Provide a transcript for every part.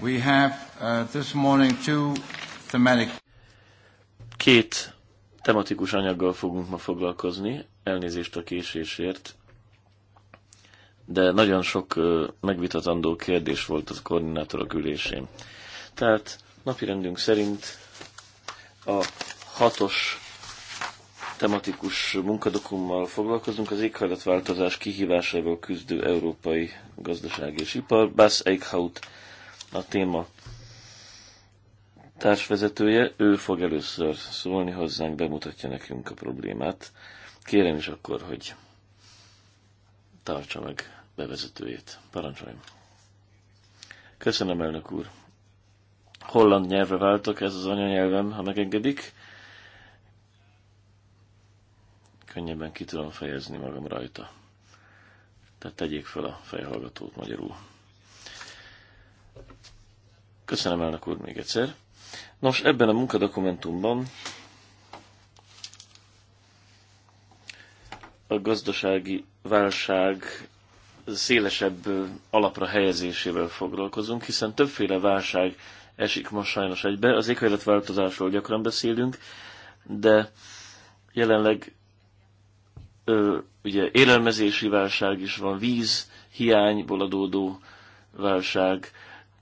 We have uh, this morning two thematic... Két tematikus anyaggal fogunk ma foglalkozni, elnézést a késésért, de nagyon sok megvitatandó kérdés volt az koordinátorok ülésén. Tehát napirendünk szerint a hatos tematikus munkadokummal foglalkozunk, az éghajlatváltozás kihívásaival küzdő európai gazdaság és ipar. Bass Eichhout a téma társvezetője, ő fog először szólni hozzánk, bemutatja nekünk a problémát. Kérem is akkor, hogy tartsa meg bevezetőjét. Parancsoljon! Köszönöm, elnök úr. Holland nyelvre váltok, ez az anyanyelvem, ha megengedik. Könnyebben ki tudom fejezni magam rajta. Tehát tegyék fel a fejhallgatót magyarul. Köszönöm, elnök úr, még egyszer. Nos, ebben a munkadokumentumban a gazdasági válság szélesebb alapra helyezésével foglalkozunk, hiszen többféle válság esik ma sajnos egybe. Az éghajlatváltozásról gyakran beszélünk, de jelenleg ö, ugye élelmezési válság is van, víz hiányból adódó válság,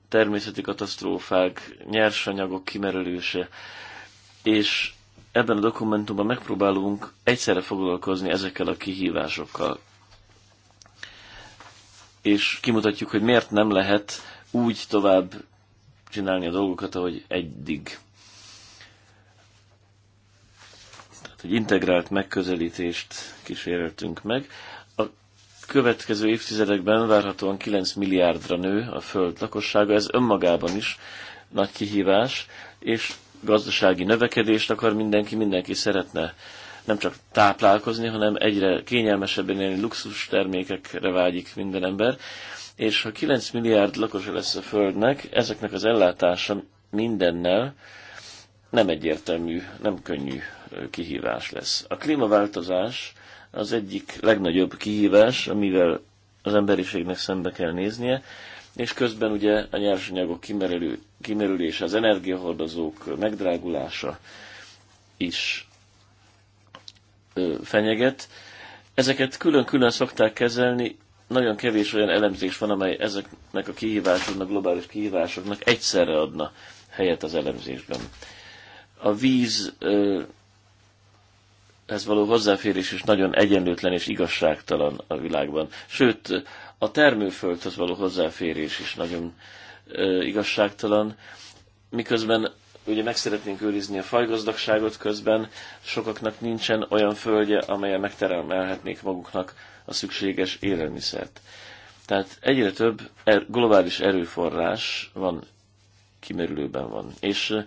természeti katasztrófák, nyersanyagok kimerülése, és ebben a dokumentumban megpróbálunk egyszerre foglalkozni ezekkel a kihívásokkal. És kimutatjuk, hogy miért nem lehet úgy tovább csinálni a dolgokat, ahogy eddig. Tehát egy integrált megközelítést kíséreltünk meg következő évtizedekben várhatóan 9 milliárdra nő a Föld lakossága, ez önmagában is nagy kihívás, és gazdasági növekedést akar mindenki, mindenki szeretne nem csak táplálkozni, hanem egyre kényelmesebben élni, luxus termékekre vágyik minden ember, és ha 9 milliárd lakosa lesz a Földnek, ezeknek az ellátása mindennel nem egyértelmű, nem könnyű kihívás lesz. A klímaváltozás az egyik legnagyobb kihívás, amivel az emberiségnek szembe kell néznie, és közben ugye a nyersanyagok kimerülő, kimerülése, az energiahordozók megdrágulása is ö, fenyeget. Ezeket külön-külön szokták kezelni, nagyon kevés olyan elemzés van, amely ezeknek a kihívásoknak, globális kihívásoknak egyszerre adna helyet az elemzésben. A víz ö, ez való hozzáférés is nagyon egyenlőtlen és igazságtalan a világban. Sőt, a termőföldhöz való hozzáférés is nagyon ö, igazságtalan, miközben ugye meg szeretnénk őrizni a fajgazdagságot közben, sokaknak nincsen olyan földje, amelyen megteremelhetnék maguknak a szükséges élelmiszert. Tehát egyre több er, globális erőforrás van, kimerülőben van. És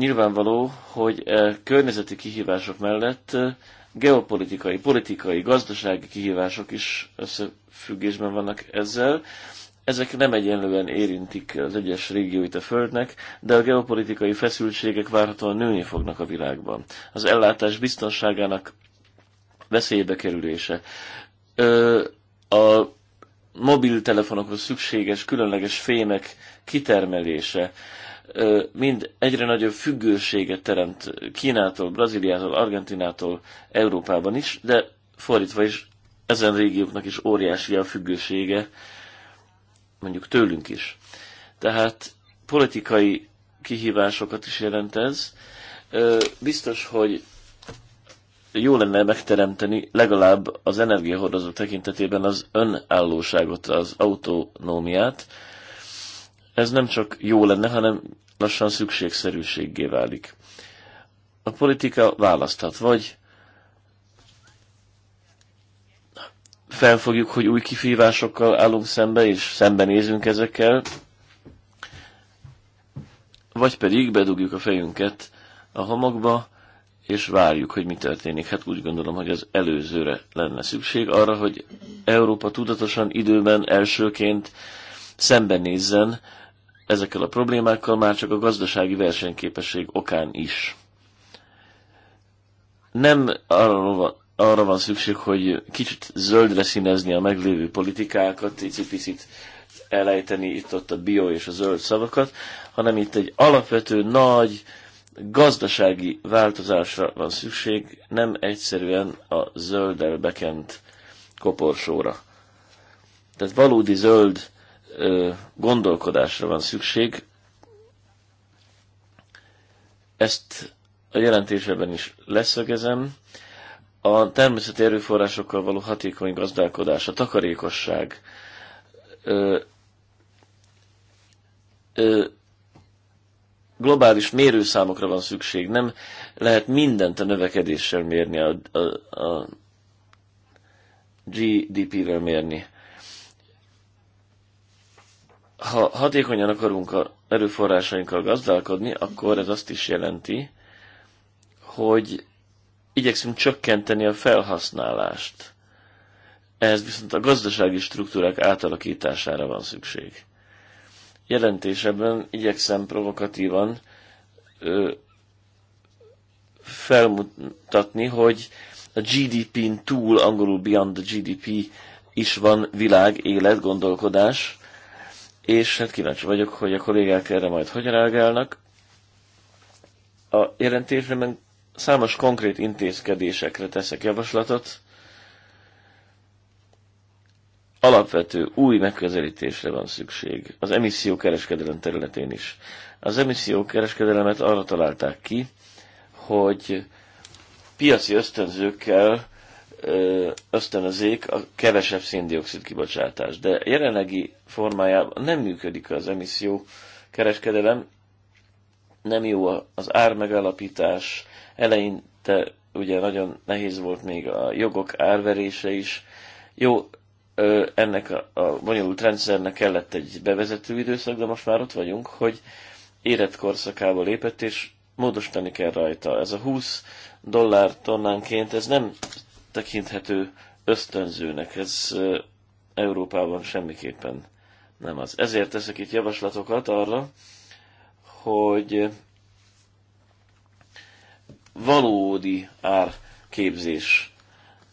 nyilvánvaló, hogy e környezeti kihívások mellett e, geopolitikai, politikai, gazdasági kihívások is összefüggésben vannak ezzel. Ezek nem egyenlően érintik az egyes régióit a Földnek, de a geopolitikai feszültségek várhatóan nőni fognak a világban. Az ellátás biztonságának veszélybe kerülése. a mobiltelefonokhoz szükséges különleges fémek kitermelése mind egyre nagyobb függőséget teremt Kínától, Brazíliától, Argentinától, Európában is, de fordítva is ezen régióknak is óriási a függősége, mondjuk tőlünk is. Tehát politikai kihívásokat is jelent ez. Biztos, hogy jó lenne megteremteni legalább az energiahordozó tekintetében az önállóságot, az autonómiát, ez nem csak jó lenne, hanem lassan szükségszerűséggé válik. A politika választhat, vagy felfogjuk, hogy új kifívásokkal állunk szembe, és szembenézünk ezekkel, vagy pedig bedugjuk a fejünket a homokba, és várjuk, hogy mi történik. Hát úgy gondolom, hogy az előzőre lenne szükség arra, hogy Európa tudatosan időben elsőként szembenézzen ezekkel a problémákkal már csak a gazdasági versenyképesség okán is. Nem arra van, arra van szükség, hogy kicsit zöldre színezni a meglévő politikákat, picit elejteni itt-ott a bio és a zöld szavakat, hanem itt egy alapvető nagy gazdasági változásra van szükség, nem egyszerűen a zölddel bekent koporsóra. Tehát valódi zöld gondolkodásra van szükség. Ezt a jelentésben is leszögezem. A természeti erőforrásokkal való hatékony gazdálkodás, a takarékosság ö, ö, globális mérőszámokra van szükség. Nem lehet mindent a növekedéssel mérni, a, a, a GDP-vel mérni. Ha hatékonyan akarunk a erőforrásainkkal gazdálkodni, akkor ez azt is jelenti, hogy igyekszünk csökkenteni a felhasználást. Ehhez viszont a gazdasági struktúrák átalakítására van szükség. Jelentésebben, igyekszem provokatívan ö, felmutatni, hogy a GDP-n túl, angolul beyond the GDP is van világ, élet, gondolkodás, és hát kíváncsi vagyok, hogy a kollégák erre majd hogyan reagálnak. A jelentésben számos konkrét intézkedésekre teszek javaslatot. Alapvető új megközelítésre van szükség, az emissziókereskedelem területén is. Az emissziókereskedelemet arra találták ki, hogy piaci ösztönzőkkel ösztönözzék a kevesebb széndiokszid kibocsátás. De jelenlegi formájában nem működik az emisszió kereskedelem, nem jó az ár megalapítás, eleinte ugye nagyon nehéz volt még a jogok árverése is. Jó, ennek a, a bonyolult rendszernek kellett egy bevezető időszak, de most már ott vagyunk, hogy érett korszakába lépett, és módosítani kell rajta. Ez a 20 dollár tonnánként, ez nem tekinthető ösztönzőnek. Ez Európában semmiképpen nem az. Ezért teszek itt javaslatokat arra, hogy valódi árképzés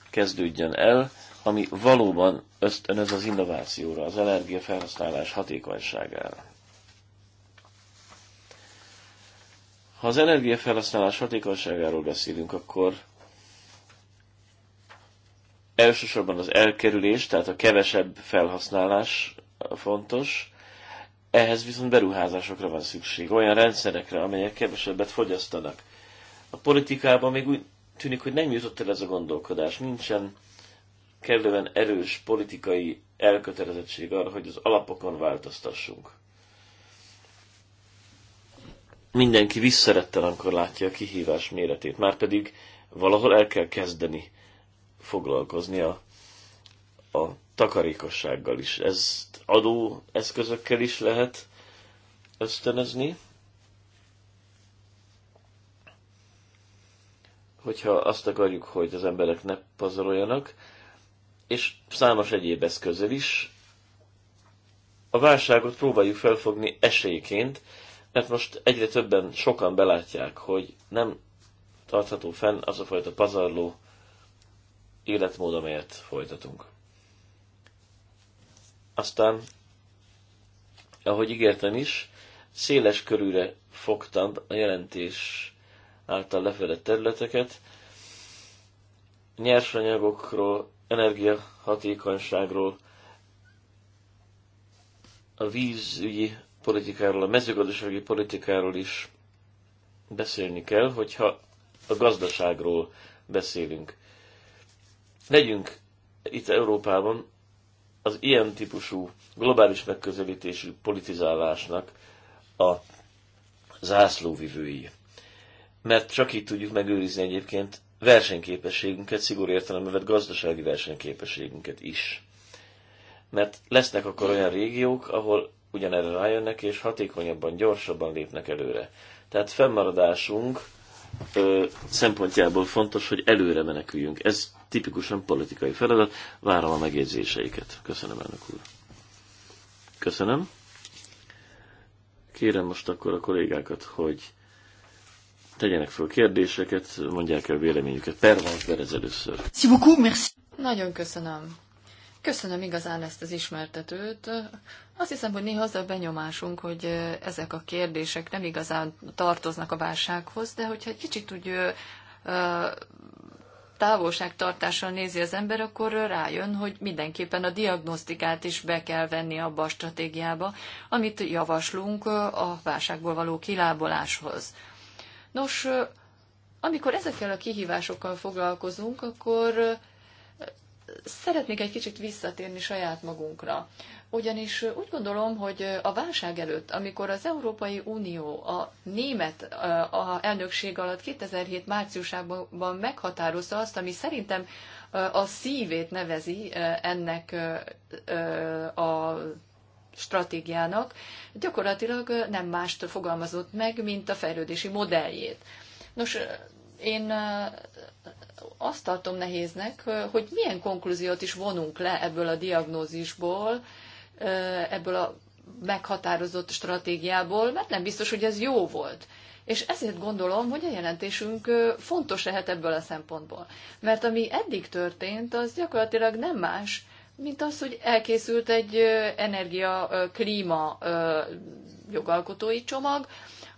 kezdődjön el, ami valóban ösztönöz az innovációra, az energiafelhasználás hatékonyságára. Ha az energiafelhasználás hatékonyságáról beszélünk, akkor Elsősorban az elkerülés, tehát a kevesebb felhasználás fontos, ehhez viszont beruházásokra van szükség, olyan rendszerekre, amelyek kevesebbet fogyasztanak. A politikában még úgy tűnik, hogy nem jutott el ez a gondolkodás, nincsen kellően erős politikai elkötelezettség arra, hogy az alapokon változtassunk. Mindenki visszarettel, amikor látja a kihívás méretét, márpedig valahol el kell kezdeni foglalkoznia a takarékossággal is. Ezt adó eszközökkel is lehet ösztönözni. hogyha azt akarjuk, hogy az emberek ne pazaroljanak, és számos egyéb eszközzel is. A válságot próbáljuk felfogni esélyként, mert most egyre többen, sokan belátják, hogy nem tartható fenn az a fajta pazarló életmódomért folytatunk. Aztán, ahogy ígértem is, széles körűre fogtam a jelentés által lefedett területeket, nyersanyagokról, energiahatékonyságról, a vízügyi politikáról, a mezőgazdasági politikáról is beszélni kell, hogyha a gazdaságról beszélünk legyünk itt Európában az ilyen típusú globális megközelítésű politizálásnak a zászlóvivői. Mert csak így tudjuk megőrizni egyébként versenyképességünket, szigorú értelemben vett gazdasági versenyképességünket is. Mert lesznek akkor olyan régiók, ahol ugyanerre rájönnek, és hatékonyabban, gyorsabban lépnek előre. Tehát fennmaradásunk ö, szempontjából fontos, hogy előre meneküljünk. Ez tipikusan politikai feladat. Várom a megjegyzéseiket. Köszönöm, elnök úr. Köszönöm. Kérem most akkor a kollégákat, hogy tegyenek föl kérdéseket, mondják el véleményüket. Per Pervans ez először. Nagyon köszönöm. Köszönöm igazán ezt az ismertetőt. Azt hiszem, hogy néha az a benyomásunk, hogy ezek a kérdések nem igazán tartoznak a válsághoz, de hogyha egy kicsit úgy távolságtartással nézi az ember, akkor rájön, hogy mindenképpen a diagnosztikát is be kell venni abba a stratégiába, amit javaslunk a válságból való kiláboláshoz. Nos, amikor ezekkel a kihívásokkal foglalkozunk, akkor szeretnék egy kicsit visszatérni saját magunkra ugyanis úgy gondolom, hogy a válság előtt, amikor az Európai Unió a német a elnökség alatt 2007 márciusában meghatározta azt, ami szerintem a szívét nevezi ennek a stratégiának, gyakorlatilag nem mást fogalmazott meg, mint a fejlődési modelljét. Nos, én azt tartom nehéznek, hogy milyen konklúziót is vonunk le ebből a diagnózisból, ebből a meghatározott stratégiából, mert nem biztos, hogy ez jó volt. És ezért gondolom, hogy a jelentésünk fontos lehet ebből a szempontból. Mert ami eddig történt, az gyakorlatilag nem más, mint az, hogy elkészült egy energia-klíma jogalkotói csomag,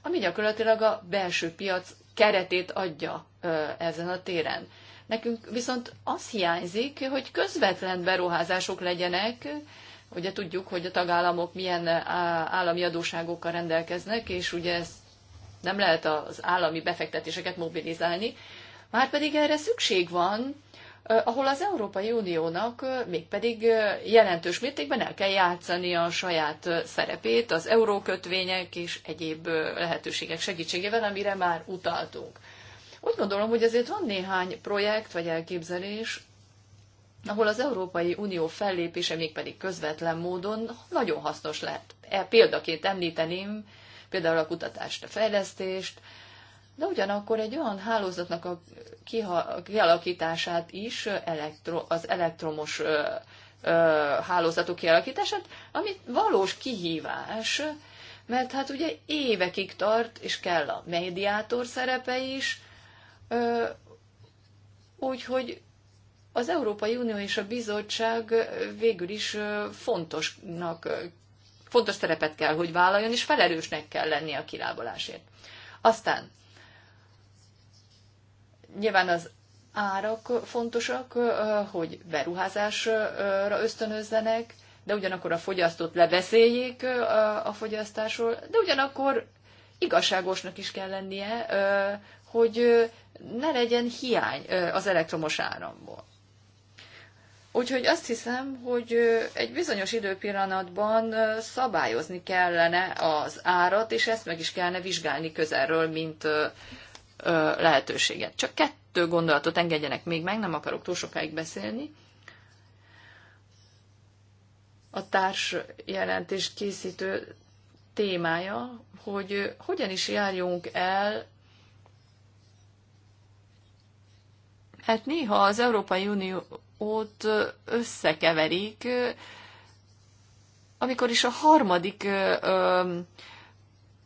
ami gyakorlatilag a belső piac keretét adja ezen a téren. Nekünk viszont az hiányzik, hogy közvetlen beruházások legyenek, Ugye tudjuk, hogy a tagállamok milyen állami adóságokkal rendelkeznek, és ugye ez nem lehet az állami befektetéseket mobilizálni. Márpedig erre szükség van, ahol az Európai Uniónak mégpedig jelentős mértékben el kell játszani a saját szerepét az eurókötvények és egyéb lehetőségek segítségével, amire már utaltunk. Úgy gondolom, hogy azért van néhány projekt vagy elképzelés, ahol az Európai Unió fellépése mégpedig közvetlen módon nagyon hasznos lehet. E példaként említeném például a kutatást, a fejlesztést, de ugyanakkor egy olyan hálózatnak a kialakítását is, elektro, az elektromos ö, ö, hálózatok kialakítását, ami valós kihívás, mert hát ugye évekig tart, és kell a mediátor szerepe is, úgyhogy az Európai Unió és a bizottság végül is fontosnak, fontos szerepet kell, hogy vállaljon, és felelősnek kell lennie a kilábalásért. Aztán nyilván az árak fontosak, hogy beruházásra ösztönözzenek, de ugyanakkor a fogyasztót lebeszéljék a fogyasztásról, de ugyanakkor igazságosnak is kell lennie, hogy ne legyen hiány az elektromos áramból. Úgyhogy azt hiszem, hogy egy bizonyos időpillanatban szabályozni kellene az árat, és ezt meg is kellene vizsgálni közelről, mint lehetőséget. Csak kettő gondolatot engedjenek még meg, nem akarok túl sokáig beszélni. A társ jelentés készítő témája, hogy hogyan is járjunk el Hát néha az Európai Unió ott összekeverik, amikor is a harmadik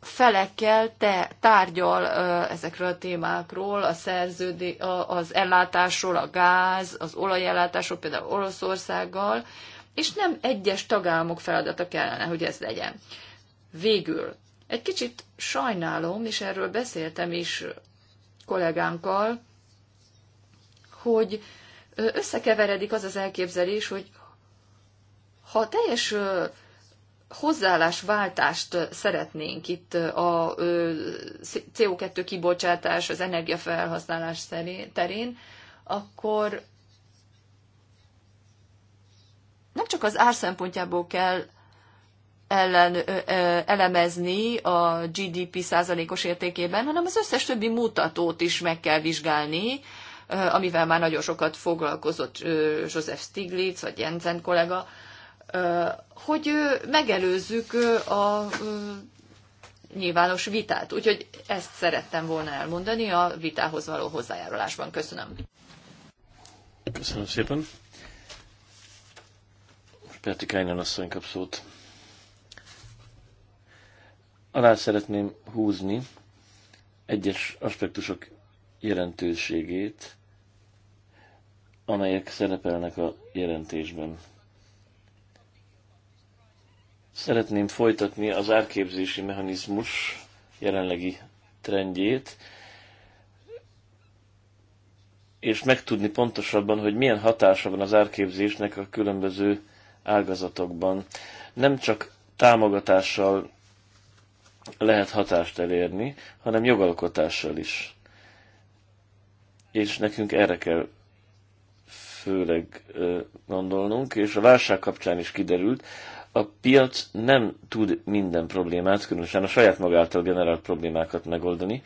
felekkel te tárgyal ezekről a témákról, a szerződé, az ellátásról, a gáz, az olajellátásról, például Oroszországgal, és nem egyes tagállamok feladata kellene, hogy ez legyen. Végül, egy kicsit sajnálom, és erről beszéltem is kollégánkkal, hogy összekeveredik az az elképzelés, hogy ha teljes hozzáállásváltást szeretnénk itt a CO2 kibocsátás, az energiafelhasználás terén, akkor nem csak az ár szempontjából kell ellen, elemezni a GDP százalékos értékében, hanem az összes többi mutatót is meg kell vizsgálni, Eh, amivel már nagyon sokat foglalkozott eh, Joseph Stiglitz vagy Jensen kollega, eh, hogy megelőzzük a nyilvános vitát. Úgyhogy ezt szerettem volna elmondani a vitához való hozzájárulásban. Köszönöm. Köszönöm szépen. Perti Kájnán asszony kap szót. Alá szeretném húzni egyes aspektusok jelentőségét, amelyek szerepelnek a jelentésben. Szeretném folytatni az árképzési mechanizmus jelenlegi trendjét, és megtudni pontosabban, hogy milyen hatása van az árképzésnek a különböző ágazatokban. Nem csak támogatással lehet hatást elérni, hanem jogalkotással is és nekünk erre kell főleg gondolnunk, és a válság kapcsán is kiderült, a piac nem tud minden problémát, különösen a saját magától generált problémákat megoldani.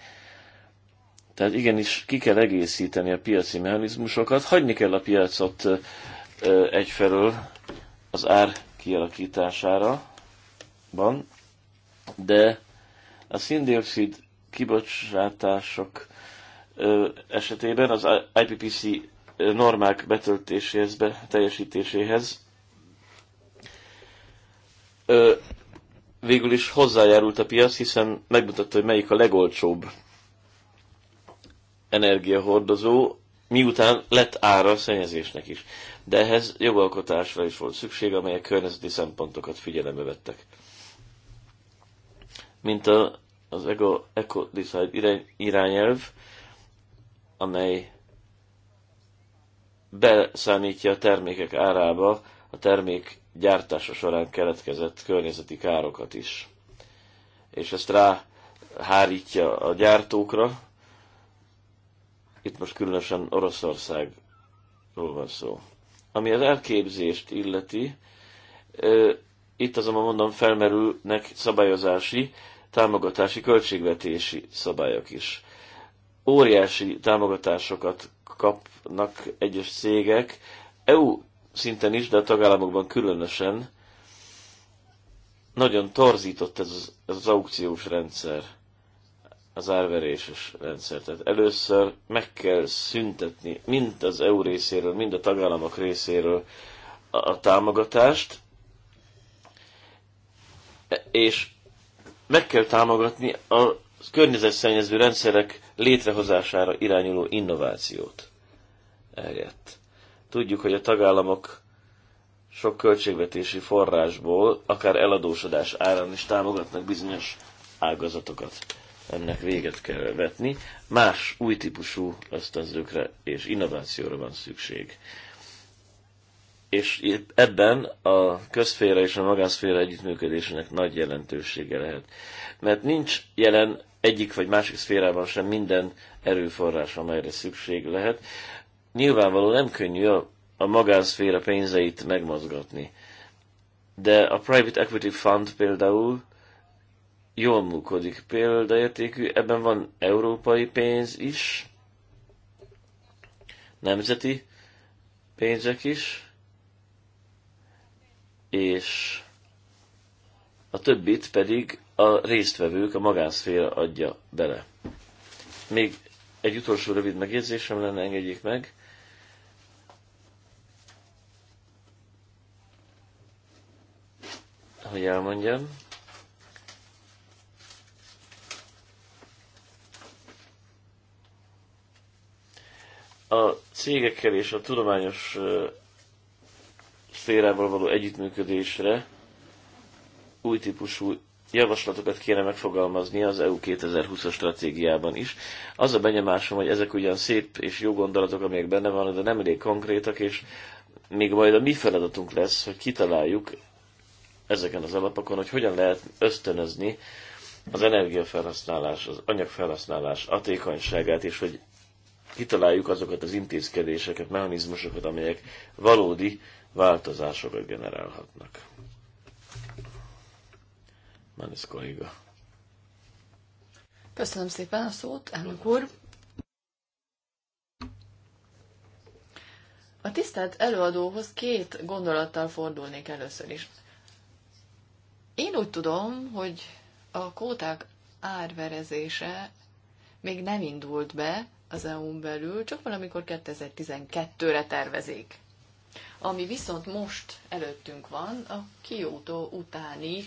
Tehát igenis ki kell egészíteni a piaci mechanizmusokat, hagyni kell a piacot egyfelől az ár kialakítására, van, de a szindioxid kibocsátások esetében az IPPC normák betöltéséhez, be, teljesítéséhez végül is hozzájárult a piac, hiszen megmutatta, hogy melyik a legolcsóbb energiahordozó, miután lett ára a szennyezésnek is. De ehhez jogalkotásra is volt szükség, amelyek környezeti szempontokat figyelembe vettek. Mint a, az Eco, Eco Design irány, irányelv, amely beszámítja a termékek árába a termék gyártása során keletkezett környezeti károkat is. És ezt rá hárítja a gyártókra. Itt most különösen Oroszországról van szó. Ami az elképzést illeti, itt azonban mondom felmerülnek szabályozási, támogatási, költségvetési szabályok is óriási támogatásokat kapnak egyes cégek, EU szinten is, de a tagállamokban különösen. Nagyon torzított ez az, ez az aukciós rendszer, az árveréses rendszer. Tehát először meg kell szüntetni, mind az EU részéről, mind a tagállamok részéről a, a támogatást, és meg kell támogatni a az környezetszennyező rendszerek létrehozására irányuló innovációt elért. Tudjuk, hogy a tagállamok sok költségvetési forrásból, akár eladósodás árán is támogatnak bizonyos ágazatokat. Ennek véget kell vetni. Más új típusú ösztönzőkre és innovációra van szükség. És ebben a közféra és a magánszféra együttműködésének nagy jelentősége lehet. Mert nincs jelen egyik vagy másik szférában sem minden erőforrás, amelyre szükség lehet. Nyilvánvaló nem könnyű a, a magánszféra pénzeit megmozgatni, de a Private Equity Fund például jól működik példaértékű, ebben van európai pénz is, nemzeti pénzek is, és a többit pedig a résztvevők, a magánszféra adja bele. Még egy utolsó rövid megjegyzésem lenne, engedjék meg. Hogy elmondjam. A cégekkel és a tudományos szférával való együttműködésre új típusú javaslatokat kéne megfogalmazni az EU 2020-as stratégiában is. Az a benyomásom, hogy ezek ugyan szép és jó gondolatok, amelyek benne vannak, de nem elég konkrétak, és még majd a mi feladatunk lesz, hogy kitaláljuk ezeken az alapokon, hogy hogyan lehet ösztönözni az energiafelhasználás, az anyagfelhasználás hatékonyságát, és hogy kitaláljuk azokat az intézkedéseket, mechanizmusokat, amelyek valódi változásokat generálhatnak kolléga. Köszönöm szépen a szót, elnök úr. A tisztelt előadóhoz két gondolattal fordulnék először is. Én úgy tudom, hogy a kóták árverezése még nem indult be az EU-n belül, csak valamikor 2012-re tervezik. Ami viszont most előttünk van, a Kyoto utáni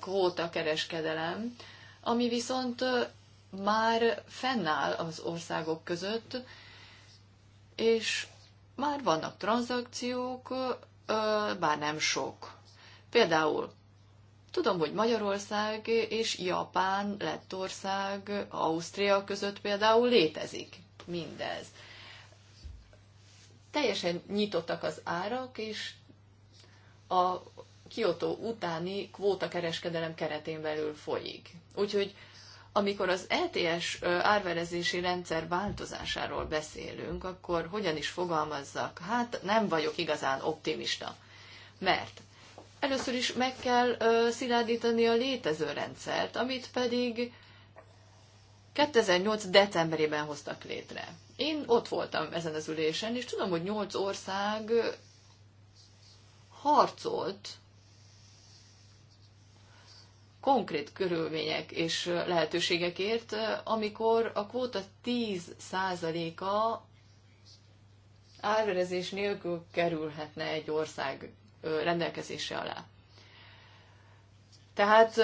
kvóta kereskedelem, ami viszont már fennáll az országok között, és már vannak tranzakciók, bár nem sok. Például tudom, hogy Magyarország és Japán, Lettország, Ausztria között például létezik mindez teljesen nyitottak az árak, és a Kyoto utáni kvótakereskedelem keretén belül folyik. Úgyhogy amikor az LTS e árverezési rendszer változásáról beszélünk, akkor hogyan is fogalmazzak? Hát nem vagyok igazán optimista. Mert először is meg kell szilárdítani a létező rendszert, amit pedig 2008. decemberében hoztak létre. Én ott voltam ezen az ülésen, és tudom, hogy nyolc ország harcolt konkrét körülmények és lehetőségekért, amikor a kvóta 10%-a árverezés nélkül kerülhetne egy ország rendelkezése alá. Tehát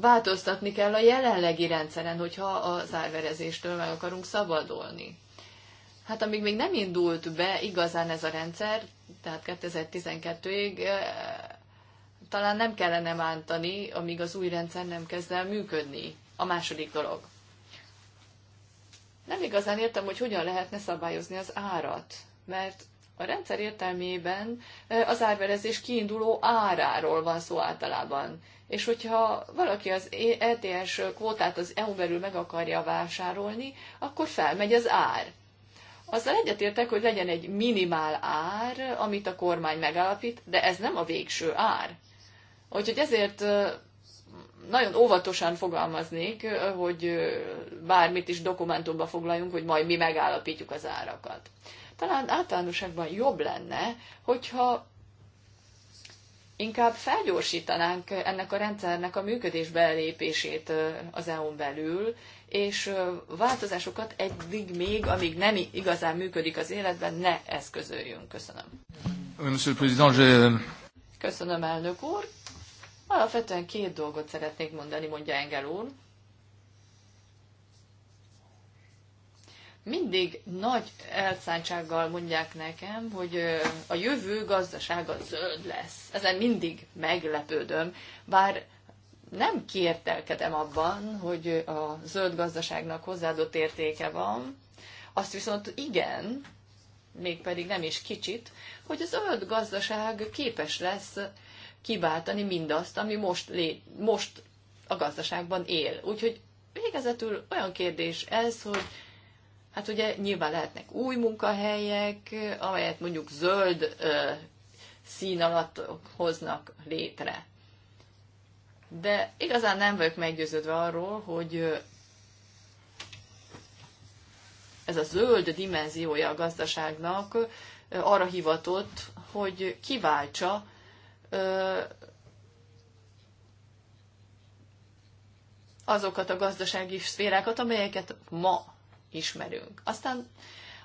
változtatni kell a jelenlegi rendszeren, hogyha az árverezéstől meg akarunk szabadulni hát amíg még nem indult be igazán ez a rendszer, tehát 2012-ig talán nem kellene bántani, amíg az új rendszer nem kezd el működni. A második dolog. Nem igazán értem, hogy hogyan lehetne szabályozni az árat, mert a rendszer értelmében az árverezés kiinduló áráról van szó általában. És hogyha valaki az ETS kvótát az EU belül meg akarja vásárolni, akkor felmegy az ár. Azzal egyetértek, hogy legyen egy minimál ár, amit a kormány megállapít, de ez nem a végső ár. Úgyhogy ezért nagyon óvatosan fogalmaznék, hogy bármit is dokumentumba foglaljunk, hogy majd mi megállapítjuk az árakat. Talán általánosságban jobb lenne, hogyha inkább felgyorsítanánk ennek a rendszernek a működés belépését az EU-n belül, és változásokat eddig még, amíg nem igazán működik az életben, ne eszközöljünk. Köszönöm. Euh, Köszönöm, elnök úr. Alapvetően két dolgot szeretnék mondani, mondja Engel úr. mindig nagy elszántsággal mondják nekem, hogy a jövő gazdasága zöld lesz. Ezen mindig meglepődöm, bár nem kértelkedem abban, hogy a zöld gazdaságnak hozzáadott értéke van, azt viszont igen, mégpedig nem is kicsit, hogy a zöld gazdaság képes lesz kibáltani mindazt, ami most, lé, most a gazdaságban él. Úgyhogy végezetül olyan kérdés ez, hogy hát ugye nyilván lehetnek új munkahelyek, amelyet mondjuk zöld szín alatt hoznak létre. De igazán nem vagyok meggyőződve arról, hogy ez a zöld dimenziója a gazdaságnak arra hivatott, hogy kiváltsa azokat a gazdasági szférákat, amelyeket ma ismerünk. Aztán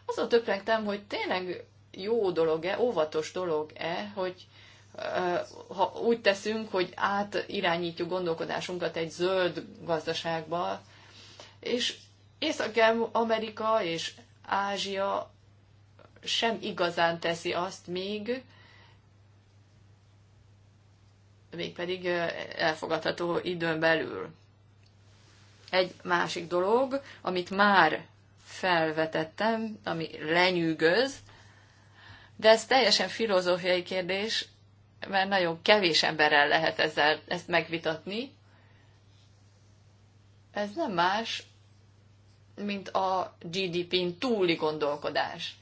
azon töprengtem, hogy tényleg jó dolog-e, óvatos dolog-e, hogy ha úgy teszünk, hogy átirányítjuk gondolkodásunkat egy zöld gazdaságba, és Észak-Amerika és Ázsia sem igazán teszi azt még, mégpedig elfogadható időn belül. Egy másik dolog, amit már felvetettem, ami lenyűgöz, de ez teljesen filozófiai kérdés, mert nagyon kevés emberrel lehet ezzel, ezt megvitatni. Ez nem más, mint a GDP-n túli gondolkodás.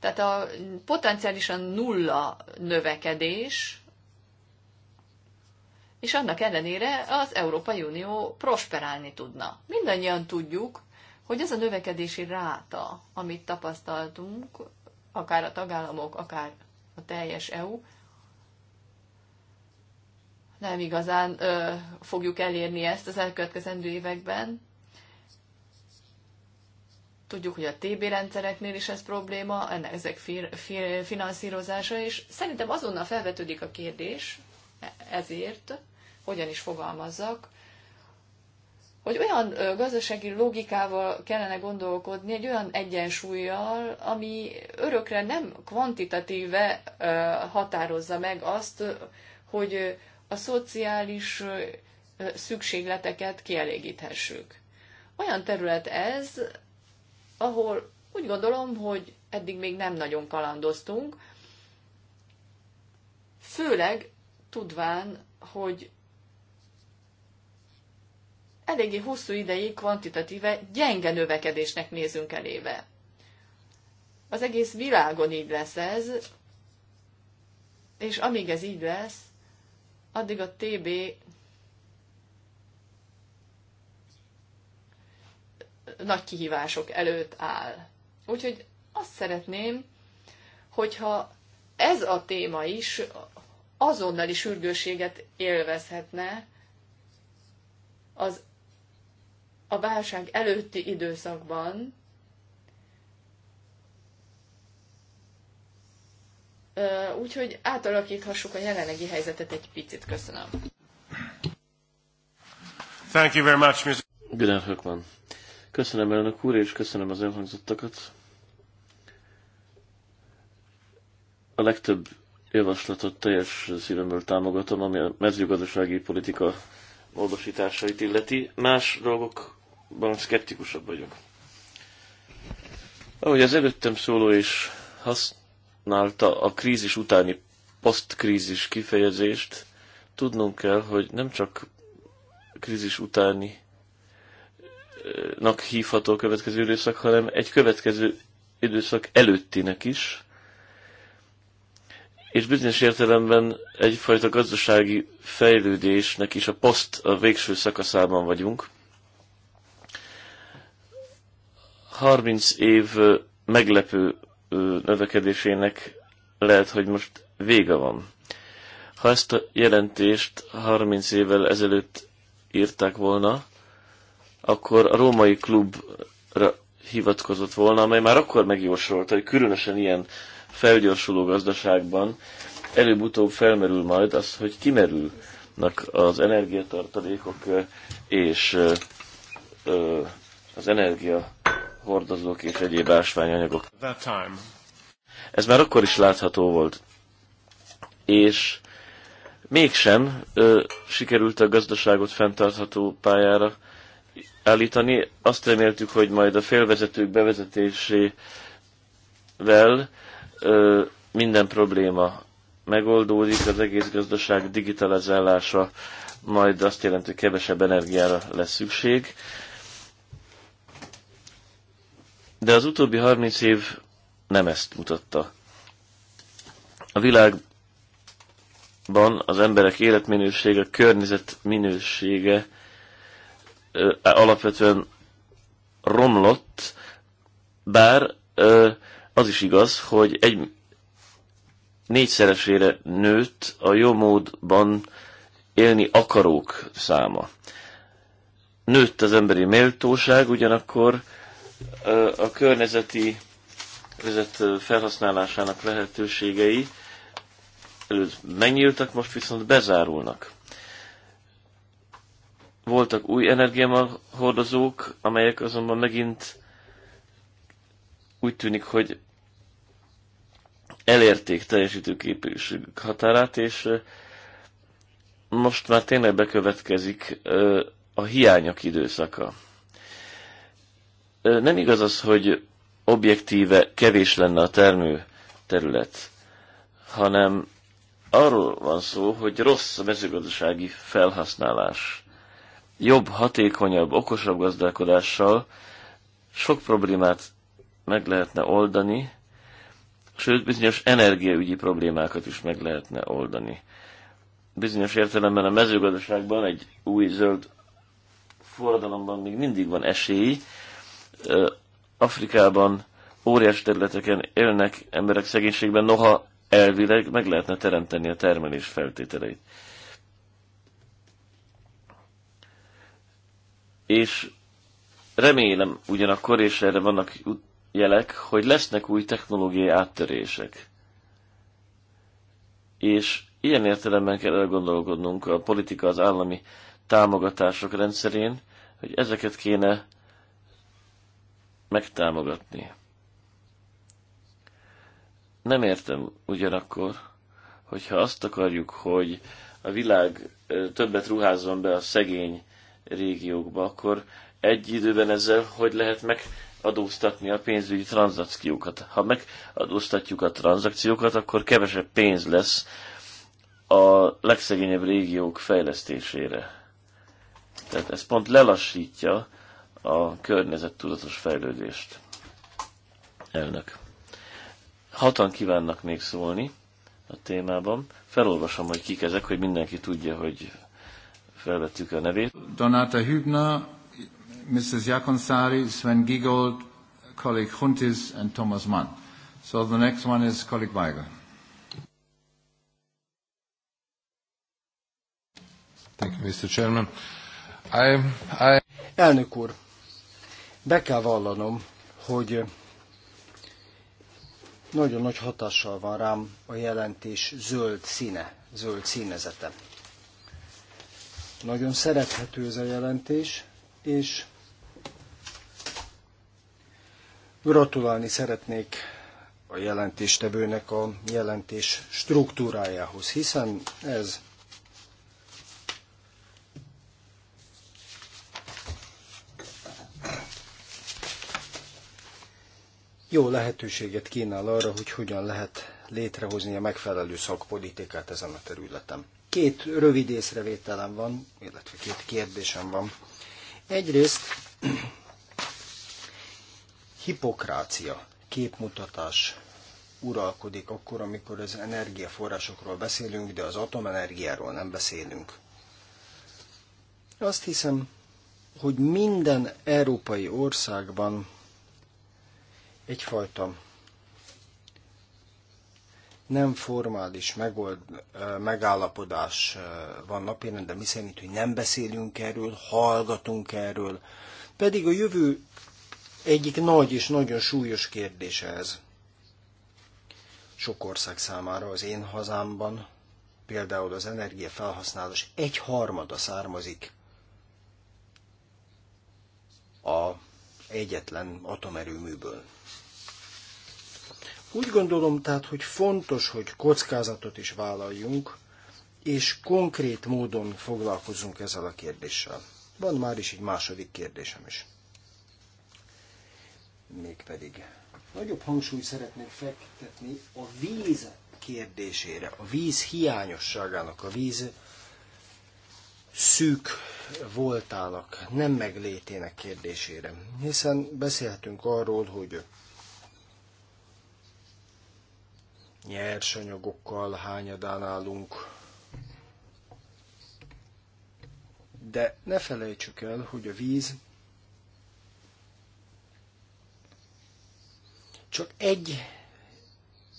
Tehát a potenciálisan nulla növekedés, és annak ellenére az Európai Unió prosperálni tudna. Mindannyian tudjuk, hogy ez a növekedési ráta, amit tapasztaltunk, akár a tagállamok, akár a teljes EU, nem igazán ö, fogjuk elérni ezt az elkövetkezendő években. Tudjuk, hogy a TB rendszereknél is ez probléma, ennek ezek fir, fir, finanszírozása, és szerintem azonnal felvetődik a kérdés, e-, ezért, hogyan is fogalmazzak, hogy olyan gazdasági logikával kellene gondolkodni, egy olyan egyensúlyjal, ami örökre nem kvantitatíve határozza meg azt, hogy a szociális szükségleteket kielégíthessük. Olyan terület ez, ahol úgy gondolom, hogy eddig még nem nagyon kalandoztunk, főleg tudván, hogy eléggé hosszú ideig kvantitatíve gyenge növekedésnek nézünk elébe. Az egész világon így lesz ez, és amíg ez így lesz, addig a TB nagy kihívások előtt áll. Úgyhogy azt szeretném, hogyha ez a téma is azonnali sürgőséget élvezhetne az a válság előtti időszakban úgyhogy átalakíthassuk a jelenlegi helyzetet egy picit. Köszönöm. Thank you very much, Mr. Gunnar Hökman. Köszönöm elnök úr, és köszönöm az elhangzottakat. A legtöbb javaslatot teljes szívemből támogatom, ami a mezőgazdasági politika módosításait illeti. Más dolgok ban szkeptikusabb vagyok. Ahogy az előttem szóló is használta a krízis utáni posztkrízis kifejezést, tudnunk kell, hogy nem csak krízis utáni nak hívható a következő időszak, hanem egy következő időszak előttinek is, és bizonyos értelemben egyfajta gazdasági fejlődésnek is a poszt a végső szakaszában vagyunk. 30 év meglepő növekedésének lehet, hogy most vége van. Ha ezt a jelentést 30 évvel ezelőtt írták volna, akkor a római klubra hivatkozott volna, amely már akkor megjósolta, hogy különösen ilyen felgyorsuló gazdaságban előbb-utóbb felmerül majd az, hogy kimerülnek az energiatartalékok és az energia hordozók és egyéb ásványanyagok. Ez már akkor is látható volt. És mégsem ö, sikerült a gazdaságot fenntartható pályára állítani. Azt reméltük, hogy majd a félvezetők bevezetésével ö, minden probléma megoldódik, az egész gazdaság digitalizálása majd azt jelenti, hogy kevesebb energiára lesz szükség. De az utóbbi 30 év nem ezt mutatta. A világban az emberek életminősége, a környezet minősége ö, alapvetően romlott, bár ö, az is igaz, hogy egy négyszeresére nőtt a jó módban élni akarók száma. Nőtt az emberi méltóság, ugyanakkor a környezeti vezet felhasználásának lehetőségei előtt megnyíltak, most viszont bezárulnak. Voltak új energiamahordozók, amelyek azonban megint úgy tűnik, hogy elérték teljesítőképességük határát, és most már tényleg bekövetkezik a hiányok időszaka nem igaz az, hogy objektíve kevés lenne a termő terület, hanem arról van szó, hogy rossz a mezőgazdasági felhasználás. Jobb, hatékonyabb, okosabb gazdálkodással sok problémát meg lehetne oldani, sőt bizonyos energiaügyi problémákat is meg lehetne oldani. Bizonyos értelemben a mezőgazdaságban egy új zöld forradalomban még mindig van esély, Afrikában óriás területeken élnek emberek szegénységben, noha elvileg meg lehetne teremteni a termelés feltételeit. És remélem ugyanakkor, és erre vannak jelek, hogy lesznek új technológiai áttörések. És ilyen értelemben kell elgondolkodnunk a politika, az állami támogatások rendszerén, hogy ezeket kéne megtámogatni. Nem értem ugyanakkor, hogyha azt akarjuk, hogy a világ többet ruházzon be a szegény régiókba, akkor egy időben ezzel hogy lehet megadóztatni a pénzügyi tranzakciókat. Ha megadóztatjuk a tranzakciókat, akkor kevesebb pénz lesz a legszegényebb régiók fejlesztésére. Tehát ez pont lelassítja a környezettudatos fejlődést. Elnök. Hatan kívánnak még szólni a témában. Felolvasom, hogy kik ezek, hogy mindenki tudja, hogy felvettük a nevét. Donata Hübner, Mrs. Jakonszári, Sven Gigold, colleague Huntis and Thomas Mann. So the next one is colleague Weiger. Thank you, Mr. Chairman. I, I... Elnök úr, be kell vallanom, hogy nagyon nagy hatással van rám a jelentés zöld színe, zöld színezete. Nagyon szerethető ez a jelentés, és gratulálni szeretnék a jelentéstevőnek a jelentés struktúrájához, hiszen ez jó lehetőséget kínál arra, hogy hogyan lehet létrehozni a megfelelő szakpolitikát ezen a területen. Két rövid észrevételem van, illetve két kérdésem van. Egyrészt hipokrácia, képmutatás uralkodik akkor, amikor az energiaforrásokról beszélünk, de az atomenergiáról nem beszélünk. Azt hiszem, hogy minden európai országban egyfajta nem formális megold, megállapodás van napjelen, de mi szerint, hogy nem beszélünk erről, hallgatunk erről, pedig a jövő egyik nagy és nagyon súlyos kérdése ez. Sok ország számára az én hazámban például az energiafelhasználás egy harmada származik a egyetlen atomerőműből. Úgy gondolom tehát, hogy fontos, hogy kockázatot is vállaljunk, és konkrét módon foglalkozunk ezzel a kérdéssel. Van már is egy második kérdésem is. Mégpedig nagyobb hangsúlyt szeretnék fektetni a víz kérdésére, a víz hiányosságának, a víz szűk voltának, nem meglétének kérdésére. Hiszen beszélhetünk arról, hogy nyersanyagokkal hányadán állunk. De ne felejtsük el, hogy a víz csak egy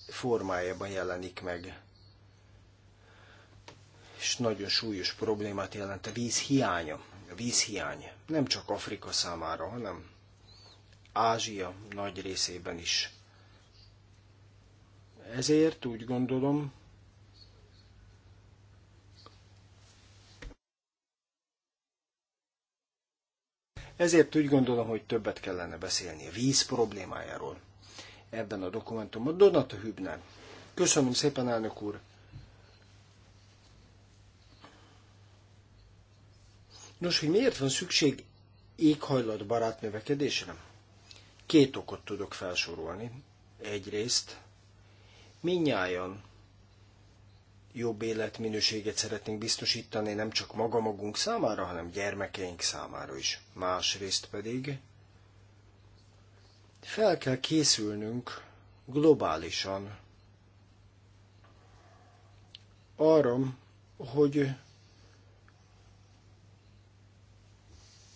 formájában jelenik meg. És nagyon súlyos problémát jelent a víz hiánya. A víz hiány nem csak Afrika számára, hanem Ázsia nagy részében is ezért úgy gondolom, Ezért úgy gondolom, hogy többet kellene beszélni a víz problémájáról ebben a dokumentumban. Donata Hübner. Köszönöm szépen, elnök úr. Nos, hogy miért van szükség éghajlatbarát növekedésre? Két okot tudok felsorolni. Egyrészt Minnyáján jobb életminőséget szeretnénk biztosítani nem csak maga magunk számára, hanem gyermekeink számára is. Másrészt pedig fel kell készülnünk globálisan arra, hogy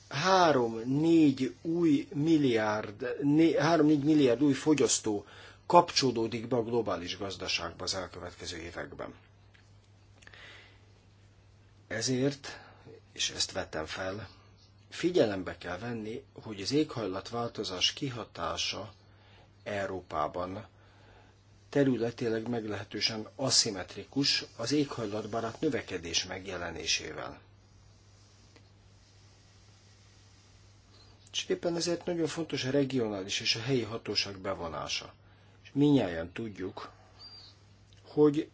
három-négy új milliárd, három-négy milliárd új fogyasztó kapcsolódik be a globális gazdaságba az elkövetkező években. Ezért, és ezt vettem fel, figyelembe kell venni, hogy az éghajlatváltozás kihatása Európában területileg meglehetősen aszimmetrikus az éghajlatbarát növekedés megjelenésével. És éppen ezért nagyon fontos a regionális és a helyi hatóság bevonása és minnyáján tudjuk, hogy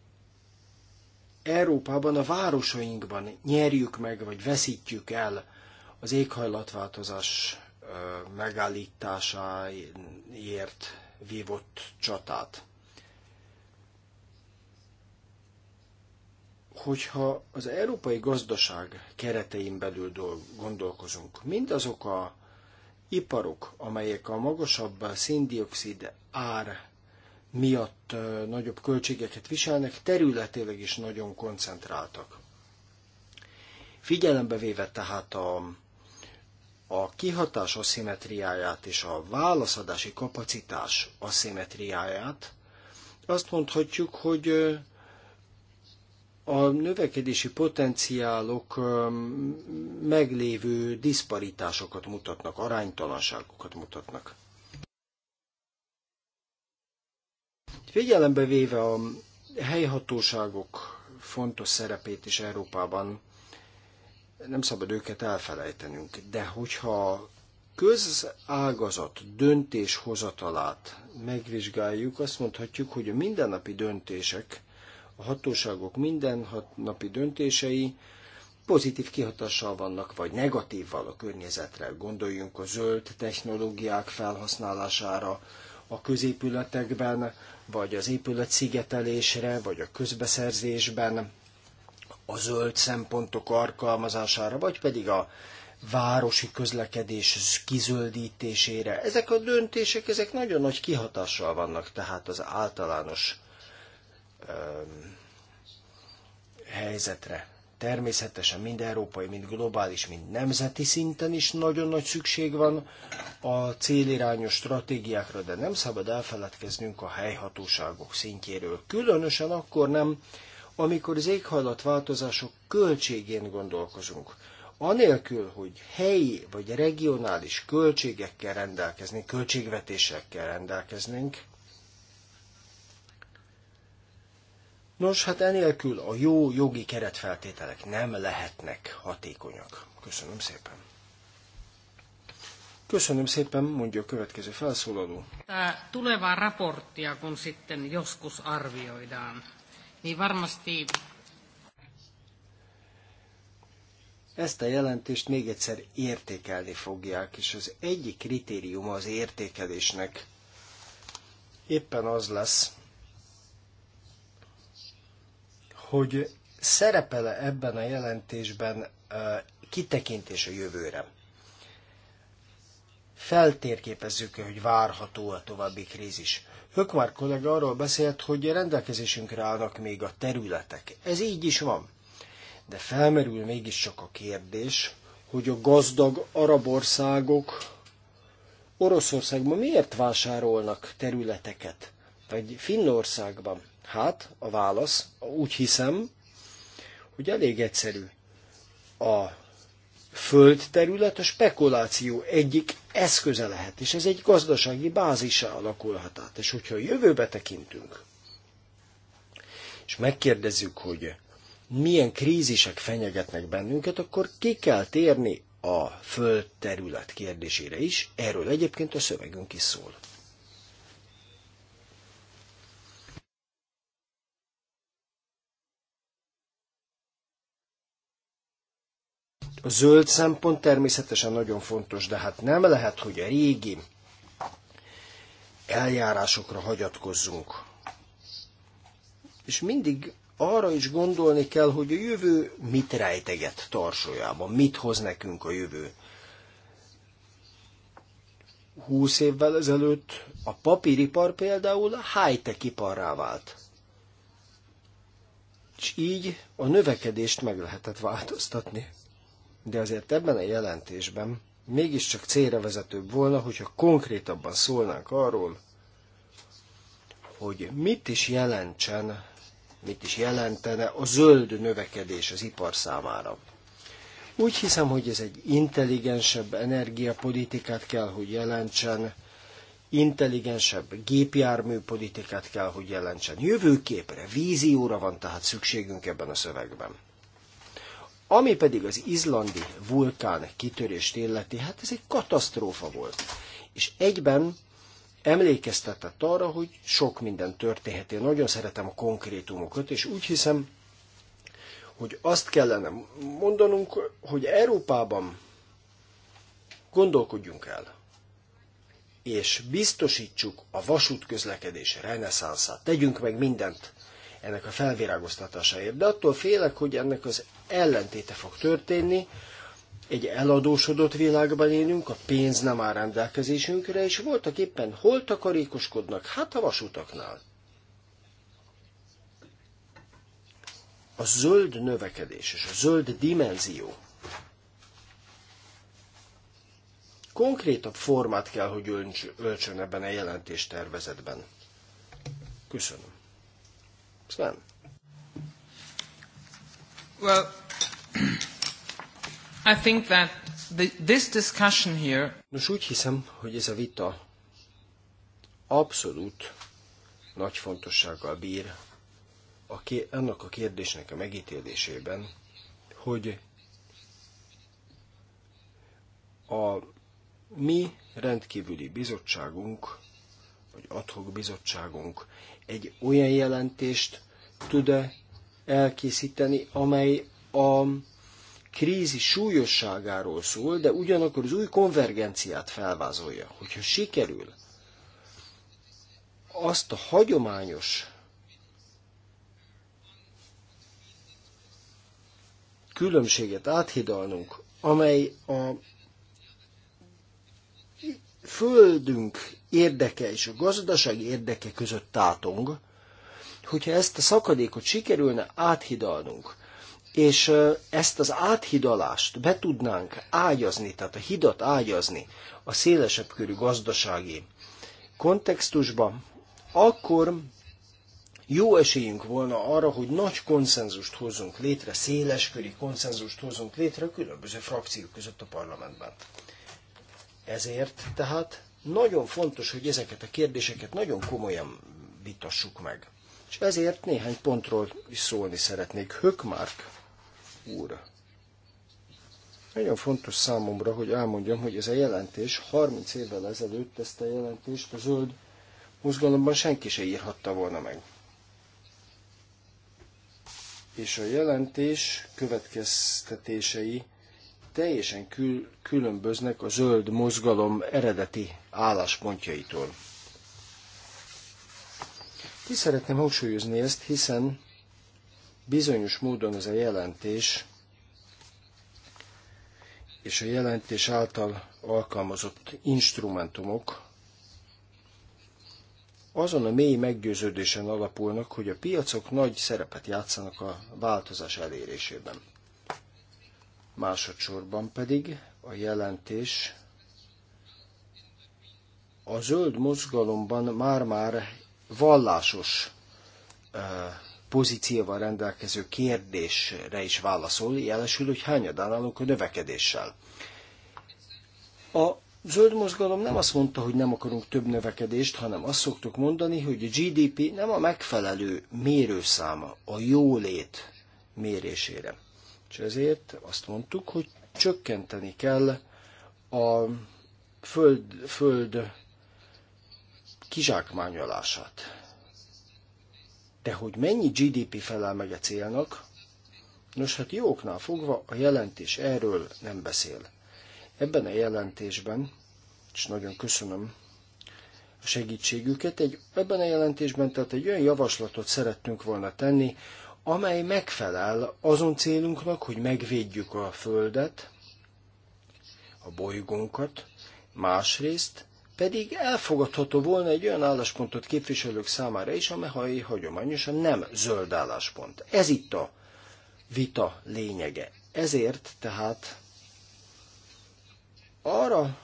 Európában, a városainkban nyerjük meg, vagy veszítjük el az éghajlatváltozás megállításáért vívott csatát. Hogyha az európai gazdaság keretein belül gondolkozunk, mindazok a iparok, amelyek a magasabb széndiokszid ár miatt nagyobb költségeket viselnek, területileg is nagyon koncentráltak. Figyelembe véve tehát a, a kihatás aszimetriáját és a válaszadási kapacitás aszimetriáját, azt mondhatjuk, hogy a növekedési potenciálok meglévő diszparitásokat mutatnak, aránytalanságokat mutatnak. Figyelembe véve a helyhatóságok fontos szerepét is Európában, nem szabad őket elfelejtenünk, de hogyha közágazat döntéshozatalát megvizsgáljuk, azt mondhatjuk, hogy a mindennapi döntések, a hatóságok mindennapi döntései pozitív kihatással vannak, vagy negatívval a környezetre. Gondoljunk a zöld technológiák felhasználására a középületekben, vagy az épületszigetelésre, vagy a közbeszerzésben, a zöld szempontok alkalmazására, vagy pedig a városi közlekedés kizöldítésére. Ezek a döntések, ezek nagyon nagy kihatással vannak tehát az általános um, helyzetre. Természetesen mind európai, mind globális, mind nemzeti szinten is nagyon nagy szükség van a célirányos stratégiákra, de nem szabad elfeledkeznünk a helyhatóságok szintjéről. Különösen akkor nem, amikor az éghajlatváltozások költségén gondolkozunk. Anélkül, hogy helyi vagy regionális költségekkel rendelkeznénk, költségvetésekkel rendelkeznénk, Nos, hát enélkül a jó jogi keretfeltételek nem lehetnek hatékonyak. Köszönöm szépen. Köszönöm szépen, mondja a következő felszólaló. A tuleva raportia, kun sitten joskus arvioidaan, niin varmasti... Ezt a jelentést még egyszer értékelni fogják, és az egyik kritériuma az értékelésnek éppen az lesz, hogy szerepele ebben a jelentésben kitekintés a jövőre. Feltérképezzük-e, hogy várható a további krízis. Hökmár kollega arról beszélt, hogy rendelkezésünkre állnak még a területek. Ez így is van. De felmerül mégiscsak a kérdés, hogy a gazdag arab országok Oroszországban miért vásárolnak területeket? Vagy Finnországban? Hát a válasz úgy hiszem, hogy elég egyszerű. A földterület a spekuláció egyik eszköze lehet, és ez egy gazdasági bázisa alakulhat át. És hogyha a jövőbe tekintünk, és megkérdezzük, hogy milyen krízisek fenyegetnek bennünket, akkor ki kell térni a földterület kérdésére is. Erről egyébként a szövegünk is szól. A zöld szempont természetesen nagyon fontos, de hát nem lehet, hogy a régi eljárásokra hagyatkozzunk. És mindig arra is gondolni kell, hogy a jövő mit rejteget tarsójában, mit hoz nekünk a jövő. Húsz évvel ezelőtt a papíripar például high-tech iparrá vált. És így a növekedést meg lehetett változtatni de azért ebben a jelentésben mégiscsak célra vezetőbb volna, hogyha konkrétabban szólnánk arról, hogy mit is jelentsen, mit is jelentene a zöld növekedés az ipar számára. Úgy hiszem, hogy ez egy intelligensebb energiapolitikát kell, hogy jelentsen, intelligensebb gépjárműpolitikát kell, hogy jelentsen. Jövőképre, vízióra van tehát szükségünk ebben a szövegben. Ami pedig az izlandi vulkán kitörést illeti, hát ez egy katasztrófa volt. És egyben emlékeztetett arra, hogy sok minden történhet. Én nagyon szeretem a konkrétumokat, és úgy hiszem, hogy azt kellene mondanunk, hogy Európában gondolkodjunk el, és biztosítsuk a közlekedés reneszánszát. Tegyünk meg mindent ennek a felvirágoztatásáért, de attól félek, hogy ennek az ellentéte fog történni, egy eladósodott világban élünk, a pénz nem áll rendelkezésünkre, és voltak éppen hol takarékoskodnak, hát a vasutaknál. A zöld növekedés és a zöld dimenzió konkrétabb formát kell, hogy öltsön ebben a jelentéstervezetben. Köszönöm. Sven. Well, I think that the, this discussion here... Nos, úgy hiszem, hogy ez a vita abszolút nagy fontossággal bír a ké- annak a kérdésnek a megítélésében, hogy a mi rendkívüli bizottságunk, vagy adhok bizottságunk egy olyan jelentést tud-e elkészíteni, amely a krízis súlyosságáról szól, de ugyanakkor az új konvergenciát felvázolja. Hogyha sikerül azt a hagyományos különbséget áthidalnunk, amely a földünk érdeke és a gazdaság érdeke között tátong, Hogyha ezt a szakadékot sikerülne áthidalnunk, és ezt az áthidalást be tudnánk ágyazni, tehát a hidat ágyazni a szélesebb körű gazdasági kontextusban, akkor jó esélyünk volna arra, hogy nagy konszenzust hozzunk létre, széleskörű konszenzust hozzunk létre a különböző frakciók között a parlamentben. Ezért tehát nagyon fontos, hogy ezeket a kérdéseket nagyon komolyan vitassuk meg és ezért néhány pontról is szólni szeretnék. Hökmark úr. Nagyon fontos számomra, hogy elmondjam, hogy ez a jelentés 30 évvel ezelőtt ezt a jelentést a zöld mozgalomban senki se írhatta volna meg. És a jelentés következtetései teljesen kül- különböznek a zöld mozgalom eredeti álláspontjaitól. Ki szeretném hangsúlyozni ezt, hiszen bizonyos módon ez a jelentés és a jelentés által alkalmazott instrumentumok azon a mély meggyőződésen alapulnak, hogy a piacok nagy szerepet játszanak a változás elérésében. Másodszorban pedig a jelentés a zöld mozgalomban már-már vallásos pozícióval rendelkező kérdésre is válaszol, jelesül, hogy hányadán állunk a növekedéssel. A zöld mozgalom nem azt mondta, hogy nem akarunk több növekedést, hanem azt szoktuk mondani, hogy a GDP nem a megfelelő mérőszáma a jólét mérésére. És ezért azt mondtuk, hogy csökkenteni kell a föld, föld kizsákmányolását. De hogy mennyi GDP felel meg a célnak, nos hát jóknál fogva a jelentés erről nem beszél. Ebben a jelentésben, és nagyon köszönöm a segítségüket, egy, ebben a jelentésben tehát egy olyan javaslatot szerettünk volna tenni, amely megfelel azon célunknak, hogy megvédjük a Földet, a bolygónkat, másrészt pedig elfogadható volna egy olyan álláspontot képviselők számára is, amely hagyományosan nem zöld álláspont. Ez itt a vita lényege. Ezért tehát arra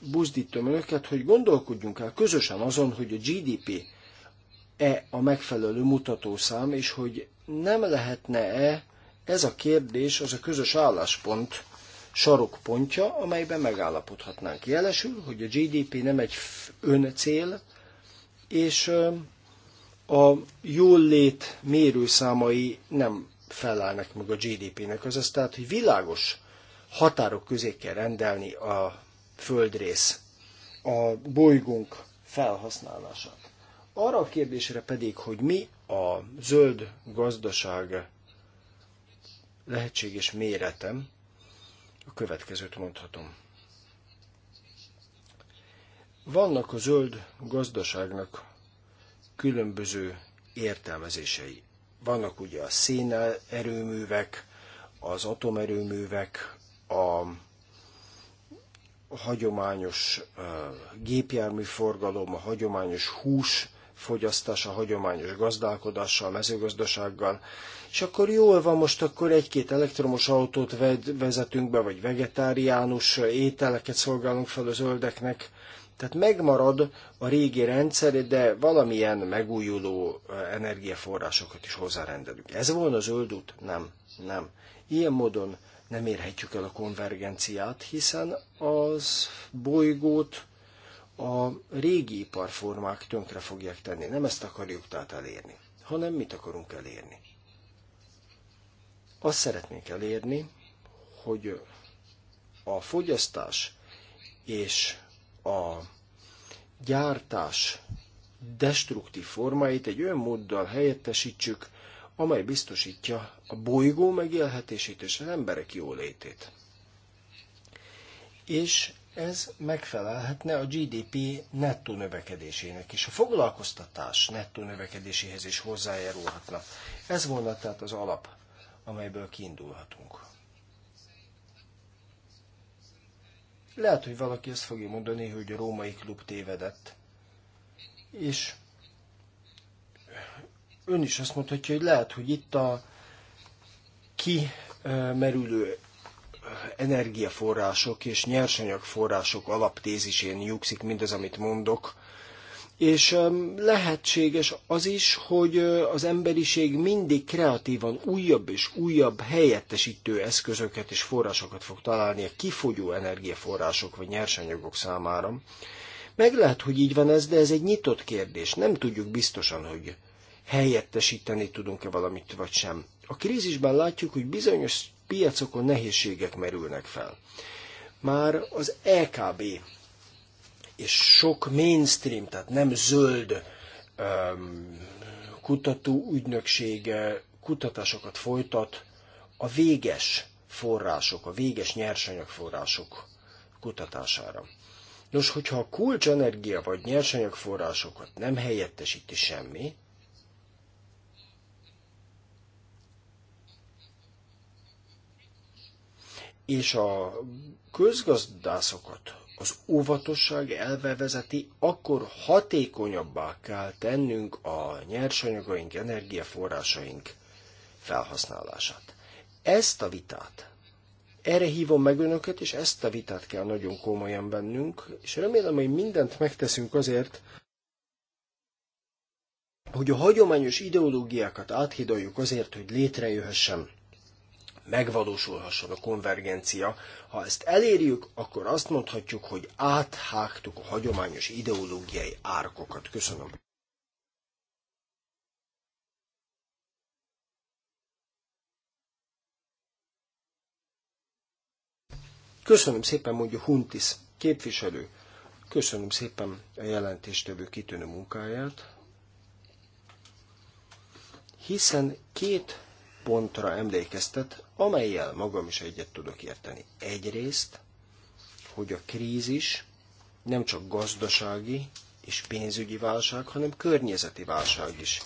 buzdítom önöket, hogy gondolkodjunk el közösen azon, hogy a GDP e a megfelelő mutatószám, és hogy nem lehetne-e ez a kérdés, az a közös álláspont, sarokpontja, amelyben megállapodhatnánk. Jelesül, hogy a GDP nem egy öncél, és a jól lét mérőszámai nem felállnak meg a GDP-nek. Azaz tehát, hogy világos határok közé kell rendelni a földrész, a bolygónk felhasználását. Arra a kérdésre pedig, hogy mi a zöld gazdaság lehetséges méretem, a következőt mondhatom. Vannak a zöld gazdaságnak különböző értelmezései. Vannak ugye a szénerőművek, az atomerőművek, a hagyományos gépjárműforgalom, a hagyományos hús fogyasztás a hagyományos gazdálkodással, mezőgazdasággal, és akkor jól van, most akkor egy-két elektromos autót vezetünk be, vagy vegetáriánus ételeket szolgálunk fel az zöldeknek, tehát megmarad a régi rendszer, de valamilyen megújuló energiaforrásokat is hozzárendelünk. Ez volna zöld út? Nem, nem. Ilyen módon nem érhetjük el a konvergenciát, hiszen az bolygót a régi iparformák tönkre fogják tenni. Nem ezt akarjuk tehát elérni, hanem mit akarunk elérni. Azt szeretnénk elérni, hogy a fogyasztás és a gyártás destruktív formáit egy olyan móddal helyettesítsük, amely biztosítja a bolygó megélhetését és az emberek jólétét. És ez megfelelhetne a GDP nettó növekedésének, és a foglalkoztatás nettó növekedéséhez is hozzájárulhatna. Ez volna tehát az alap, amelyből kiindulhatunk. Lehet, hogy valaki azt fogja mondani, hogy a római klub tévedett, és ön is azt mondhatja, hogy lehet, hogy itt a kimerülő energiaforrások és nyersanyagforrások alaptézisén nyugszik mindaz, amit mondok, és lehetséges az is, hogy az emberiség mindig kreatívan újabb és újabb helyettesítő eszközöket és forrásokat fog találni a kifogyó energiaforrások vagy nyersanyagok számára. Meg lehet, hogy így van ez, de ez egy nyitott kérdés. Nem tudjuk biztosan, hogy helyettesíteni tudunk-e valamit, vagy sem. A krízisben látjuk, hogy bizonyos piacokon nehézségek merülnek fel. Már az EKB és sok mainstream, tehát nem zöld um, ügynöksége kutatásokat folytat a véges források, a véges nyersanyagforrások kutatására. Nos, hogyha a kulcsenergia vagy nyersanyagforrásokat nem helyettesíti semmi, és a közgazdászokat az óvatosság elve vezeti, akkor hatékonyabbá kell tennünk a nyersanyagaink, energiaforrásaink felhasználását. Ezt a vitát, erre hívom meg önöket, és ezt a vitát kell nagyon komolyan vennünk és remélem, hogy mindent megteszünk azért, hogy a hagyományos ideológiákat áthidaljuk azért, hogy létrejöhessen megvalósulhasson a konvergencia. Ha ezt elérjük, akkor azt mondhatjuk, hogy áthágtuk a hagyományos ideológiai árkokat. Köszönöm. Köszönöm szépen, mondja Huntis képviselő. Köszönöm szépen a jelentéstevő kitűnő munkáját, hiszen két pontra emlékeztet, amelyel magam is egyet tudok érteni. Egyrészt, hogy a krízis nem csak gazdasági és pénzügyi válság, hanem környezeti válság is.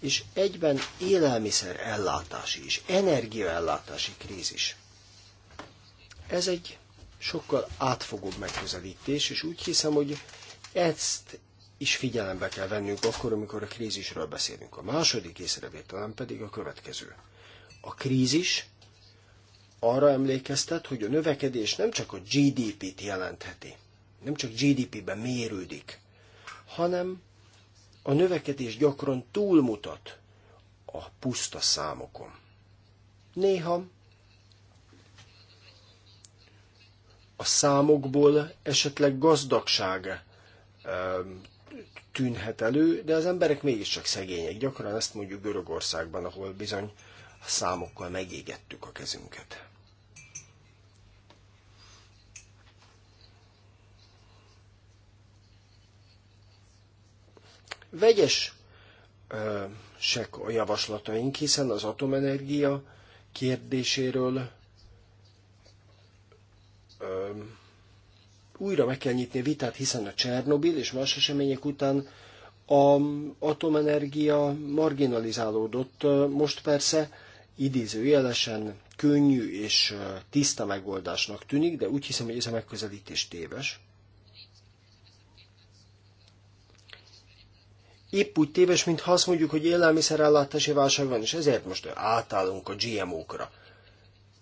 És egyben élelmiszer ellátási és energiaellátási krízis. Ez egy sokkal átfogóbb megközelítés, és úgy hiszem, hogy ezt is figyelembe kell vennünk akkor, amikor a krízisről beszélünk. A második észrevételem pedig a következő. A krízis arra emlékeztet, hogy a növekedés nem csak a GDP-t jelentheti, nem csak GDP-ben mérődik, hanem a növekedés gyakran túlmutat a puszta számokon. Néha a számokból esetleg gazdagság tűnhet elő, de az emberek mégiscsak szegények. Gyakran ezt mondjuk Görögországban, ahol bizony számokkal megégettük a kezünket. Vegyes sek a javaslataink, hiszen az atomenergia kérdéséről újra meg kell nyitni a vitát, hiszen a Csernobil és más események után az atomenergia marginalizálódott. Most persze idézőjelesen könnyű és tiszta megoldásnak tűnik, de úgy hiszem, hogy ez a megközelítés téves. Épp úgy téves, ha azt mondjuk, hogy élelmiszerellátási válság van, és ezért most átállunk a GMO-kra.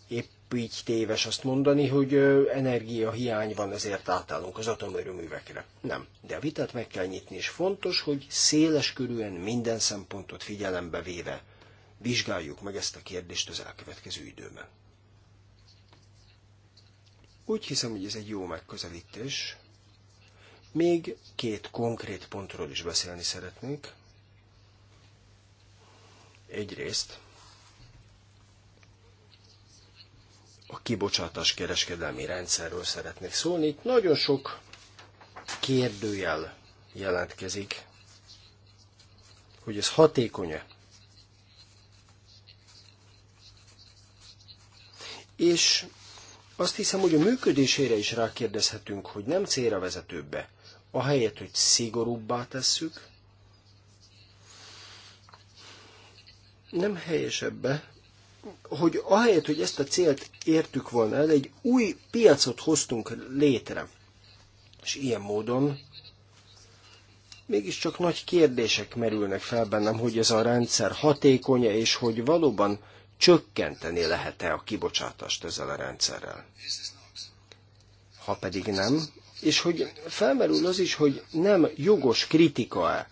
Épp így téves azt mondani, hogy energiahiány van, ezért átállunk az atomerőművekre. Nem, de a vitát meg kell nyitni, és fontos, hogy széles körűen minden szempontot figyelembe véve Vizsgáljuk meg ezt a kérdést az elkövetkező időben. Úgy hiszem, hogy ez egy jó megközelítés. Még két konkrét pontról is beszélni szeretnék. Egyrészt a kibocsátás kereskedelmi rendszerről szeretnék szólni. Itt nagyon sok kérdőjel jelentkezik, hogy ez hatékony-e és azt hiszem, hogy a működésére is rákérdezhetünk, hogy nem célra vezetőbbe, ahelyett, hogy szigorúbbá tesszük, nem helyesebbe, hogy ahelyett, hogy ezt a célt értük volna el, egy új piacot hoztunk létre. És ilyen módon mégiscsak nagy kérdések merülnek fel bennem, hogy ez a rendszer hatékonya, és hogy valóban csökkenteni lehet-e a kibocsátást ezzel a rendszerrel. Ha pedig nem, és hogy felmerül az is, hogy nem jogos kritika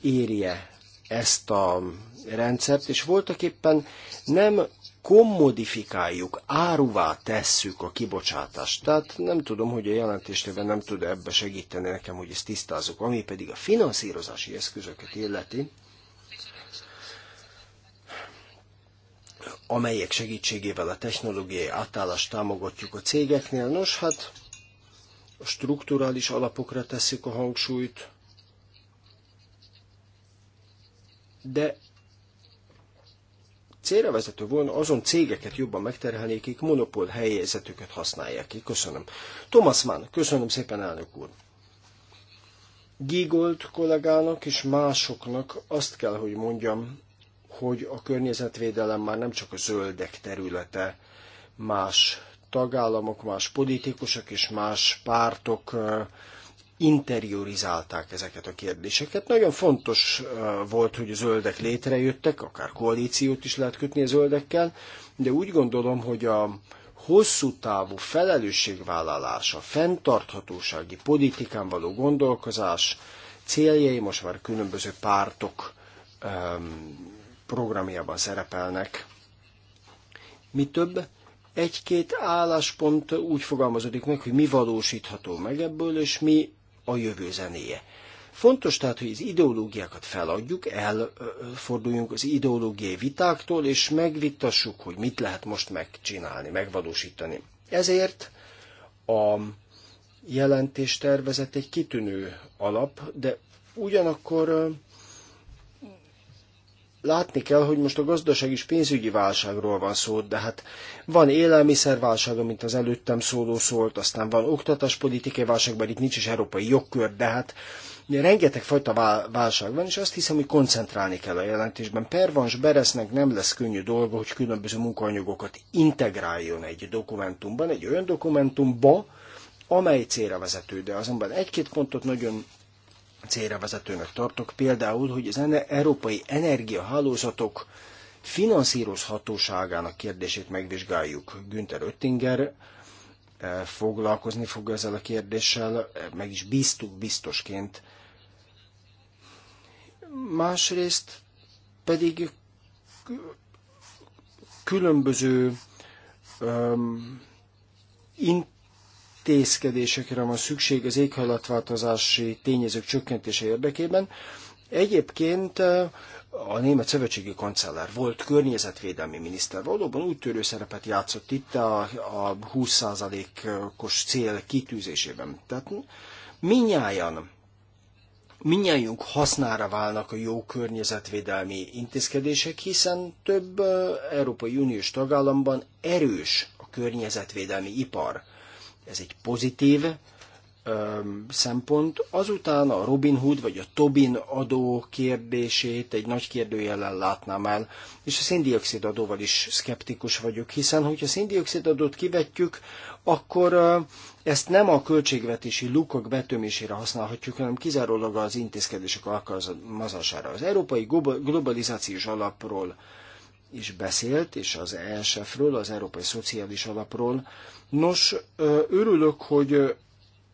érje ezt a rendszert, és voltak éppen nem kommodifikáljuk, áruvá tesszük a kibocsátást. Tehát nem tudom, hogy a jelentéstében nem tud ebbe segíteni nekem, hogy ezt tisztázok, Ami pedig a finanszírozási eszközöket illeti, amelyek segítségével a technológiai átállást támogatjuk a cégeknél. Nos, hát a strukturális alapokra teszik a hangsúlyt, de célra vezető volna azon cégeket jobban megterhelni, akik monopól helyzetüket használják ki. Köszönöm. Thomas Mann, köszönöm szépen, elnök úr. Gigold kollégának és másoknak azt kell, hogy mondjam, hogy a környezetvédelem már nem csak a zöldek területe, más tagállamok, más politikusok és más pártok interiorizálták ezeket a kérdéseket. Nagyon fontos volt, hogy a zöldek létrejöttek, akár koalíciót is lehet kötni a zöldekkel, de úgy gondolom, hogy a hosszú távú felelősségvállalás, a fenntarthatósági politikán való gondolkozás céljai most már különböző pártok um, programjában szerepelnek. Mi több, egy-két álláspont úgy fogalmazódik meg, hogy mi valósítható meg ebből, és mi a jövő zenéje. Fontos tehát, hogy az ideológiákat feladjuk, elforduljunk az ideológiai vitáktól, és megvitassuk, hogy mit lehet most megcsinálni, megvalósítani. Ezért a jelentéstervezet egy kitűnő alap, de ugyanakkor látni kell, hogy most a gazdaság és pénzügyi válságról van szó, de hát van élelmiszerválság, mint az előttem szóló szólt, aztán van oktatáspolitikai válság, bár itt nincs is európai jogkör, de hát rengeteg fajta válság van, és azt hiszem, hogy koncentrálni kell a jelentésben. Pervans Beresznek nem lesz könnyű dolga, hogy különböző munkaanyagokat integráljon egy dokumentumban, egy olyan dokumentumba, amely célra vezető, de azonban egy-két pontot nagyon célra vezetőnek tartok, például, hogy az európai energiahálózatok finanszírozhatóságának kérdését megvizsgáljuk. Günther Oettinger eh, foglalkozni fog ezzel a kérdéssel, eh, meg is bíztuk biztosként. Másrészt pedig különböző um, in, intézkedésekre van szükség az éghajlatváltozási tényezők csökkentése érdekében. Egyébként eh, a német szövetségi kancellár volt környezetvédelmi miniszter. Valóban úttörő szerepet játszott itt a, a 20%-os cél kitűzésében. Tehát minnyáján minnyájunk hasznára válnak a jó környezetvédelmi intézkedések, hiszen több eh, Európai Uniós tagállamban erős a környezetvédelmi ipar ez egy pozitív ö, szempont. Azután a Robin Hood vagy a Tobin adó kérdését egy nagy kérdőjellel látnám el, és a széndiokszid adóval is szkeptikus vagyok, hiszen hogyha a széndiokszid adót kivetjük, akkor ö, ezt nem a költségvetési lukak betömésére használhatjuk, hanem kizárólag az intézkedések alkalmazására. Az Európai Globalizációs Alapról is beszélt, és az ESF-ről, az Európai Szociális Alapról, Nos, örülök, hogy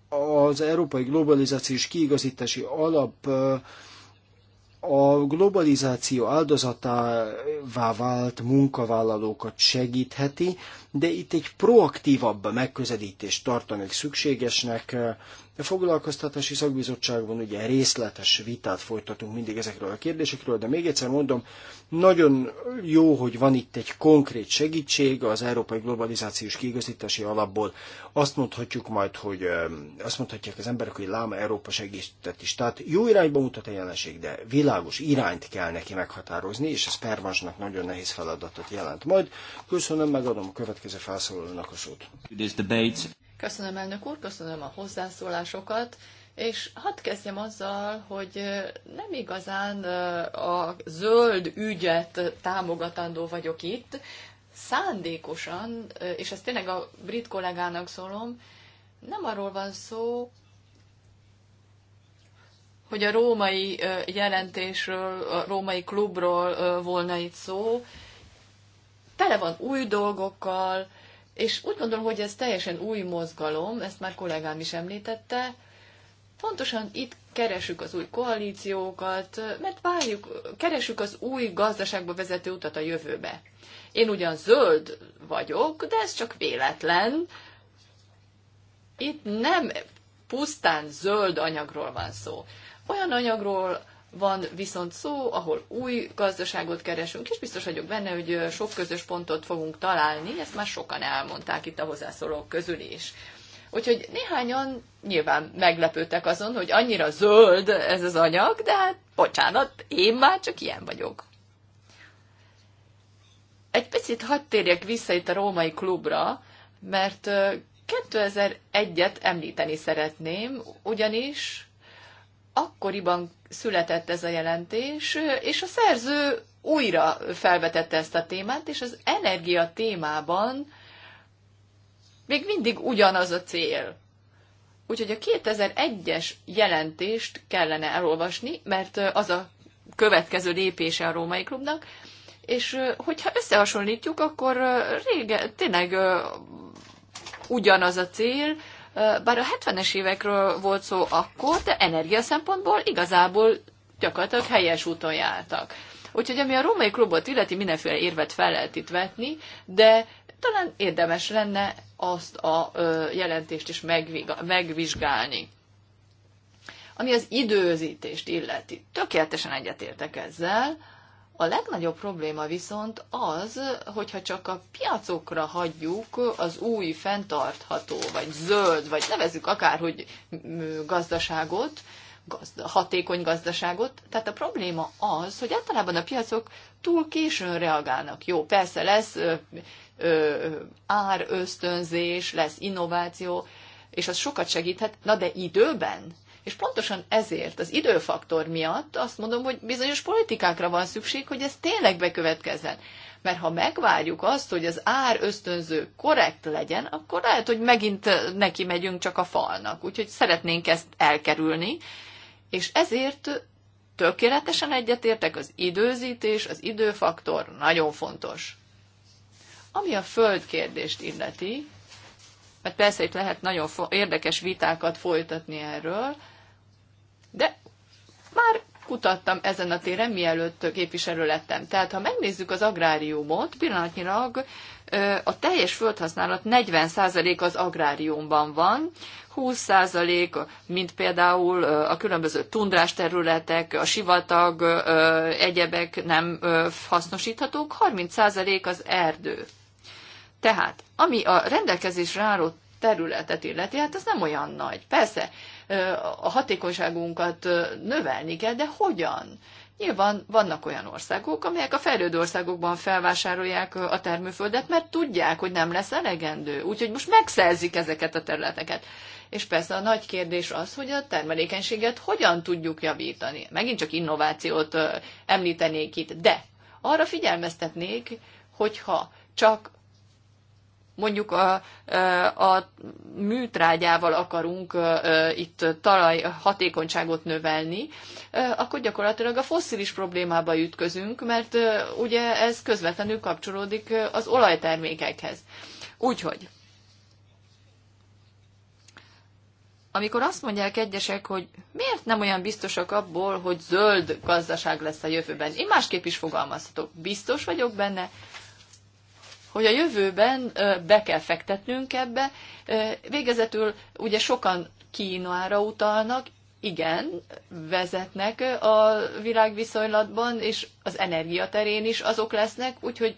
az Európai Globalizációs Kiigazítási Alap a globalizáció áldozatává vált munkavállalókat segítheti, de itt egy proaktívabb megközelítést tartanék szükségesnek. A foglalkoztatási szakbizottságban ugye részletes vitát folytatunk mindig ezekről a kérdésekről, de még egyszer mondom, nagyon jó, hogy van itt egy konkrét segítség az Európai Globalizációs Kiigazítási Alapból. Azt mondhatjuk majd, hogy azt mondhatják az emberek, hogy láma Európa segített is. Tehát jó irányba mutat a jelenség, de világos irányt kell neki meghatározni, és ez Pervansnak nagyon nehéz feladatot jelent. Majd köszönöm, megadom a következő következő felszólalónak a szót. Köszönöm, elnök úr, köszönöm a hozzászólásokat, és hadd kezdjem azzal, hogy nem igazán a zöld ügyet támogatandó vagyok itt, szándékosan, és ezt tényleg a brit kollégának szólom, nem arról van szó, hogy a római jelentésről, a római klubról volna itt szó, tele van új dolgokkal, és úgy gondolom, hogy ez teljesen új mozgalom, ezt már kollégám is említette, pontosan itt keresük az új koalíciókat, mert várjuk, keresük az új gazdaságba vezető utat a jövőbe. Én ugyan zöld vagyok, de ez csak véletlen. Itt nem pusztán zöld anyagról van szó. Olyan anyagról, van viszont szó, ahol új gazdaságot keresünk, és biztos vagyok benne, hogy sok közös pontot fogunk találni, ezt már sokan elmondták itt a hozzászólók közül is. Úgyhogy néhányan nyilván meglepődtek azon, hogy annyira zöld ez az anyag, de hát bocsánat, én már csak ilyen vagyok. Egy picit hadd térjek vissza itt a római klubra, mert 2001-et említeni szeretném, ugyanis akkoriban született ez a jelentés, és a szerző újra felvetette ezt a témát, és az energia témában még mindig ugyanaz a cél. Úgyhogy a 2001-es jelentést kellene elolvasni, mert az a következő lépése a Római Klubnak, és hogyha összehasonlítjuk, akkor rége, tényleg ugyanaz a cél, bár a 70-es évekről volt szó akkor, de energia szempontból igazából gyakorlatilag helyes úton jártak. Úgyhogy ami a római klubot illeti, mindenféle érvet fel lehet itt vetni, de talán érdemes lenne azt a jelentést is megvizsgálni. Ami az időzítést illeti, tökéletesen egyetértek ezzel, a legnagyobb probléma viszont az, hogyha csak a piacokra hagyjuk az új fenntartható, vagy zöld, vagy nevezzük akárhogy gazdaságot, gazda, hatékony gazdaságot. Tehát a probléma az, hogy általában a piacok túl későn reagálnak. Jó, persze lesz ö, ö, árösztönzés, lesz innováció, és az sokat segíthet, na de időben? És pontosan ezért, az időfaktor miatt azt mondom, hogy bizonyos politikákra van szükség, hogy ez tényleg bekövetkezzen. Mert ha megvárjuk azt, hogy az ár ösztönző korrekt legyen, akkor lehet, hogy megint neki megyünk csak a falnak. Úgyhogy szeretnénk ezt elkerülni, és ezért tökéletesen egyetértek, az időzítés, az időfaktor nagyon fontos. Ami a föld kérdést illeti, mert persze itt lehet nagyon érdekes vitákat folytatni erről, de már kutattam ezen a téren, mielőtt képviselő lettem. Tehát, ha megnézzük az agráriumot, pillanatnyilag a teljes földhasználat 40% az agráriumban van, 20% mint például a különböző tundrás területek, a sivatag, egyebek nem hasznosíthatók, 30% az erdő. Tehát, ami a rendelkezésre álló területet illeti, hát ez nem olyan nagy. Persze, a hatékonyságunkat növelni kell, de hogyan? Nyilván vannak olyan országok, amelyek a fejlődő országokban felvásárolják a termőföldet, mert tudják, hogy nem lesz elegendő. Úgyhogy most megszerzik ezeket a területeket. És persze a nagy kérdés az, hogy a termelékenységet hogyan tudjuk javítani. Megint csak innovációt említenék itt, de arra figyelmeztetnék, hogyha csak mondjuk a, a műtrágyával akarunk itt talaj hatékonyságot növelni, akkor gyakorlatilag a fosszilis problémába ütközünk, mert ugye ez közvetlenül kapcsolódik az olajtermékekhez. Úgyhogy amikor azt mondják egyesek, hogy miért nem olyan biztosak abból, hogy zöld gazdaság lesz a jövőben, én másképp is fogalmazhatok. Biztos vagyok benne, hogy a jövőben be kell fektetnünk ebbe. Végezetül ugye sokan Kínára utalnak, igen, vezetnek a világviszonylatban, és az energiaterén is azok lesznek, úgyhogy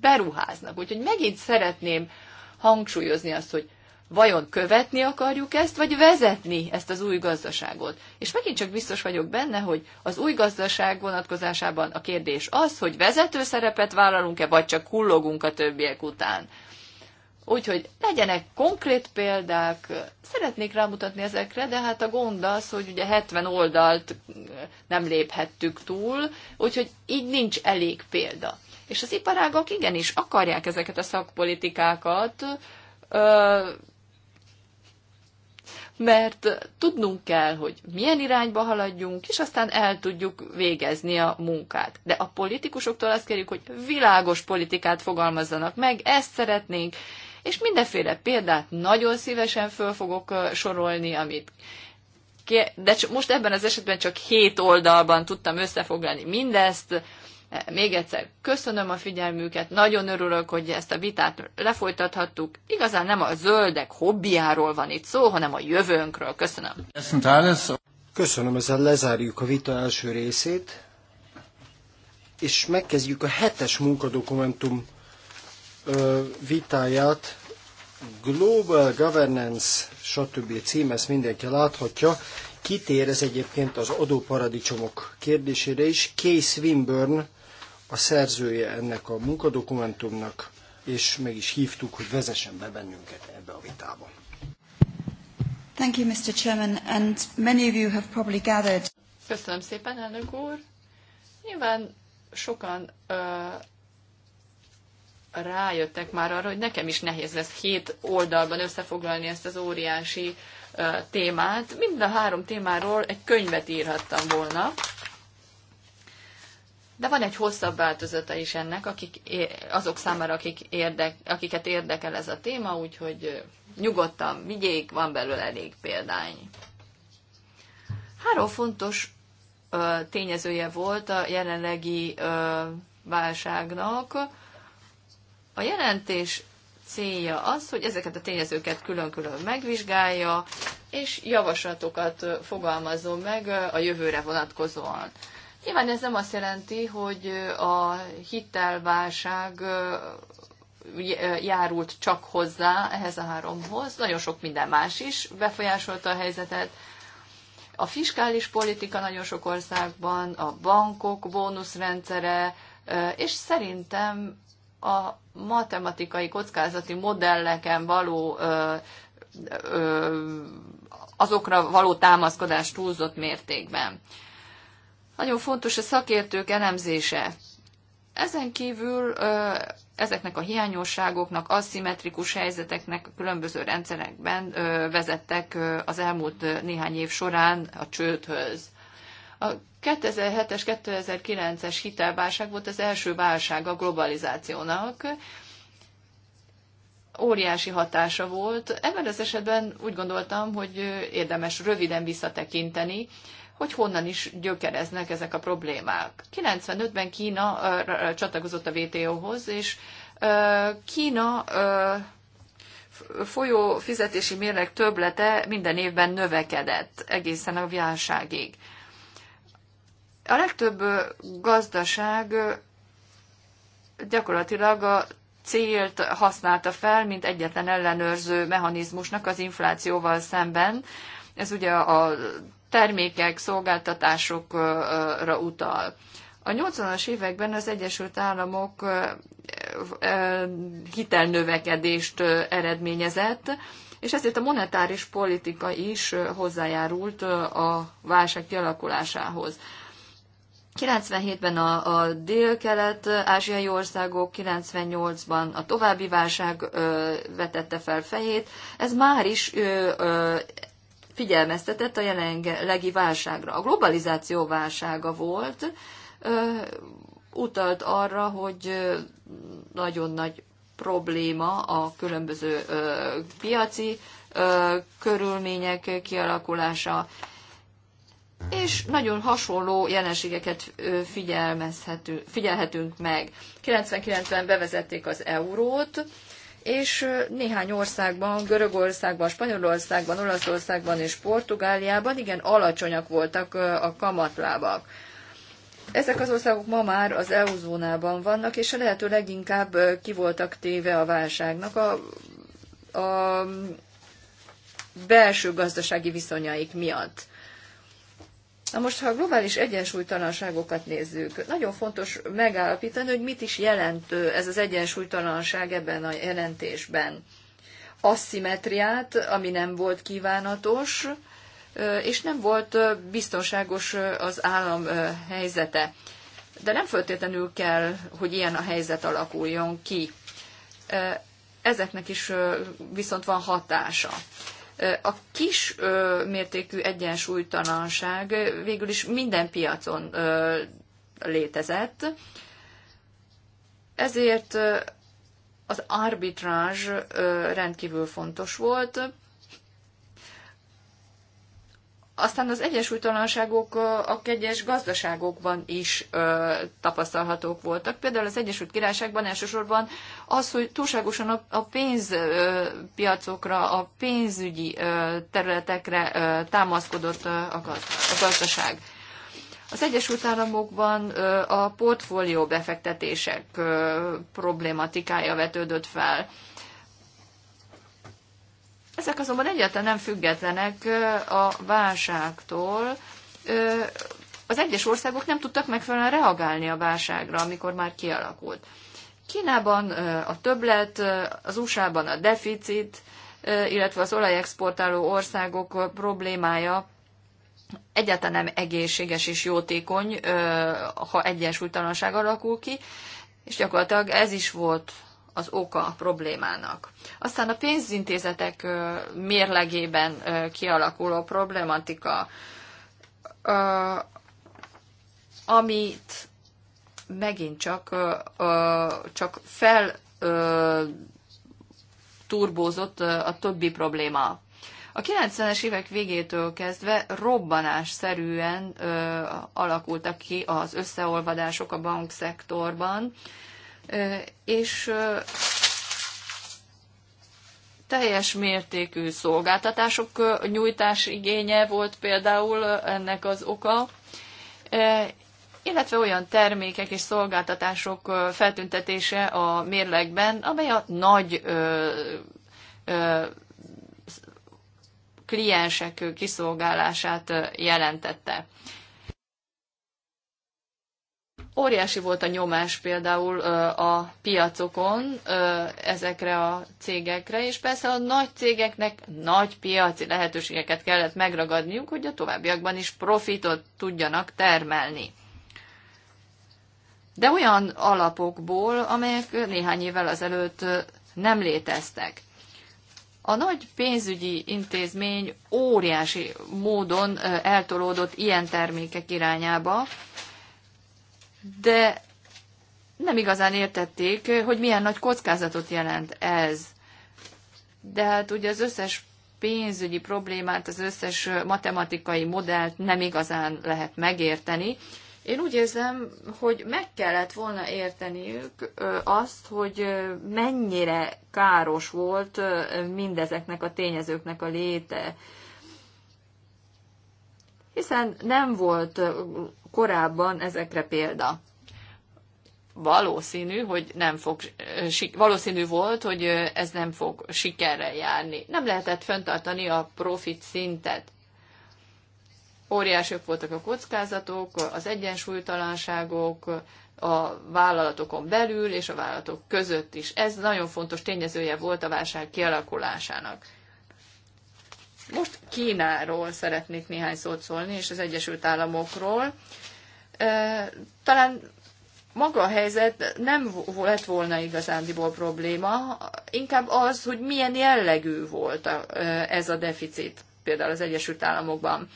beruháznak. Úgyhogy megint szeretném hangsúlyozni azt, hogy vajon követni akarjuk ezt, vagy vezetni ezt az új gazdaságot. És megint csak biztos vagyok benne, hogy az új gazdaság vonatkozásában a kérdés az, hogy vezető szerepet vállalunk-e, vagy csak hullogunk a többiek után. Úgyhogy legyenek konkrét példák, szeretnék rámutatni ezekre, de hát a gond az, hogy ugye 70 oldalt nem léphettük túl, úgyhogy így nincs elég példa. És az iparágok igenis akarják ezeket a szakpolitikákat, mert tudnunk kell, hogy milyen irányba haladjunk, és aztán el tudjuk végezni a munkát. De a politikusoktól azt kérjük, hogy világos politikát fogalmazzanak meg, ezt szeretnénk, és mindenféle példát nagyon szívesen föl fogok sorolni, amit de most ebben az esetben csak hét oldalban tudtam összefoglalni mindezt, még egyszer köszönöm a figyelmüket, nagyon örülök, hogy ezt a vitát lefolytathattuk. Igazán nem a zöldek hobbiáról van itt szó, hanem a jövőnkről. Köszönöm. Köszönöm, ezzel lezárjuk a vita első részét, és megkezdjük a hetes munkadokumentum vitáját. Global Governance, stb. cím, ezt mindenki láthatja. Kitér ez egyébként az adóparadicsomok kérdésére is. Case Swinburne a szerzője ennek a munkadokumentumnak, és meg is hívtuk, hogy vezessen be bennünket ebbe a vitába. Thank you, Mr. Chairman, and many of you have probably gathered. Köszönöm szépen, elnök úr. Nyilván sokan uh, rájöttek már arra, hogy nekem is nehéz lesz hét oldalban összefoglalni ezt az óriási uh, témát. Mind a három témáról egy könyvet írhattam volna, de van egy hosszabb változata is ennek, akik, azok számára, akik érdek, akiket érdekel ez a téma, úgyhogy nyugodtan vigyék, van belőle elég példány. Három fontos ö, tényezője volt a jelenlegi ö, válságnak. A jelentés célja az, hogy ezeket a tényezőket külön-külön megvizsgálja, és javaslatokat fogalmazzon meg a jövőre vonatkozóan. Nyilván ez nem azt jelenti, hogy a hitelválság járult csak hozzá ehhez a háromhoz, nagyon sok minden más is befolyásolta a helyzetet. A fiskális politika nagyon sok országban, a bankok bónuszrendszere, és szerintem a matematikai kockázati modelleken való azokra való támaszkodás túlzott mértékben. Nagyon fontos a szakértők elemzése. Ezen kívül ezeknek a hiányosságoknak, aszimmetrikus helyzeteknek a különböző rendszerekben vezettek az elmúlt néhány év során a csődhöz. A 2007-es, 2009-es hitelválság volt az első válság a globalizációnak. Óriási hatása volt. Ebben az esetben úgy gondoltam, hogy érdemes röviden visszatekinteni, hogy honnan is gyökereznek ezek a problémák. 95-ben Kína csatlakozott a WTO-hoz, és Kína folyó fizetési mérleg töblete minden évben növekedett egészen a válságig. A legtöbb gazdaság gyakorlatilag a célt használta fel, mint egyetlen ellenőrző mechanizmusnak az inflációval szemben. Ez ugye a termékek, szolgáltatásokra utal. A 80-as években az Egyesült Államok hitelnövekedést eredményezett, és ezért a monetáris politika is hozzájárult a válság kialakulásához. 97-ben a, a dél-kelet-ázsiai országok, 98-ban a további válság ö, vetette fel fejét. Ez már is ö, ö, figyelmeztetett a jelenlegi válságra. A globalizáció válsága volt, utalt arra, hogy nagyon nagy probléma a különböző piaci körülmények kialakulása, és nagyon hasonló jelenségeket figyelhetünk meg. 99-ben bevezették az eurót, és néhány országban, Görögországban, Spanyolországban, Olaszországban és Portugáliában igen alacsonyak voltak a kamatlábak. Ezek az országok ma már az EU zónában vannak, és a lehető leginkább kivoltak téve a válságnak a, a belső gazdasági viszonyaik miatt. Na most, ha a globális egyensúlytalanságokat nézzük, nagyon fontos megállapítani, hogy mit is jelent ez az egyensúlytalanság ebben a jelentésben. Asszimetriát, ami nem volt kívánatos, és nem volt biztonságos az állam helyzete. De nem föltétlenül kell, hogy ilyen a helyzet alakuljon ki. Ezeknek is viszont van hatása. A kis mértékű egyensúlytalanság végül is minden piacon létezett, ezért az arbitrázs rendkívül fontos volt, aztán az egyesültalanságok a egyes gazdaságokban is tapasztalhatók voltak. Például az Egyesült Királyságban elsősorban az, hogy túlságosan a pénzpiacokra, a pénzügyi területekre támaszkodott a gazdaság. Az Egyesült Államokban a portfólió befektetések problématikája vetődött fel. Ezek azonban egyáltalán nem függetlenek a válságtól. Az egyes országok nem tudtak megfelelően reagálni a válságra, amikor már kialakult. Kínában a többlet, az USA-ban a deficit, illetve az olajexportáló országok problémája egyáltalán nem egészséges és jótékony, ha egyensúlytalanság alakul ki, és gyakorlatilag ez is volt az oka a problémának. Aztán a pénzintézetek mérlegében kialakuló problematika, amit megint csak, csak fel turbózott a többi probléma. A 90-es évek végétől kezdve robbanásszerűen ö, alakultak ki az összeolvadások a bankszektorban, és teljes mértékű szolgáltatások nyújtás igénye volt például ennek az oka, illetve olyan termékek és szolgáltatások feltüntetése a mérlegben, amely a nagy kliensek kiszolgálását jelentette. Óriási volt a nyomás például a piacokon ezekre a cégekre, és persze a nagy cégeknek nagy piaci lehetőségeket kellett megragadniuk, hogy a továbbiakban is profitot tudjanak termelni. De olyan alapokból, amelyek néhány évvel ezelőtt nem léteztek. A nagy pénzügyi intézmény óriási módon eltolódott ilyen termékek irányába, de nem igazán értették, hogy milyen nagy kockázatot jelent ez. De hát ugye az összes pénzügyi problémát, az összes matematikai modellt nem igazán lehet megérteni. Én úgy érzem, hogy meg kellett volna érteniük azt, hogy mennyire káros volt mindezeknek a tényezőknek a léte hiszen nem volt korábban ezekre példa. Valószínű, hogy nem fog, valószínű volt, hogy ez nem fog sikerrel járni. Nem lehetett fenntartani a profit szintet. Óriások voltak a kockázatok, az egyensúlytalanságok, a vállalatokon belül és a vállalatok között is. Ez nagyon fontos tényezője volt a válság kialakulásának. Most Kínáról szeretnék néhány szót szólni, és az Egyesült Államokról. Talán maga a helyzet nem lett volna igazándiból probléma, inkább az, hogy milyen jellegű volt ez a deficit például az Egyesült Államokban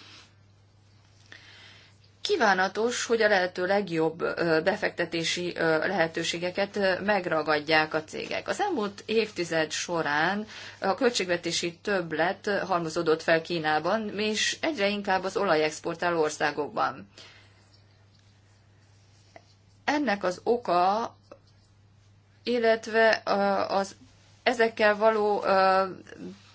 kívánatos, hogy a lehető legjobb befektetési lehetőségeket megragadják a cégek. Az elmúlt évtized során a költségvetési többlet halmozódott fel Kínában, és egyre inkább az olajexportáló országokban. Ennek az oka, illetve az ezekkel való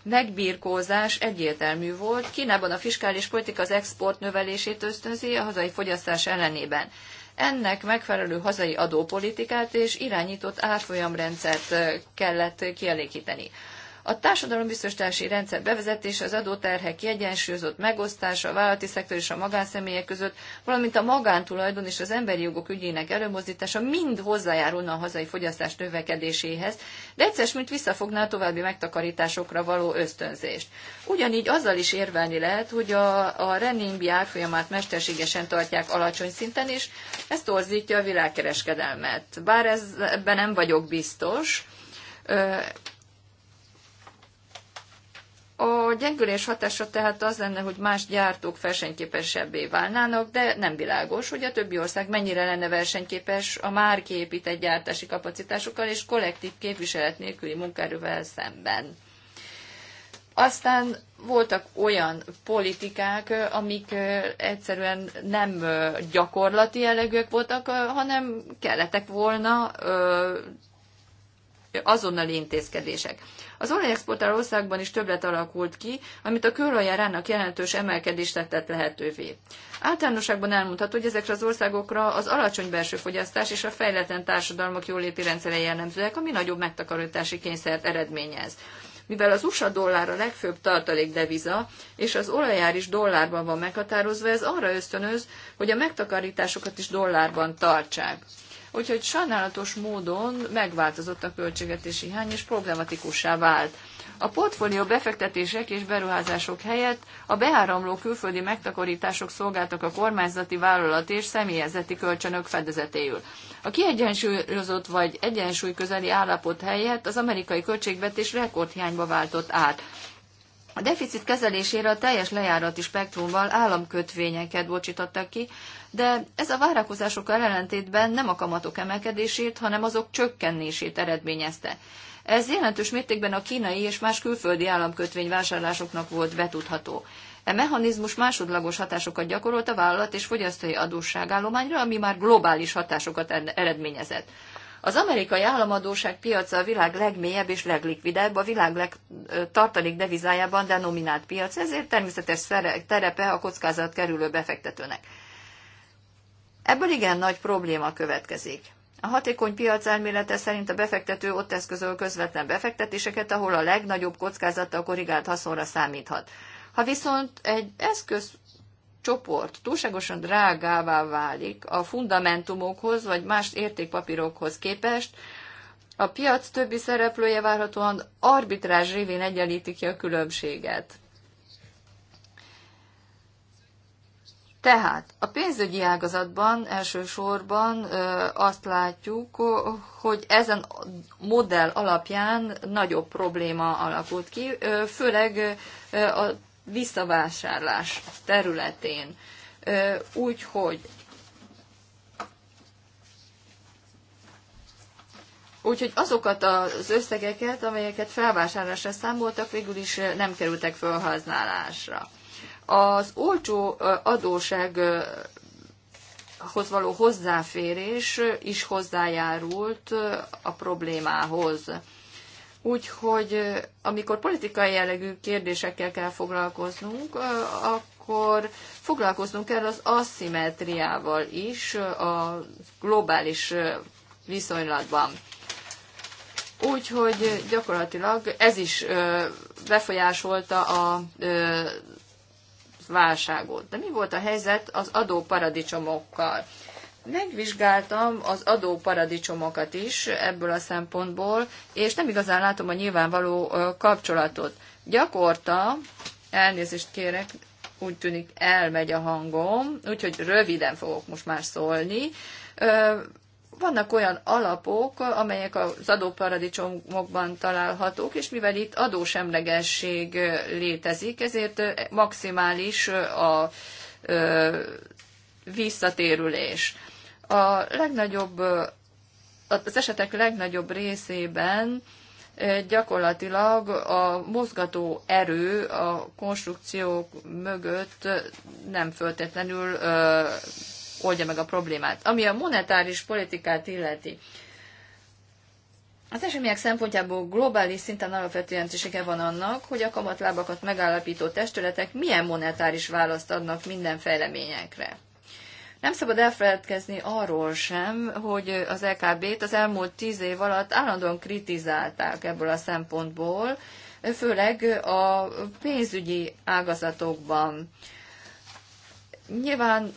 megbírkózás egyértelmű volt. Kínában a fiskális politika az export növelését ösztönzi a hazai fogyasztás ellenében. Ennek megfelelő hazai adópolitikát és irányított árfolyamrendszert eh, kellett kielégíteni. A társadalombiztosítási rendszer bevezetése, az adóterhek kiegyensúlyozott megosztása a vállalati szektor és a magánszemélyek között, valamint a magántulajdon és az emberi jogok ügyének előmozdítása mind hozzájárulna a hazai fogyasztás növekedéséhez, de egyszer, mint visszafogná a további megtakarításokra való ösztönzést. Ugyanígy azzal is érvelni lehet, hogy a, a renminbi árfolyamát mesterségesen tartják alacsony szinten, és ez torzítja a világkereskedelmet. Bár ez, ebben nem vagyok biztos, a gyengülés hatása tehát az lenne, hogy más gyártók versenyképesebbé válnának, de nem világos, hogy a többi ország mennyire lenne versenyképes a már kiépített gyártási kapacitásokkal és kollektív képviselet nélküli munkaerővel szemben. Aztán voltak olyan politikák, amik egyszerűen nem gyakorlati jellegűek voltak, hanem kellettek volna azonnali intézkedések. Az olajexportáló országban is többlet alakult ki, amit a körajárának jelentős emelkedést tett lehetővé. Általánosságban elmondható, hogy ezekre az országokra az alacsony belső fogyasztás és a fejletlen társadalmak jóléti rendszere jellemzőek, ami nagyobb megtakarítási kényszert eredményez mivel az USA dollár a legfőbb tartalék deviza, és az olajár is dollárban van meghatározva, ez arra ösztönöz, hogy a megtakarításokat is dollárban tartsák. Úgyhogy sajnálatos módon megváltozott a költségvetési hiány, és problematikussá vált. A portfólió befektetések és beruházások helyett a beáramló külföldi megtakarítások szolgáltak a kormányzati vállalat és személyezeti kölcsönök fedezetéül. A kiegyensúlyozott vagy egyensúly közeli állapot helyett az amerikai költségvetés rekordhiányba váltott át. A deficit kezelésére a teljes lejárati spektrumval államkötvényeket bocsítottak ki, de ez a várakozásokkal ellentétben nem a kamatok emelkedését, hanem azok csökkenését eredményezte. Ez jelentős mértékben a kínai és más külföldi államkötvény vásárlásoknak volt betudható. E mechanizmus másodlagos hatásokat gyakorolt a vállalat és fogyasztói adósságállományra, ami már globális hatásokat eredményezett. Az amerikai államadóság piaca a világ legmélyebb és leglikvidebb, a világ legtartalék devizájában denominált piac, ezért természetes terepe a kockázat kerülő befektetőnek. Ebből igen nagy probléma következik. A hatékony piac elmélete szerint a befektető ott eszközöl közvetlen befektetéseket, ahol a legnagyobb kockázattal korrigált haszonra számíthat. Ha viszont egy eszközcsoport csoport túlságosan drágává válik a fundamentumokhoz vagy más értékpapírokhoz képest, a piac többi szereplője várhatóan arbitrázs révén egyenlíti ki a különbséget. Tehát a pénzügyi ágazatban elsősorban azt látjuk, hogy ezen modell alapján nagyobb probléma alakult ki, főleg a visszavásárlás területén. Úgyhogy Úgyhogy azokat az összegeket, amelyeket felvásárlásra számoltak, végül is nem kerültek felhasználásra. Az olcsó adósághoz való hozzáférés is hozzájárult a problémához. Úgyhogy amikor politikai jellegű kérdésekkel kell foglalkoznunk, akkor foglalkoznunk kell az aszimetriával is a globális viszonylatban. Úgyhogy gyakorlatilag ez is befolyásolta a válságot. De mi volt a helyzet az adóparadicsomokkal? Megvizsgáltam az adóparadicsomokat is ebből a szempontból, és nem igazán látom a nyilvánvaló kapcsolatot. Gyakorta, elnézést kérek, úgy tűnik elmegy a hangom, úgyhogy röviden fogok most már szólni vannak olyan alapok, amelyek az adóparadicsomokban találhatók, és mivel itt adósemlegesség létezik, ezért maximális a visszatérülés. A legnagyobb, az esetek legnagyobb részében gyakorlatilag a mozgató erő a konstrukciók mögött nem föltétlenül oldja meg a problémát. Ami a monetáris politikát illeti, az események szempontjából globális szinten alapvető jelentősége van annak, hogy a kamatlábakat megállapító testületek milyen monetáris választ adnak minden fejleményekre. Nem szabad elfeledkezni arról sem, hogy az LKB-t az elmúlt tíz év alatt állandóan kritizálták ebből a szempontból, főleg a pénzügyi ágazatokban. Nyilván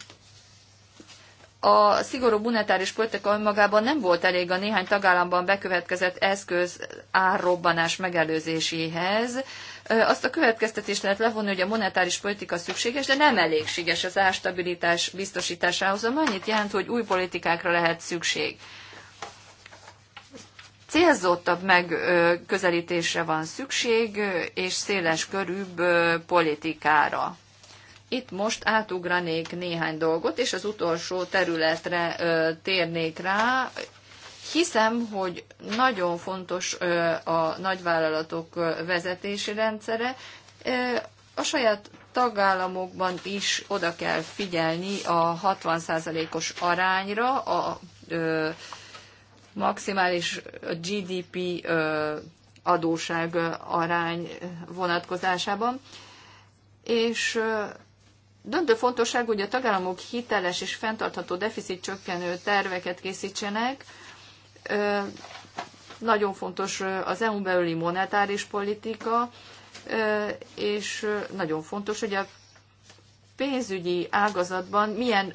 a szigorú monetáris politika önmagában nem volt elég a néhány tagállamban bekövetkezett eszköz árrobbanás megelőzéséhez. Azt a következtetést lehet levonni, hogy a monetáris politika szükséges, de nem elégséges az árstabilitás biztosításához, ami annyit jelent, hogy új politikákra lehet szükség. Célzottabb megközelítésre van szükség, és széles körűbb politikára. Itt most átugranék néhány dolgot, és az utolsó területre ö, térnék rá. Hiszem, hogy nagyon fontos ö, a nagyvállalatok ö, vezetési rendszere. Ö, a saját tagállamokban is oda kell figyelni a 60%-os arányra, a ö, maximális GDP ö, adóság arány vonatkozásában, és Döntő fontosság, hogy a tagállamok hiteles és fenntartható deficit csökkenő terveket készítsenek. Nagyon fontos az EU belüli monetáris politika, és nagyon fontos, hogy a pénzügyi ágazatban milyen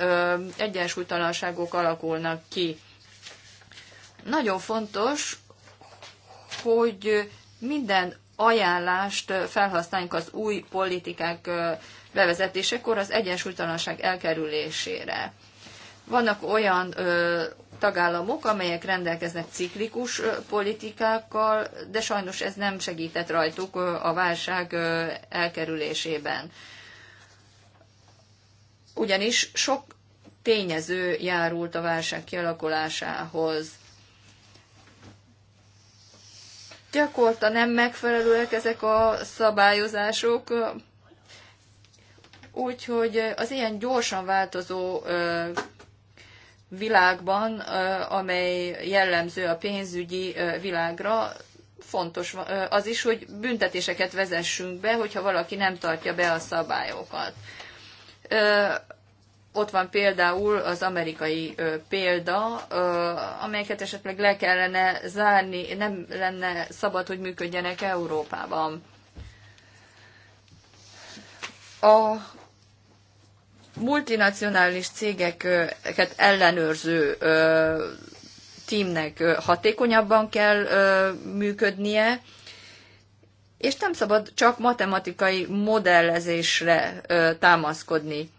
egyensúlytalanságok alakulnak ki. Nagyon fontos, hogy minden ajánlást felhasználjunk az új politikák bevezetésekor az egyensúlytalanság elkerülésére. Vannak olyan ö, tagállamok, amelyek rendelkeznek ciklikus ö, politikákkal, de sajnos ez nem segített rajtuk ö, a válság ö, elkerülésében. Ugyanis sok tényező járult a válság kialakulásához. Gyakorta nem megfelelőek ezek a szabályozások, Úgyhogy az ilyen gyorsan változó világban, amely jellemző a pénzügyi világra, fontos az is, hogy büntetéseket vezessünk be, hogyha valaki nem tartja be a szabályokat. Ott van például az amerikai példa, amelyeket esetleg le kellene zárni, nem lenne szabad, hogy működjenek Európában. A multinacionális cégeket ellenőrző tímnek hatékonyabban kell működnie, és nem szabad csak matematikai modellezésre támaszkodni.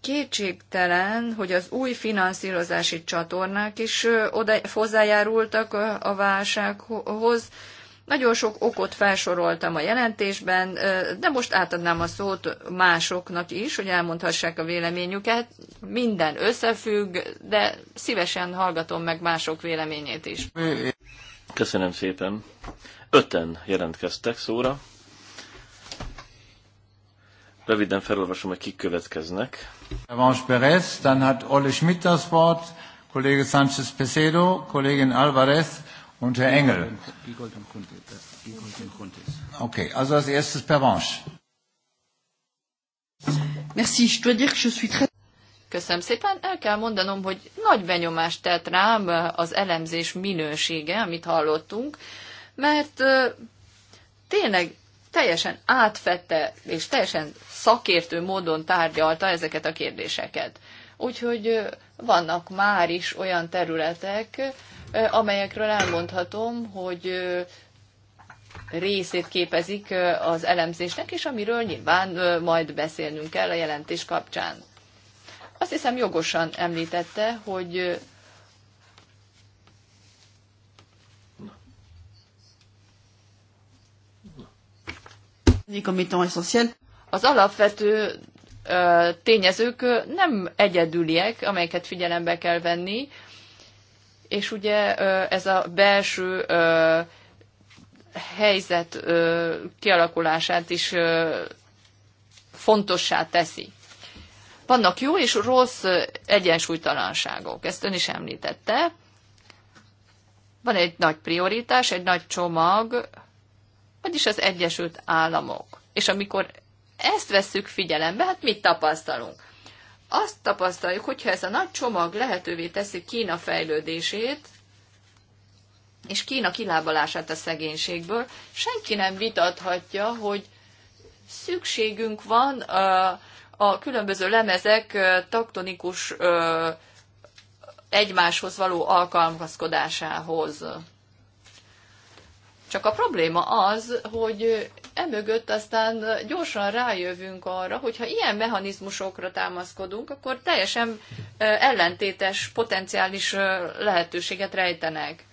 Kétségtelen, hogy az új finanszírozási csatornák is oda hozzájárultak a válsághoz, nagyon sok okot felsoroltam a jelentésben, de most átadnám a szót másoknak is, hogy elmondhassák a véleményüket. Minden összefügg, de szívesen hallgatom meg mások véleményét is. Köszönöm szépen. Öten jelentkeztek szóra. Röviden felolvasom, hogy kik következnek. Vance Perez, dann hat Olle Schmidt das Wort, Kollege Sanchez Pesedo, Kollegin Alvarez, Und Herr Engel. Okay, also als erstes Pervenche. Merci, je dois dire que je suis très... Köszönöm szépen. El kell mondanom, hogy nagy benyomást tett rám az elemzés minősége, amit hallottunk, mert tényleg teljesen átfette és teljesen szakértő módon tárgyalta ezeket a kérdéseket. Úgyhogy vannak már is olyan területek, amelyekről elmondhatom, hogy részét képezik az elemzésnek, és amiről nyilván majd beszélnünk kell a jelentés kapcsán. Azt hiszem jogosan említette, hogy az alapvető tényezők nem egyedüliek, amelyeket figyelembe kell venni, és ugye ez a belső helyzet kialakulását is fontossá teszi. Vannak jó és rossz egyensúlytalanságok, ezt ön is említette. Van egy nagy prioritás, egy nagy csomag, vagyis az Egyesült Államok. És amikor ezt vesszük figyelembe, hát mit tapasztalunk? azt tapasztaljuk, hogyha ez a nagy csomag lehetővé teszi Kína fejlődését, és Kína kilábalását a szegénységből, senki nem vitathatja, hogy szükségünk van a, a különböző lemezek taktonikus egymáshoz való alkalmazkodásához. Csak a probléma az, hogy emögött aztán gyorsan rájövünk arra, hogyha ilyen mechanizmusokra támaszkodunk, akkor teljesen ellentétes potenciális lehetőséget rejtenek.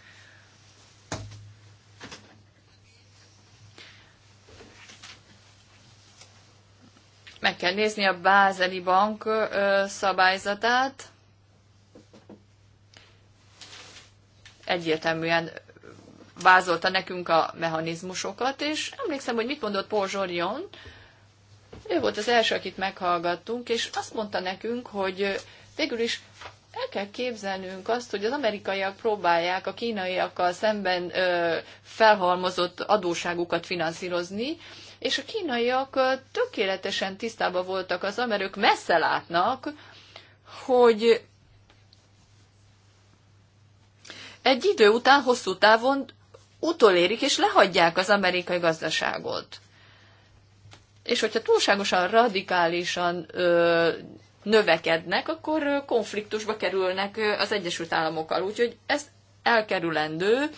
Meg kell nézni a Bázeli Bank szabályzatát. Egyértelműen vázolta nekünk a mechanizmusokat, és emlékszem, hogy mit mondott Paul Zsorion, ő volt az első, akit meghallgattunk, és azt mondta nekünk, hogy végül is el kell képzelnünk azt, hogy az amerikaiak próbálják a kínaiakkal szemben ö, felhalmozott adóságukat finanszírozni, és a kínaiak tökéletesen tisztában voltak az amerők messze látnak, hogy egy idő után hosszú távon utolérik és lehagyják az amerikai gazdaságot. És hogyha túlságosan radikálisan ö, növekednek, akkor konfliktusba kerülnek az Egyesült Államokkal. Úgyhogy ezt elkerülendő,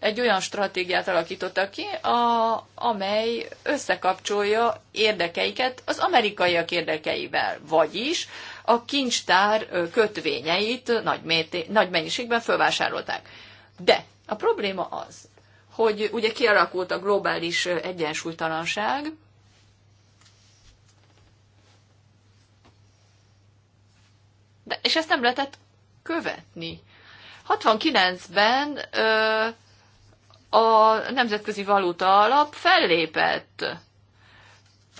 egy olyan stratégiát alakítottak ki, a, amely összekapcsolja érdekeiket az amerikaiak érdekeivel, vagyis a kincstár kötvényeit nagy, mérté, nagy mennyiségben fölvásárolták. De a probléma az, hogy ugye kialakult a globális egyensúlytalanság, De, és ezt nem lehetett követni. 69-ben a Nemzetközi Valuta Alap fellépett.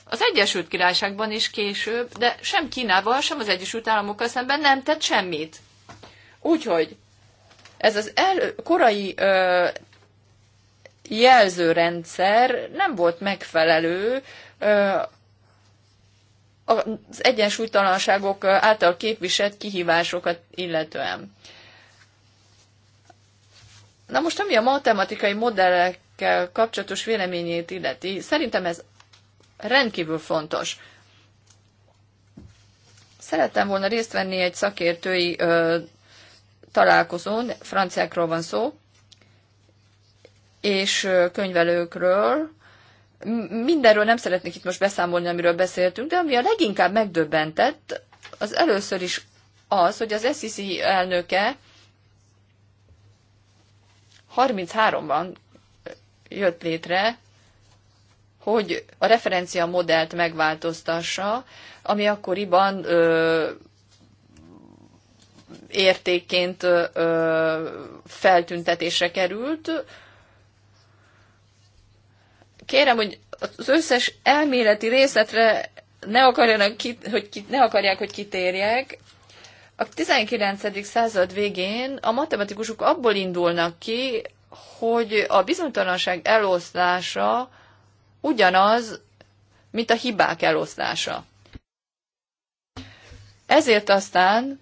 Az Egyesült Királyságban is később, de sem Kínával, sem az Egyesült Államokkal szemben nem tett semmit. Úgyhogy ez az el, korai ö, jelzőrendszer nem volt megfelelő az egyensúlytalanságok által képviselt kihívásokat illetően. Na most, ami a matematikai modellekkel kapcsolatos véleményét illeti, szerintem ez rendkívül fontos. Szerettem volna részt venni egy szakértői ö, találkozón, franciákról van szó, és könyvelőkről. Mindenről nem szeretnék itt most beszámolni, amiről beszéltünk, de ami a leginkább megdöbbentett, az először is az, hogy az SEC elnöke 33-ban jött létre, hogy a referencia modellt megváltoztassa, ami akkoriban ö, értékként ö, feltüntetésre került, kérem, hogy az összes elméleti részletre ne, akarjanak ki, hogy ki, ne akarják, hogy kitérjek. A 19. század végén a matematikusok abból indulnak ki, hogy a bizonytalanság eloszlása ugyanaz, mint a hibák eloszlása. Ezért aztán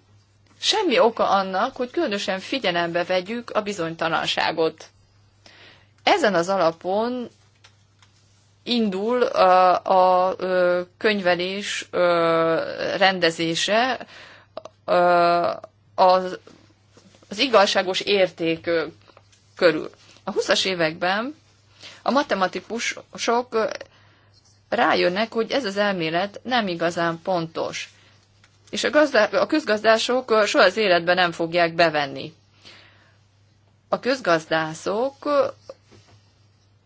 semmi oka annak, hogy különösen figyelembe vegyük a bizonytalanságot. Ezen az alapon indul a, a könyvelés rendezése az, az igazságos érték körül. A 20-as években a matematikusok rájönnek, hogy ez az elmélet nem igazán pontos, és a, gazda- a közgazdások soha az életben nem fogják bevenni. A közgazdászok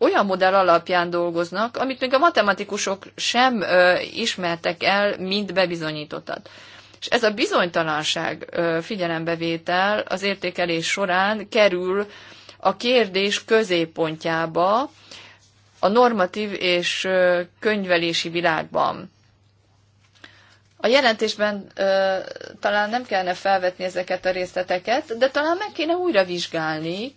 olyan modell alapján dolgoznak, amit még a matematikusok sem ö, ismertek el, mint bebizonyítottat. És ez a bizonytalanság ö, figyelembevétel az értékelés során kerül a kérdés középpontjába a normatív és ö, könyvelési világban. A jelentésben ö, talán nem kellene felvetni ezeket a részleteket, de talán meg kéne újra vizsgálni,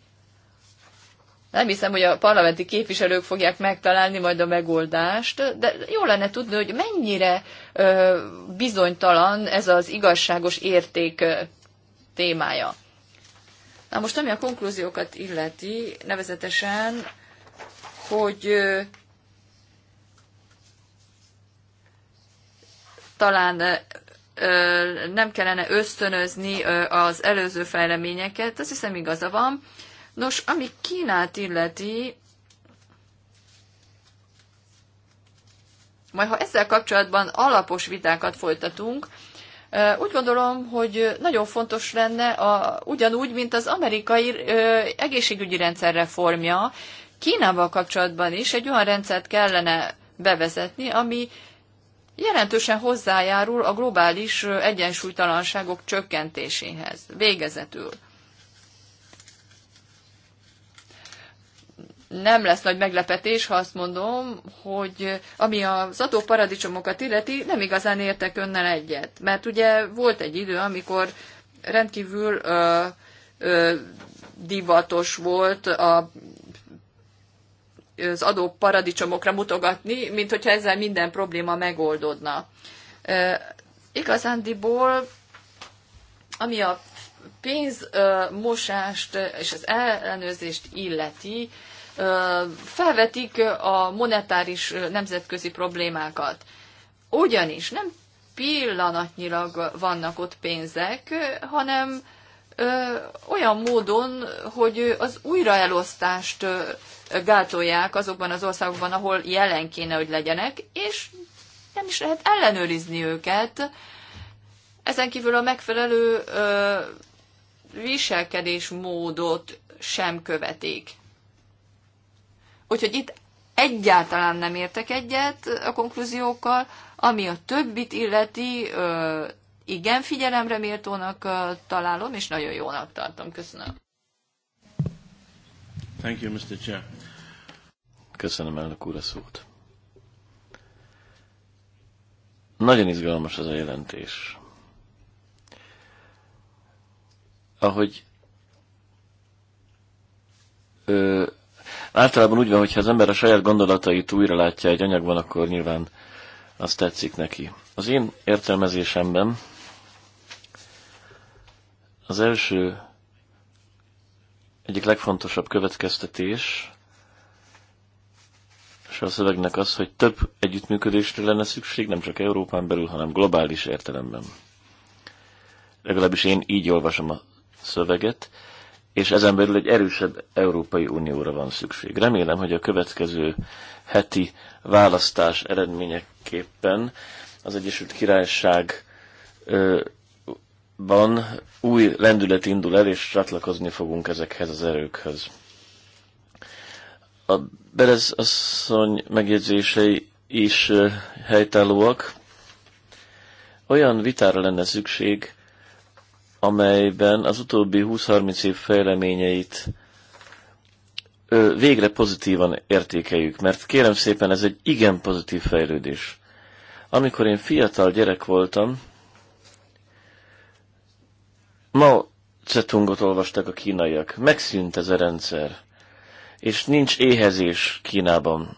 nem hiszem, hogy a parlamenti képviselők fogják megtalálni majd a megoldást, de jó lenne tudni, hogy mennyire ö, bizonytalan ez az igazságos érték ö, témája. Na most, ami a konklúziókat illeti, nevezetesen, hogy ö, talán nem kellene ösztönözni az előző fejleményeket, azt hiszem igaza van, Nos, ami Kínát illeti, majd ha ezzel kapcsolatban alapos vitákat folytatunk, úgy gondolom, hogy nagyon fontos lenne, a, ugyanúgy, mint az amerikai ö, egészségügyi rendszer reformja, Kínával kapcsolatban is egy olyan rendszert kellene bevezetni, ami jelentősen hozzájárul a globális egyensúlytalanságok csökkentéséhez, végezetül. nem lesz nagy meglepetés, ha azt mondom, hogy ami az adóparadicsomokat illeti, nem igazán értek önnel egyet. Mert ugye volt egy idő, amikor rendkívül ö, ö, divatos volt a, az adóparadicsomokra mutogatni, mint hogyha ezzel minden probléma megoldódna. Ö, igazándiból, ami a pénzmosást és az ellenőrzést illeti, felvetik a monetáris nemzetközi problémákat. Ugyanis nem pillanatnyilag vannak ott pénzek, hanem olyan módon, hogy az újraelosztást gátolják azokban az országokban, ahol jelen kéne, hogy legyenek, és nem is lehet ellenőrizni őket. Ezen kívül a megfelelő viselkedésmódot sem követik. Úgyhogy itt egyáltalán nem értek egyet a konklúziókkal, ami a többit illeti, igen, figyelemre mértónak találom, és nagyon jónak tartom. Köszönöm. Thank you, Mr. Chair. Köszönöm elnök úr a szót. Nagyon izgalmas az a jelentés. Ahogy ö, Általában úgy van, hogyha az ember a saját gondolatait újra látja egy anyagban, akkor nyilván az tetszik neki. Az én értelmezésemben az első egyik legfontosabb következtetés és a szövegnek az, hogy több együttműködésre lenne szükség, nem csak Európán belül, hanem globális értelemben. Legalábbis én így olvasom a szöveget, és ezen belül egy erősebb Európai Unióra van szükség. Remélem, hogy a következő heti választás eredményeképpen az Egyesült Királyságban új lendület indul el, és csatlakozni fogunk ezekhez az erőkhöz. A Berez asszony megjegyzései is helytállóak. Olyan vitára lenne szükség, amelyben az utóbbi 20-30 év fejleményeit ö, végre pozitívan értékeljük, mert kérem szépen ez egy igen pozitív fejlődés. Amikor én fiatal gyerek voltam, ma Cetungot olvastak a kínaiak. Megszűnt ez a rendszer. És nincs éhezés Kínában.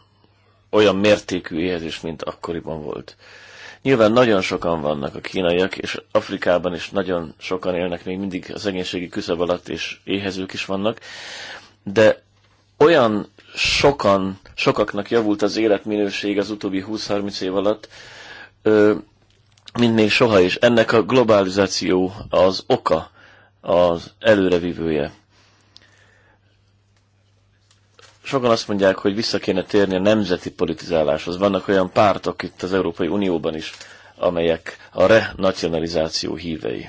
Olyan mértékű éhezés, mint akkoriban volt. Nyilván nagyon sokan vannak a kínaiak, és Afrikában is nagyon sokan élnek, még mindig a szegénységi küszöb alatt, és éhezők is vannak, de olyan sokan, sokaknak javult az életminőség az utóbbi 20-30 év alatt, mint még soha is. Ennek a globalizáció az oka, az előrevívője sokan azt mondják, hogy vissza kéne térni a nemzeti politizáláshoz. Vannak olyan pártok itt az Európai Unióban is, amelyek a renacionalizáció hívei.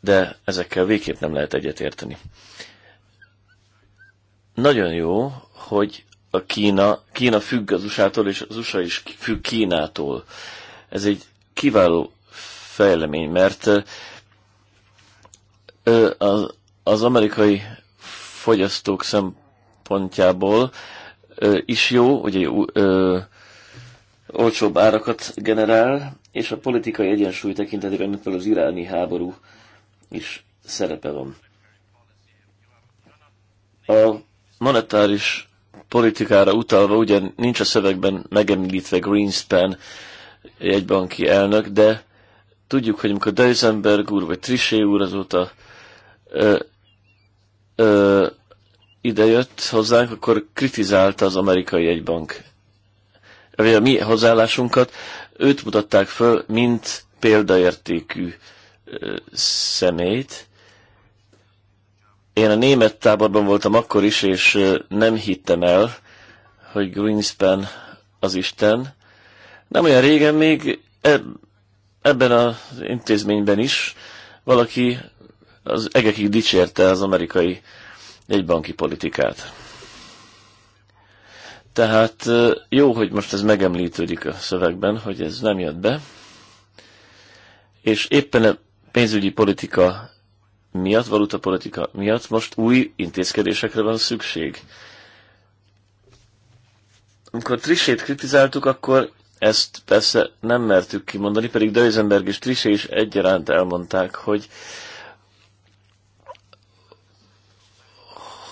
De ezekkel végképp nem lehet egyetérteni. Nagyon jó, hogy a Kína, Kína függ az USA-tól, és az USA is függ Kínától. Ez egy kiváló fejlemény, mert az, az amerikai fogyasztók szempontjából is jó, hogy ö, olcsóbb árakat generál, és a politikai egyensúly tekintetében, mint az iráni háború is szerepe van. A monetáris politikára utalva, ugye nincs a szövegben megemlítve Greenspan banki elnök, de tudjuk, hogy amikor Deisenberg úr vagy Trichet úr azóta ö, ö, idejött hozzánk, akkor kritizálta az amerikai egybank, vagy a mi hozzáállásunkat. Őt mutatták föl, mint példaértékű szemét. Én a német táborban voltam akkor is, és nem hittem el, hogy Greenspan az Isten. Nem olyan régen még e, ebben az intézményben is valaki az egekig dicsérte az amerikai egy banki politikát. Tehát jó, hogy most ez megemlítődik a szövegben, hogy ez nem jött be, és éppen a pénzügyi politika miatt, valuta politika miatt most új intézkedésekre van szükség. Amikor Trissét kritizáltuk, akkor ezt persze nem mertük kimondani, pedig Deisenberg és Trissé is egyaránt elmondták, hogy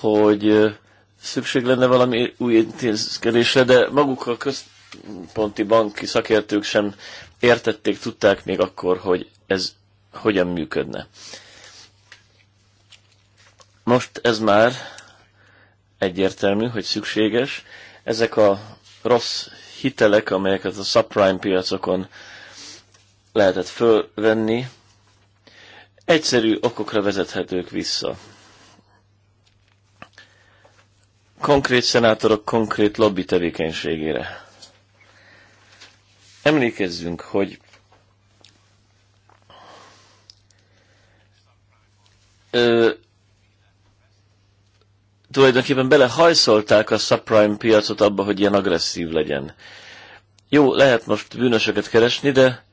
hogy szükség lenne valami új intézkedésre, de maguk a központi banki szakértők sem értették, tudták még akkor, hogy ez hogyan működne. Most ez már egyértelmű, hogy szükséges. Ezek a rossz hitelek, amelyeket a subprime piacokon lehetett fölvenni, egyszerű okokra vezethetők vissza. konkrét szenátorok konkrét lobby tevékenységére. Emlékezzünk, hogy ö, tulajdonképpen belehajszolták a subprime piacot abba, hogy ilyen agresszív legyen. Jó, lehet most bűnösöket keresni, de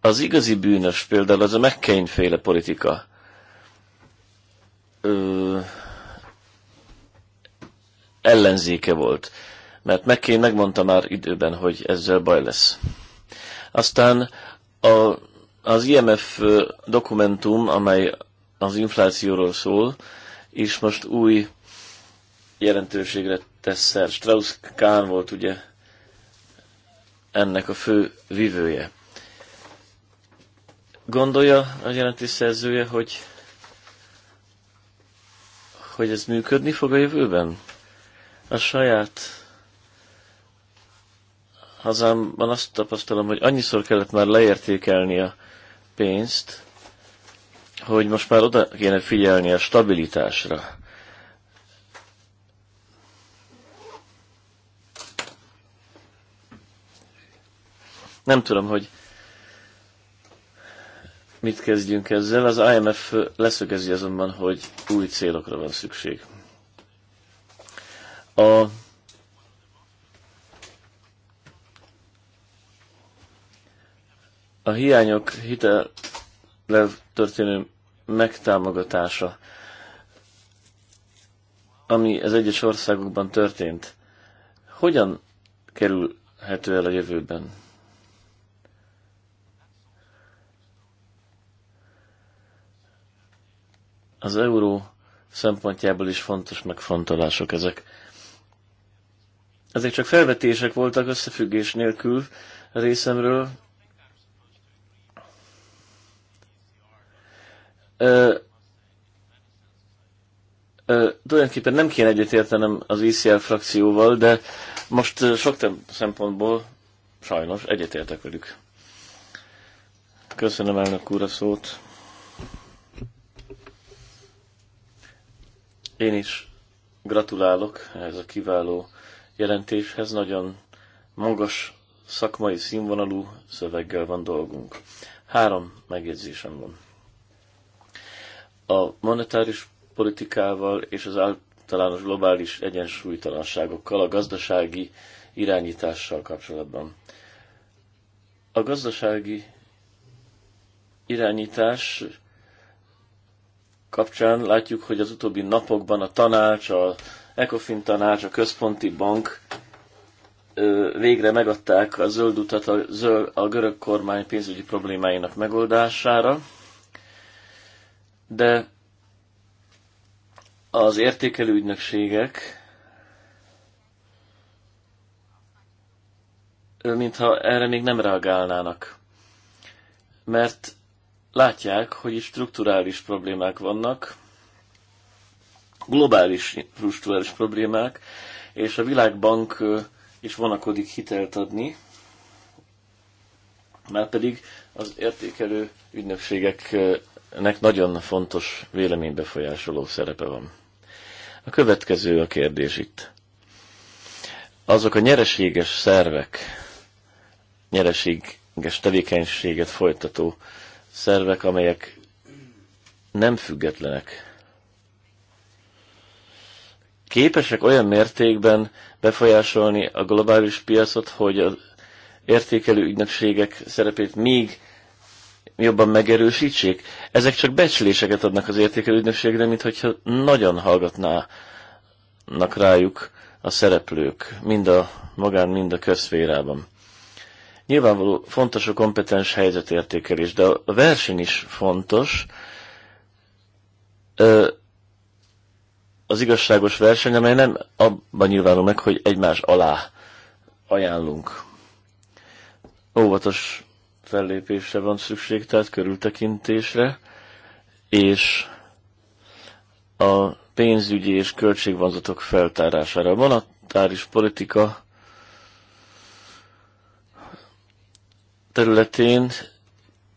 az igazi bűnös például az a McCain féle politika. Ö, ellenzéke volt. Mert McCain megmondta már időben, hogy ezzel baj lesz. Aztán a, az IMF dokumentum, amely az inflációról szól, és most új jelentőségre tesz szer. Strauss Kahn volt ugye ennek a fő vivője. Gondolja a jelentés szerzője, hogy, hogy ez működni fog a jövőben? a saját hazámban azt tapasztalom, hogy annyiszor kellett már leértékelni a pénzt, hogy most már oda kéne figyelni a stabilitásra. Nem tudom, hogy mit kezdjünk ezzel. Az IMF leszögezi azonban, hogy új célokra van szükség. A a hiányok hitel történő megtámogatása, ami az egyes országokban történt, hogyan kerülhető el a jövőben? Az euró szempontjából is fontos megfontolások ezek. Ezek csak felvetések voltak összefüggés nélkül részemről. Ö, ö, tulajdonképpen nem kéne egyetértenem az ICL e frakcióval, de most sok szempontból sajnos egyetértek velük. Köszönöm elnök úr a szót. Én is gratulálok ehhez a kiváló jelentéshez nagyon magas szakmai színvonalú szöveggel van dolgunk. Három megjegyzésem van. A monetáris politikával és az általános globális egyensúlytalanságokkal, a gazdasági irányítással kapcsolatban. A gazdasági irányítás kapcsán látjuk, hogy az utóbbi napokban a tanács, a ECOFIN tanács, a központi bank végre megadták a zöld utat a, zöld, a görög kormány pénzügyi problémáinak megoldására, de az értékelő ügynökségek mintha erre még nem reagálnának. Mert látják, hogy is strukturális problémák vannak, globális struktúrális problémák, és a Világbank is vonakodik hitelt adni, mert pedig az értékelő ügynökségeknek nagyon fontos véleménybefolyásoló szerepe van. A következő a kérdés itt. Azok a nyereséges szervek, nyereséges tevékenységet folytató szervek, amelyek nem függetlenek képesek olyan mértékben befolyásolni a globális piacot, hogy az értékelő ügynökségek szerepét még jobban megerősítsék. Ezek csak becsléseket adnak az értékelő ügynökségre, mint hogyha nagyon hallgatnának rájuk a szereplők, mind a magán, mind a közszférában. Nyilvánvaló fontos a kompetens helyzetértékelés, de a verseny is fontos. Ö, az igazságos verseny, amely nem abban nyilvánul meg, hogy egymás alá ajánlunk. Óvatos fellépésre van szükség, tehát körültekintésre, és a pénzügyi és költségvonzatok feltárására. A monetáris politika területén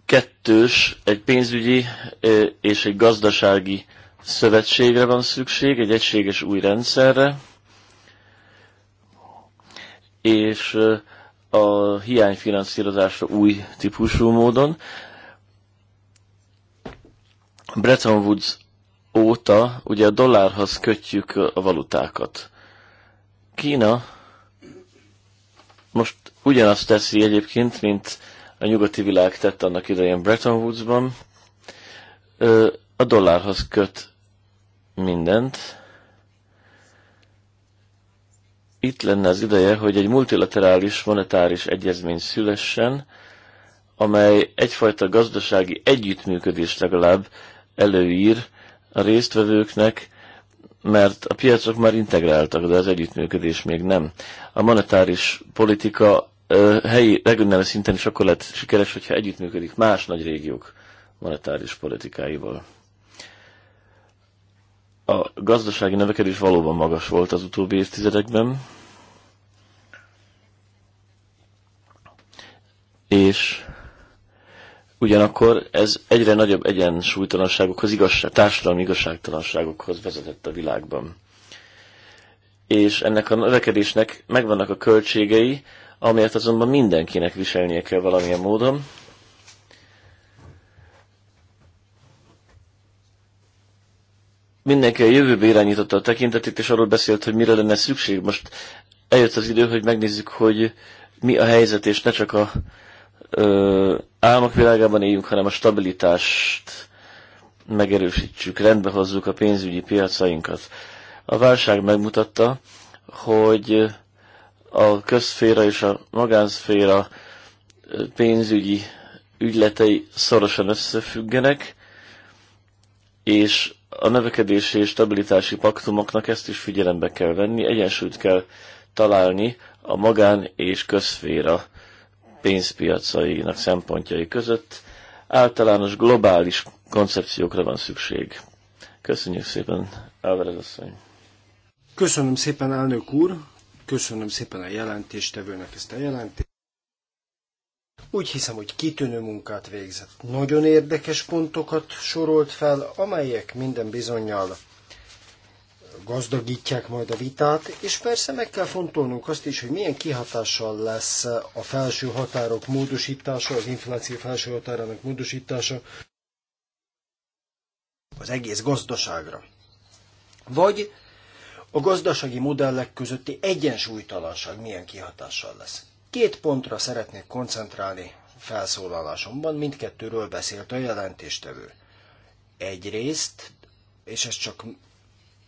kettős, egy pénzügyi és egy gazdasági szövetségre van szükség, egy egységes új rendszerre, és a hiányfinanszírozásra új típusú módon. Bretton Woods óta ugye a dollárhoz kötjük a valutákat. Kína most ugyanazt teszi egyébként, mint a nyugati világ tett annak idején Bretton Woodsban, a dollárhoz köt mindent. Itt lenne az ideje, hogy egy multilaterális monetáris egyezmény szülessen, amely egyfajta gazdasági együttműködést legalább előír a résztvevőknek, mert a piacok már integráltak, de az együttműködés még nem. A monetáris politika helyi, regionális szinten is akkor lett sikeres, hogyha együttműködik más nagy régiók monetáris politikáival. A gazdasági növekedés valóban magas volt az utóbbi évtizedekben, és ugyanakkor ez egyre nagyobb egyensúlytalanságokhoz, igazság, társadalmi igazságtalanságokhoz vezetett a világban. És ennek a növekedésnek megvannak a költségei, amelyet azonban mindenkinek viselnie kell valamilyen módon, mindenki a jövőbe irányította a tekintetét, és arról beszélt, hogy mire lenne szükség. Most eljött az idő, hogy megnézzük, hogy mi a helyzet, és ne csak a ö, álmok világában éljünk, hanem a stabilitást megerősítsük, rendbe hozzuk a pénzügyi piacainkat. A válság megmutatta, hogy a közszféra és a magánszféra pénzügyi ügyletei szorosan összefüggenek, és a növekedési és stabilitási paktumoknak ezt is figyelembe kell venni, egyensúlyt kell találni a magán és közféra pénzpiacainak szempontjai között. Általános globális koncepciókra van szükség. Köszönjük szépen, Álvarez asszony! Köszönöm szépen, elnök úr! Köszönöm szépen a jelentéstevőnek ezt a jelentést. Úgy hiszem, hogy kitűnő munkát végzett. Nagyon érdekes pontokat sorolt fel, amelyek minden bizonyal gazdagítják majd a vitát, és persze meg kell fontolnunk azt is, hogy milyen kihatással lesz a felső határok módosítása, az infláció felső határának módosítása az egész gazdaságra. Vagy a gazdasági modellek közötti egyensúlytalanság milyen kihatással lesz. Két pontra szeretnék koncentrálni felszólalásomban, mindkettőről beszélt a jelentéstevő. Egyrészt, és ez csak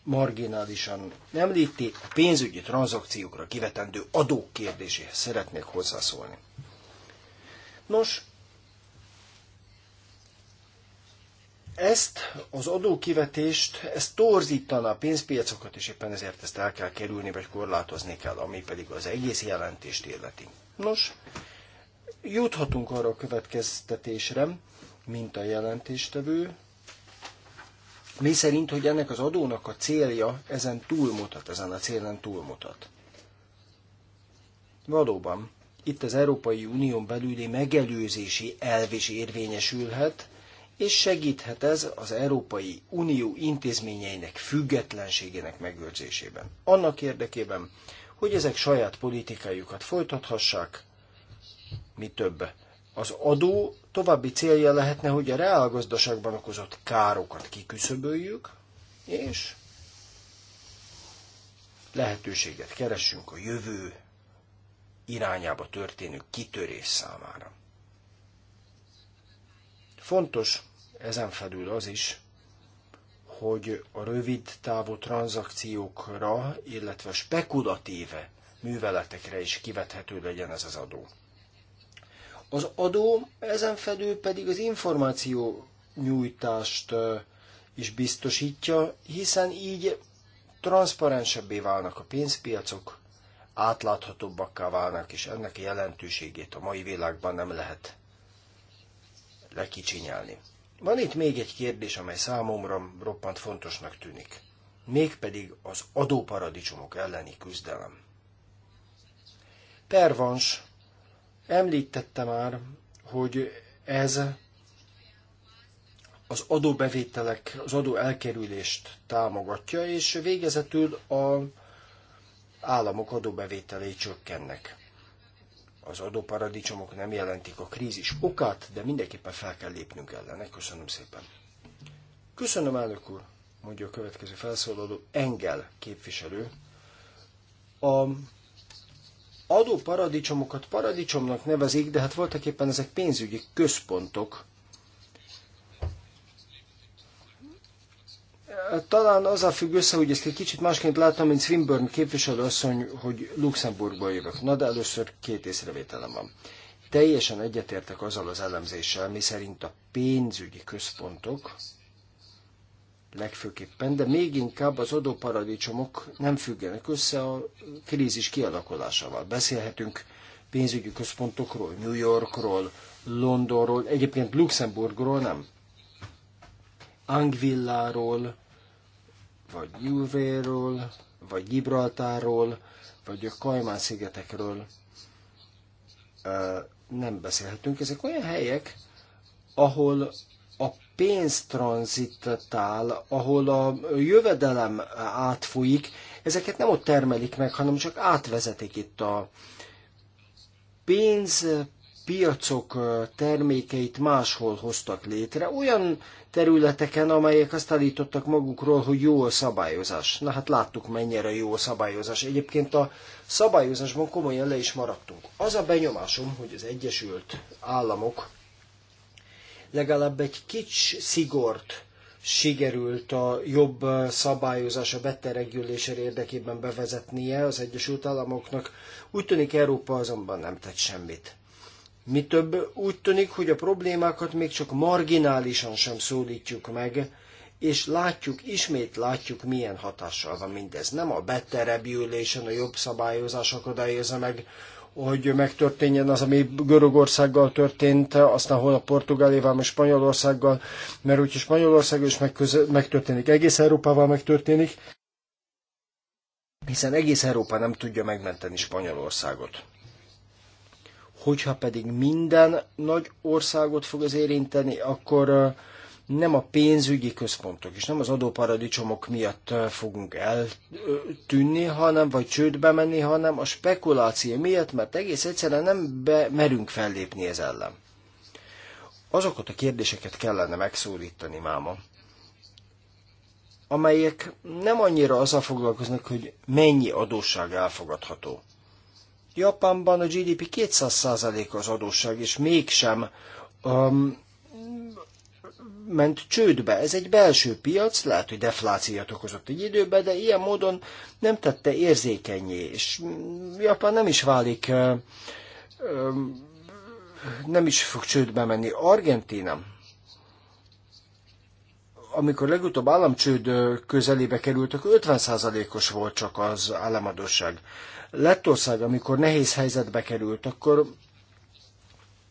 marginálisan említi, a pénzügyi tranzakciókra kivetendő adók kérdéséhez szeretnék hozzászólni. Nos, ezt az adókivetést, ezt torzítaná a pénzpiacokat, és éppen ezért ezt el kell kerülni, vagy korlátozni kell, ami pedig az egész jelentést illeti. Nos, juthatunk arra a következtetésre, mint a jelentéstevő, mi szerint, hogy ennek az adónak a célja ezen túlmutat, ezen a célen túlmutat. Valóban, itt az Európai Unión belüli megelőzési elv is érvényesülhet, és segíthet ez az Európai Unió intézményeinek függetlenségének megőrzésében. Annak érdekében, hogy ezek saját politikájukat folytathassák, mi több. Az adó további célja lehetne, hogy a reálgazdaságban okozott károkat kiküszöböljük, és lehetőséget keressünk a jövő irányába történő kitörés számára. Fontos ezen felül az is, hogy a rövid távú tranzakciókra, illetve spekulatíve műveletekre is kivethető legyen ez az adó. Az adó ezen felül pedig az információ nyújtást is biztosítja, hiszen így transzparensebbé válnak a pénzpiacok, átláthatóbbakká válnak, és ennek a jelentőségét a mai világban nem lehet lekicsinyelni. Van itt még egy kérdés, amely számomra roppant fontosnak tűnik. Mégpedig az adóparadicsomok elleni küzdelem. Pervans, említette már, hogy ez az adóbevételek, az adó elkerülést támogatja, és végezetül a államok adóbevételei csökkennek az adóparadicsomok nem jelentik a krízis okát, de mindenképpen fel kell lépnünk ellene. Köszönöm szépen. Köszönöm, elnök úr, mondja a következő felszólaló, Engel képviselő. A adóparadicsomokat paradicsomnak nevezik, de hát voltak éppen ezek pénzügyi központok, talán az a függ össze, hogy ezt egy kicsit másként láttam, mint Swinburne képviselőasszony, hogy Luxemburgba jövök. Na, de először két észrevételem van. Teljesen egyetértek azzal az elemzéssel, mi szerint a pénzügyi központok legfőképpen, de még inkább az adóparadicsomok nem függenek össze a krízis kialakulásával. Beszélhetünk pénzügyi központokról, New Yorkról, Londonról, egyébként Luxemburgról nem. Angvilláról, vagy Juvéről, vagy Gibraltáról, vagy a Kajmán-szigetekről nem beszélhetünk. Ezek olyan helyek, ahol a pénz tranzitál, ahol a jövedelem átfolyik, ezeket nem ott termelik meg, hanem csak átvezetik itt a pénz piacok termékeit máshol hoztak létre, olyan területeken, amelyek azt állítottak magukról, hogy jó a szabályozás. Na hát láttuk, mennyire jó a szabályozás. Egyébként a szabályozásban komolyan le is maradtunk. Az a benyomásom, hogy az Egyesült Államok legalább egy kicsi szigort sikerült a jobb szabályozás, a better érdekében bevezetnie az Egyesült Államoknak. Úgy tűnik Európa azonban nem tett semmit. Mi több, úgy tűnik, hogy a problémákat még csak marginálisan sem szólítjuk meg, és látjuk, ismét látjuk, milyen hatással van mindez. Nem a better a jobb szabályozás akadályozza meg, hogy megtörténjen az, ami Görögországgal történt, aztán hol a Portugáliával, meg Spanyolországgal, mert úgyhogy Spanyolország is megtörténik, egész Európával megtörténik, hiszen egész Európa nem tudja megmenteni Spanyolországot. Hogyha pedig minden nagy országot fog az érinteni, akkor nem a pénzügyi központok és nem az adóparadicsomok miatt fogunk eltűnni, hanem vagy csődbe menni, hanem a spekuláció miatt, mert egész egyszerűen nem be, merünk fellépni ez ellen. Azokat a kérdéseket kellene megszólítani máma, amelyek nem annyira azzal foglalkoznak, hogy mennyi adósság elfogadható, Japánban a GDP 200% az adósság, és mégsem um, ment csődbe. Ez egy belső piac, lehet, hogy deflációt okozott egy időben, de ilyen módon nem tette érzékenyé, és Japán nem is válik, um, nem is fog csődbe menni. Argentina, amikor legutóbb államcsőd közelébe kerültek, 50%-os volt csak az államadóság. Lettország, amikor nehéz helyzetbe került, akkor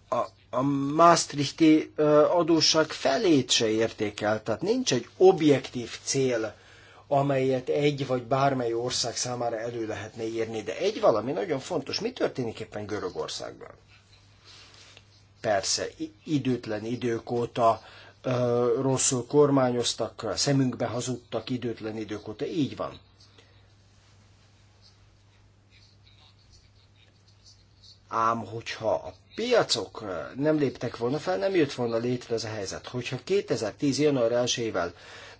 a, a Maastrichti adósság felét se érték el. Tehát nincs egy objektív cél, amelyet egy vagy bármely ország számára elő lehetne írni. De egy valami nagyon fontos. Mi történik éppen Görögországban? Persze, időtlen idők óta rosszul kormányoztak, szemünkbe hazudtak időtlen idők óta. Így van. Ám hogyha a piacok nem léptek volna fel, nem jött volna létre ez a helyzet. Hogyha 2010. január 1-ével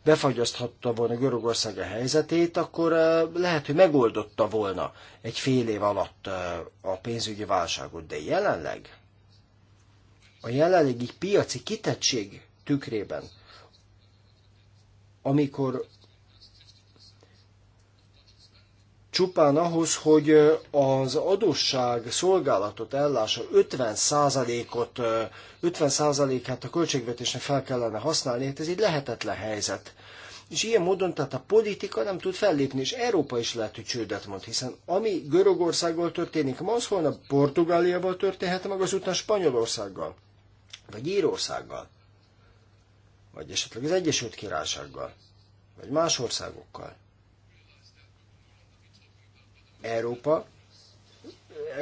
befagyaszthatta volna Görögország a helyzetét, akkor lehet, hogy megoldotta volna egy fél év alatt a pénzügyi válságot. De jelenleg a jelenlegi piaci kitettség tükrében, amikor csupán ahhoz, hogy az adósság szolgálatot ellása 50%-ot, 50%-át a költségvetésnek fel kellene használni, hát ez egy lehetetlen helyzet. És ilyen módon tehát a politika nem tud fellépni, és Európa is lehet, hogy csődet mond, hiszen ami Görögországgal történik ma, az holnap Portugáliával történhet meg, azután Spanyolországgal, vagy Írországgal, vagy esetleg az Egyesült Királysággal, vagy más országokkal. Európa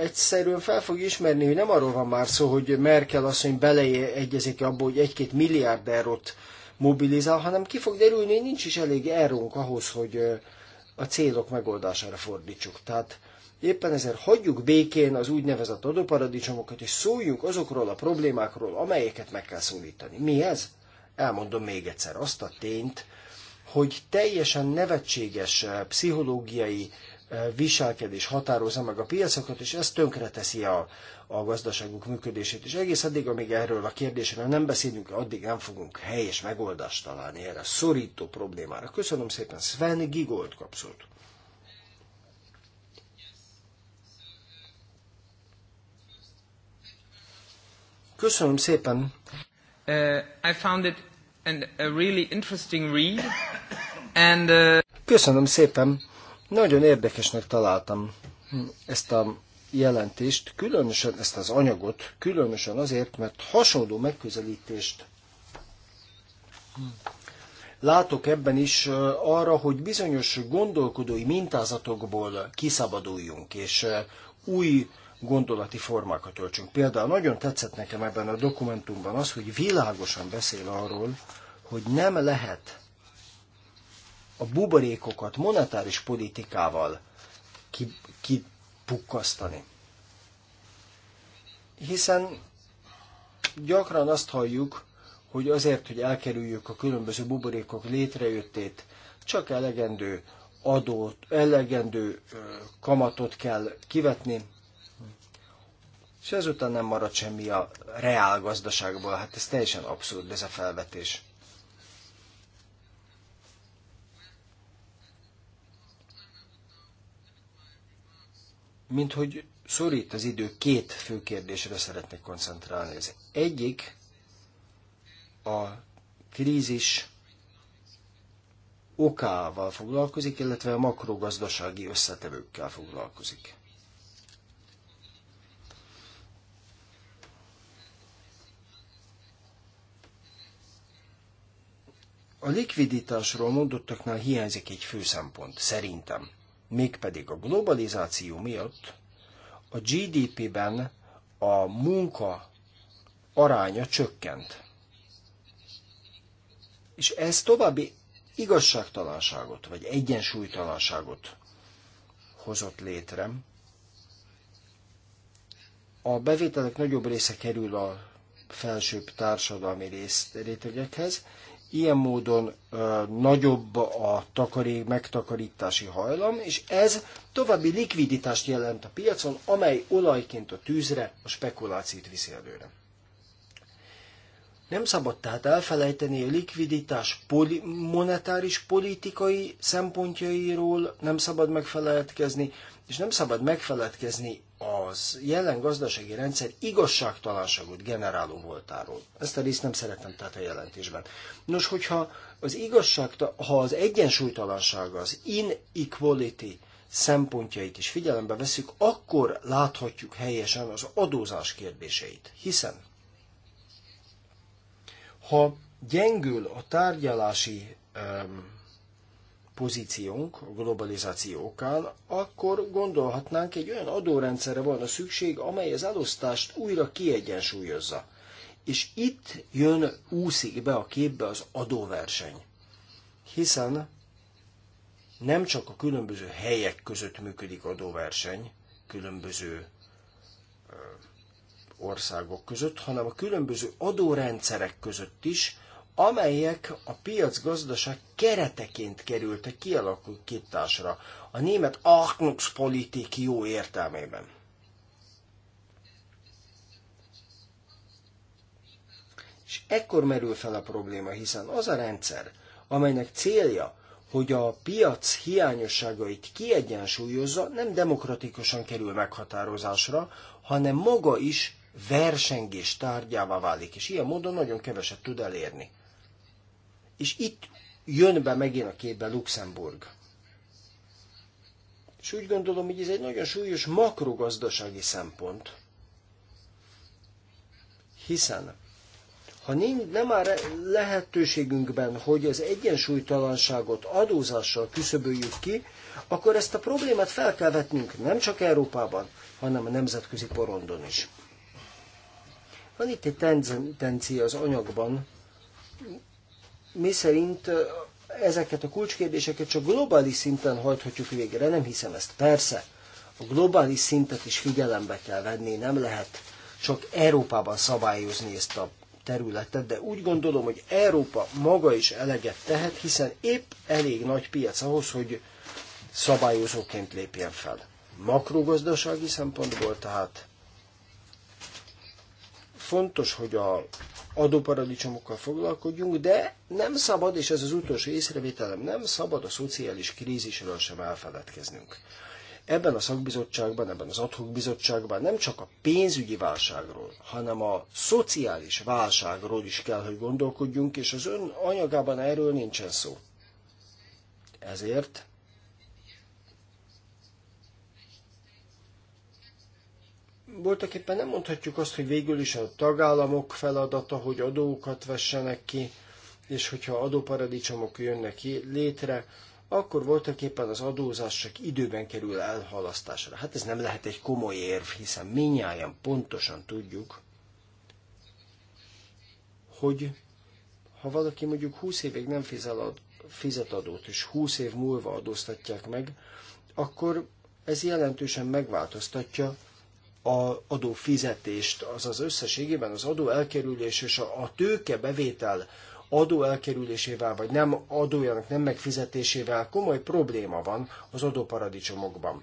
egyszerűen fel fog ismerni, hogy nem arról van már szó, hogy Merkel asszony beleegyezik abba, hogy egy-két milliárd eurót mobilizál, hanem ki fog derülni, hogy nincs is elég erőnk ahhoz, hogy a célok megoldására fordítsuk. Tehát éppen ezért hagyjuk békén az úgynevezett adóparadicsomokat, és szóljunk azokról a problémákról, amelyeket meg kell szólítani. Mi ez? Elmondom még egyszer azt a tényt, hogy teljesen nevetséges pszichológiai viselkedés határozza meg a piacokat, és ez tönkreteszi a, a gazdaságunk működését. És egész addig, amíg erről a kérdésről nem beszélünk, addig nem fogunk helyes megoldást találni erre a szorító problémára. Köszönöm szépen, Sven Gigolt kapszolt. Köszönöm szépen. Uh, I found it and a really interesting read. And, uh... Köszönöm szépen nagyon érdekesnek találtam ezt a jelentést, különösen ezt az anyagot, különösen azért, mert hasonló megközelítést látok ebben is arra, hogy bizonyos gondolkodói mintázatokból kiszabaduljunk, és új gondolati formákat öltsünk. Például nagyon tetszett nekem ebben a dokumentumban az, hogy világosan beszél arról, hogy nem lehet a buborékokat monetáris politikával kipukkasztani. Hiszen gyakran azt halljuk, hogy azért, hogy elkerüljük a különböző buborékok létrejöttét, csak elegendő adót, elegendő kamatot kell kivetni, és ezután nem marad semmi a reál gazdaságból. Hát ez teljesen abszurd ez a felvetés. mint hogy szorít az idő, két fő kérdésre szeretnék koncentrálni. Az egyik a krízis okával foglalkozik, illetve a makrogazdasági összetevőkkel foglalkozik. A likviditásról mondottaknál hiányzik egy fő szempont, szerintem mégpedig a globalizáció miatt a GDP-ben a munka aránya csökkent. És ez további igazságtalanságot, vagy egyensúlytalanságot hozott létre. A bevételek nagyobb része kerül a felsőbb társadalmi rész, rétegekhez, Ilyen módon ö, nagyobb a takarék, megtakarítási hajlam, és ez további likviditást jelent a piacon, amely olajként a tűzre a spekulációt viszi előre. Nem szabad tehát elfelejteni a likviditás poli- monetáris politikai szempontjairól, nem szabad megfeledkezni, és nem szabad megfeledkezni az jelen gazdasági rendszer igazságtalanságot generáló voltáról. Ezt a részt nem szeretem tehát a jelentésben. Nos, hogyha az igazság, ha az egyensúlytalanság, az inequality szempontjait is figyelembe veszük, akkor láthatjuk helyesen az adózás kérdéseit. Hiszen, ha gyengül a tárgyalási um, pozíciónk a globalizáció okán, akkor gondolhatnánk, egy olyan adórendszerre volna szükség, amely az elosztást újra kiegyensúlyozza. És itt jön, úszik be a képbe az adóverseny. Hiszen nem csak a különböző helyek között működik adóverseny, különböző országok között, hanem a különböző adórendszerek között is, amelyek a piacgazdaság kereteként kerültek kialakításra, a német Achnuxpolitik jó értelmében. És ekkor merül fel a probléma, hiszen az a rendszer, amelynek célja, hogy a piac hiányosságait kiegyensúlyozza, nem demokratikusan kerül meghatározásra, hanem maga is versengés tárgyává válik, és ilyen módon nagyon keveset tud elérni. És itt jön be megint a képbe Luxemburg. És úgy gondolom, hogy ez egy nagyon súlyos makrogazdasági szempont. Hiszen, ha nem már lehetőségünkben, hogy az egyensúlytalanságot adózással küszöböljük ki, akkor ezt a problémát fel kell vetnünk nem csak Európában, hanem a nemzetközi porondon is. Van itt egy tendencia az anyagban, mi szerint ezeket a kulcskérdéseket csak globális szinten hajthatjuk végre. Nem hiszem ezt. Persze, a globális szintet is figyelembe kell venni, nem lehet csak Európában szabályozni ezt a területet, de úgy gondolom, hogy Európa maga is eleget tehet, hiszen épp elég nagy piac ahhoz, hogy szabályozóként lépjen fel. Makrogazdasági szempontból tehát fontos, hogy a adóparadicsomokkal foglalkodjunk, de nem szabad, és ez az utolsó észrevételem, nem szabad a szociális krízisről sem elfeledkeznünk. Ebben a szakbizottságban, ebben az adhok bizottságban nem csak a pénzügyi válságról, hanem a szociális válságról is kell, hogy gondolkodjunk, és az ön anyagában erről nincsen szó. Ezért voltak éppen nem mondhatjuk azt, hogy végül is a tagállamok feladata, hogy adókat vessenek ki, és hogyha adóparadicsomok jönnek létre, akkor voltak éppen az adózás csak időben kerül elhalasztásra. Hát ez nem lehet egy komoly érv, hiszen minnyáján pontosan tudjuk, hogy ha valaki mondjuk 20 évig nem fizet adót, és 20 év múlva adóztatják meg, akkor ez jelentősen megváltoztatja a adófizetést, azaz összességében az adó elkerülés és a tőke bevétel adó elkerülésével, vagy nem adójának nem megfizetésével komoly probléma van az adóparadicsomokban.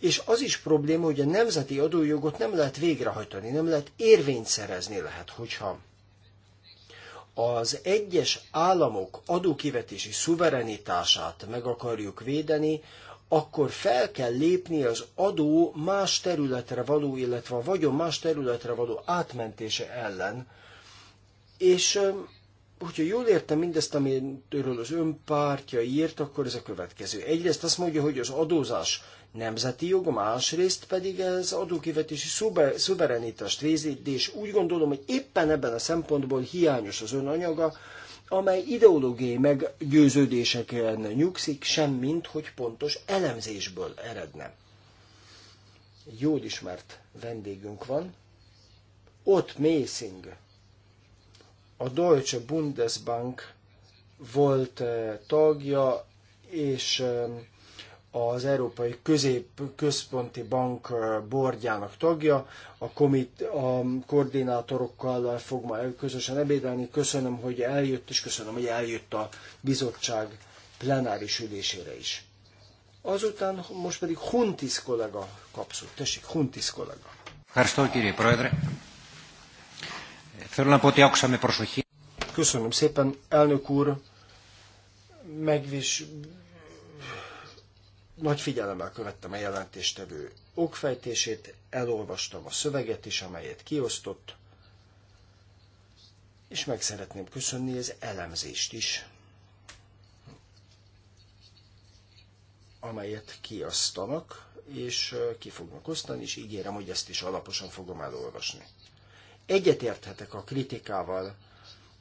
És az is probléma, hogy a nemzeti adójogot nem lehet végrehajtani, nem lehet érvényt szerezni lehet, hogyha az egyes államok adókivetési szuverenitását meg akarjuk védeni, akkor fel kell lépni az adó más területre való, illetve a vagyon más területre való átmentése ellen. És hogyha jól értem mindezt, amiről az önpártja írt, akkor ez a következő. Egyrészt azt mondja, hogy az adózás nemzeti jog, másrészt pedig ez adókivetési szuber, szuverenitást vézíti, és úgy gondolom, hogy éppen ebben a szempontból hiányos az ön anyaga, amely ideológiai meggyőződéseken nyugszik, semmint, hogy pontos elemzésből eredne. Jól ismert vendégünk van, ott Mészing, a Deutsche Bundesbank volt eh, tagja, és eh, az Európai Közép Központi Bank bordjának tagja, a, komit, a koordinátorokkal fog ma közösen ebédelni. Köszönöm, hogy eljött, és köszönöm, hogy eljött a bizottság plenáris ülésére is. Azután most pedig Huntis kollega kapszult. Tessék, Huntis kollega. Köszönöm szépen, elnök úr. Megvis, nagy figyelemmel követtem a jelentéstevő okfejtését, elolvastam a szöveget is, amelyet kiosztott, és meg szeretném köszönni az elemzést is, amelyet kiasztanak, és ki fognak osztani, és ígérem, hogy ezt is alaposan fogom elolvasni. Egyetérthetek a kritikával,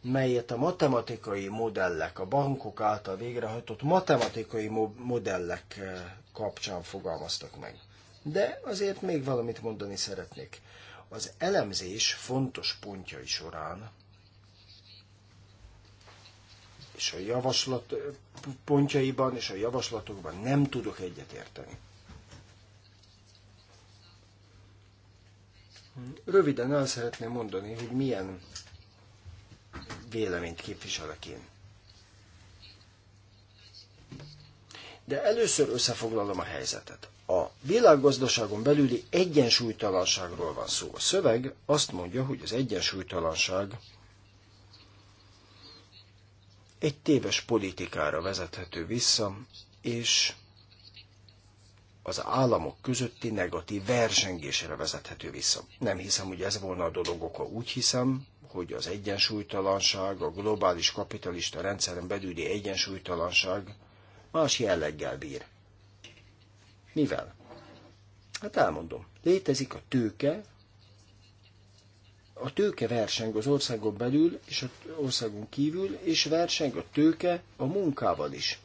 melyet a matematikai modellek, a bankok által végrehajtott matematikai modellek eh, kapcsán fogalmaztak meg. De azért még valamit mondani szeretnék. Az elemzés fontos pontjai során és a javaslat eh, pontjaiban és a javaslatokban nem tudok egyetérteni. Röviden el szeretném mondani, hogy milyen véleményt képviselek én. De először összefoglalom a helyzetet. A világgazdaságon belüli egyensúlytalanságról van szó. A szöveg azt mondja, hogy az egyensúlytalanság egy téves politikára vezethető vissza, és az államok közötti negatív versengésre vezethető vissza. Nem hiszem, hogy ez volna a dolog oka. Úgy hiszem, hogy az egyensúlytalanság, a globális kapitalista rendszeren belüli egyensúlytalanság más jelleggel bír. Mivel? Hát elmondom. Létezik a tőke, a tőke verseng az országon belül és az országon kívül, és verseng a tőke a munkával is.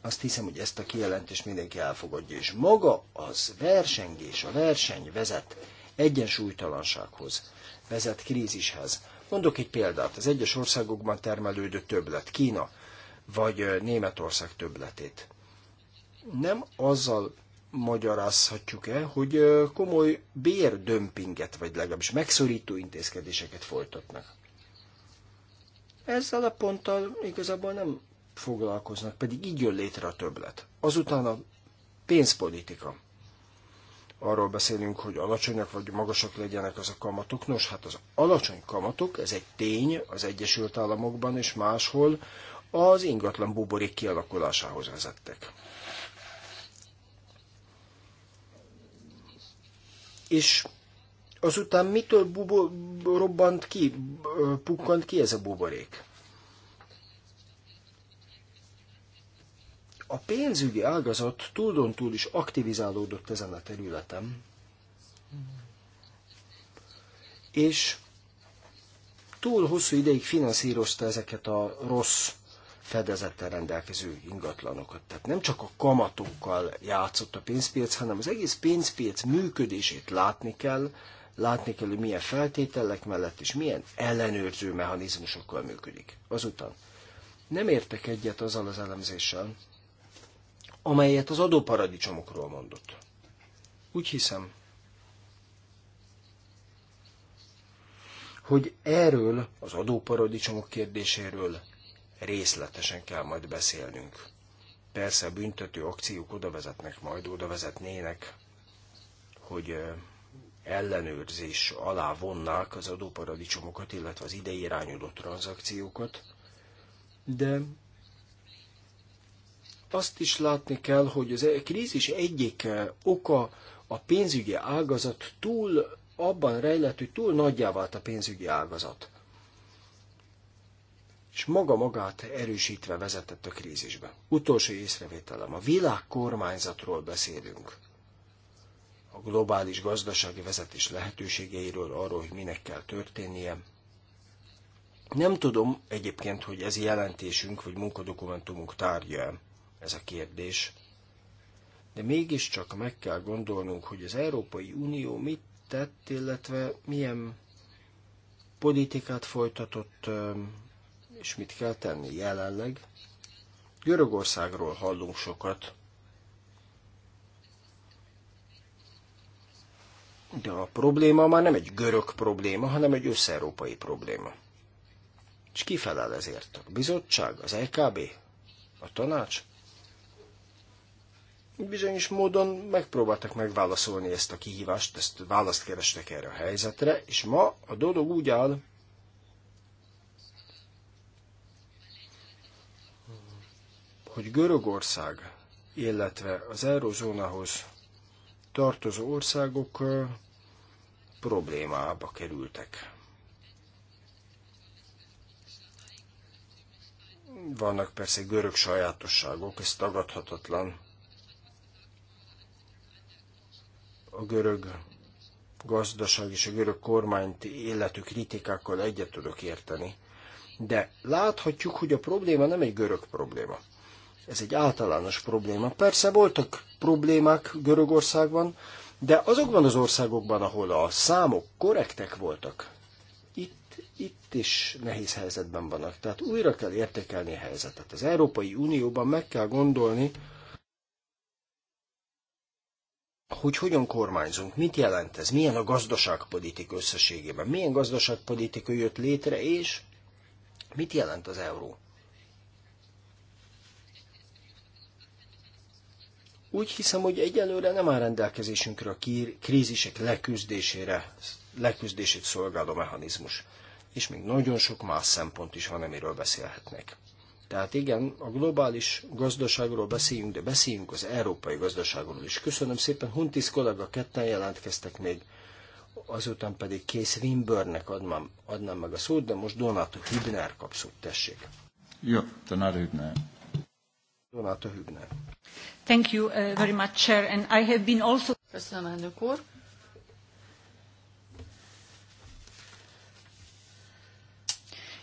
Azt hiszem, hogy ezt a kijelentést mindenki elfogadja, és maga az versengés, a verseny vezet egyensúlytalansághoz vezet krízishez. Mondok egy példát, az egyes országokban termelődő többlet, Kína vagy Németország többletét. Nem azzal magyarázhatjuk el, hogy komoly bérdömpinget, vagy legalábbis megszorító intézkedéseket folytatnak. Ezzel a ponttal igazából nem foglalkoznak, pedig így jön létre a többlet. Azután a pénzpolitika arról beszélünk, hogy alacsonyak vagy magasak legyenek az a kamatok. Nos, hát az alacsony kamatok, ez egy tény az Egyesült Államokban és máshol az ingatlan buborék kialakulásához vezettek. És azután mitől bubo- robbant ki, pukkant ki ez a buborék? A pénzügyi ágazat túldon túl is aktivizálódott ezen a területen, és túl hosszú ideig finanszírozta ezeket a rossz fedezettel rendelkező ingatlanokat. Tehát nem csak a kamatokkal játszott a pénzpiac, hanem az egész pénzpiac működését látni kell, látni kell, hogy milyen feltételek mellett és milyen ellenőrző mechanizmusokkal működik. Azután nem értek egyet azzal az elemzéssel, amelyet az adóparadicsomokról mondott. Úgy hiszem, hogy erről, az adóparadicsomok kérdéséről részletesen kell majd beszélnünk. Persze a büntető akciók oda vezetnek majd, oda vezetnének, hogy ellenőrzés alá vonnák az adóparadicsomokat, illetve az ide irányuló tranzakciókat, de azt is látni kell, hogy a e- krízis egyik e, oka a pénzügyi ágazat túl abban rejlett, hogy túl nagyjá vált a pénzügyi ágazat. És maga magát erősítve vezetett a krízisbe. Utolsó észrevételem, a világ kormányzatról beszélünk. A globális gazdasági vezetés lehetőségeiről, arról, hogy minek kell történnie. Nem tudom egyébként, hogy ez jelentésünk vagy munkadokumentumunk tárgya ez a kérdés, de mégiscsak meg kell gondolnunk, hogy az Európai Unió mit tett, illetve milyen politikát folytatott, és mit kell tenni jelenleg. Görögországról hallunk sokat, de a probléma már nem egy görög probléma, hanem egy összeurópai probléma. És ki felel ezért? A bizottság? Az LKB, e A tanács? bizonyos módon megpróbáltak megválaszolni ezt a kihívást, ezt választ kerestek erre a helyzetre, és ma a dolog úgy áll, hogy Görögország, illetve az eurozónához tartozó országok problémába kerültek. Vannak persze görög sajátosságok, ez tagadhatatlan, a görög gazdaság és a görög kormányt életű kritikákkal egyet tudok érteni. De láthatjuk, hogy a probléma nem egy görög probléma. Ez egy általános probléma. Persze voltak problémák Görögországban, de azokban az országokban, ahol a számok korrektek voltak, itt, itt is nehéz helyzetben vannak. Tehát újra kell értékelni a helyzetet. Az Európai Unióban meg kell gondolni, hogy hogyan kormányzunk, mit jelent ez, milyen a gazdaságpolitika összességében, milyen gazdaságpolitika jött létre, és mit jelent az euró. Úgy hiszem, hogy egyelőre nem áll rendelkezésünkre a krízisek leküzdésére, leküzdését szolgáló mechanizmus. És még nagyon sok más szempont is van, amiről beszélhetnek. Tehát igen, a globális gazdaságról beszéljünk, de beszéljünk az európai gazdaságról is. Köszönöm szépen, Huntis kollega ketten jelentkeztek még, azután pedig Kész Wimbernek adnám, adnám meg a szót, de most Donato Hübner kap szót, tessék. Jó, Donato Hübner. Donato Hübner. Thank you uh, very much, Chair, and I have been also... Köszönöm, elnök úr.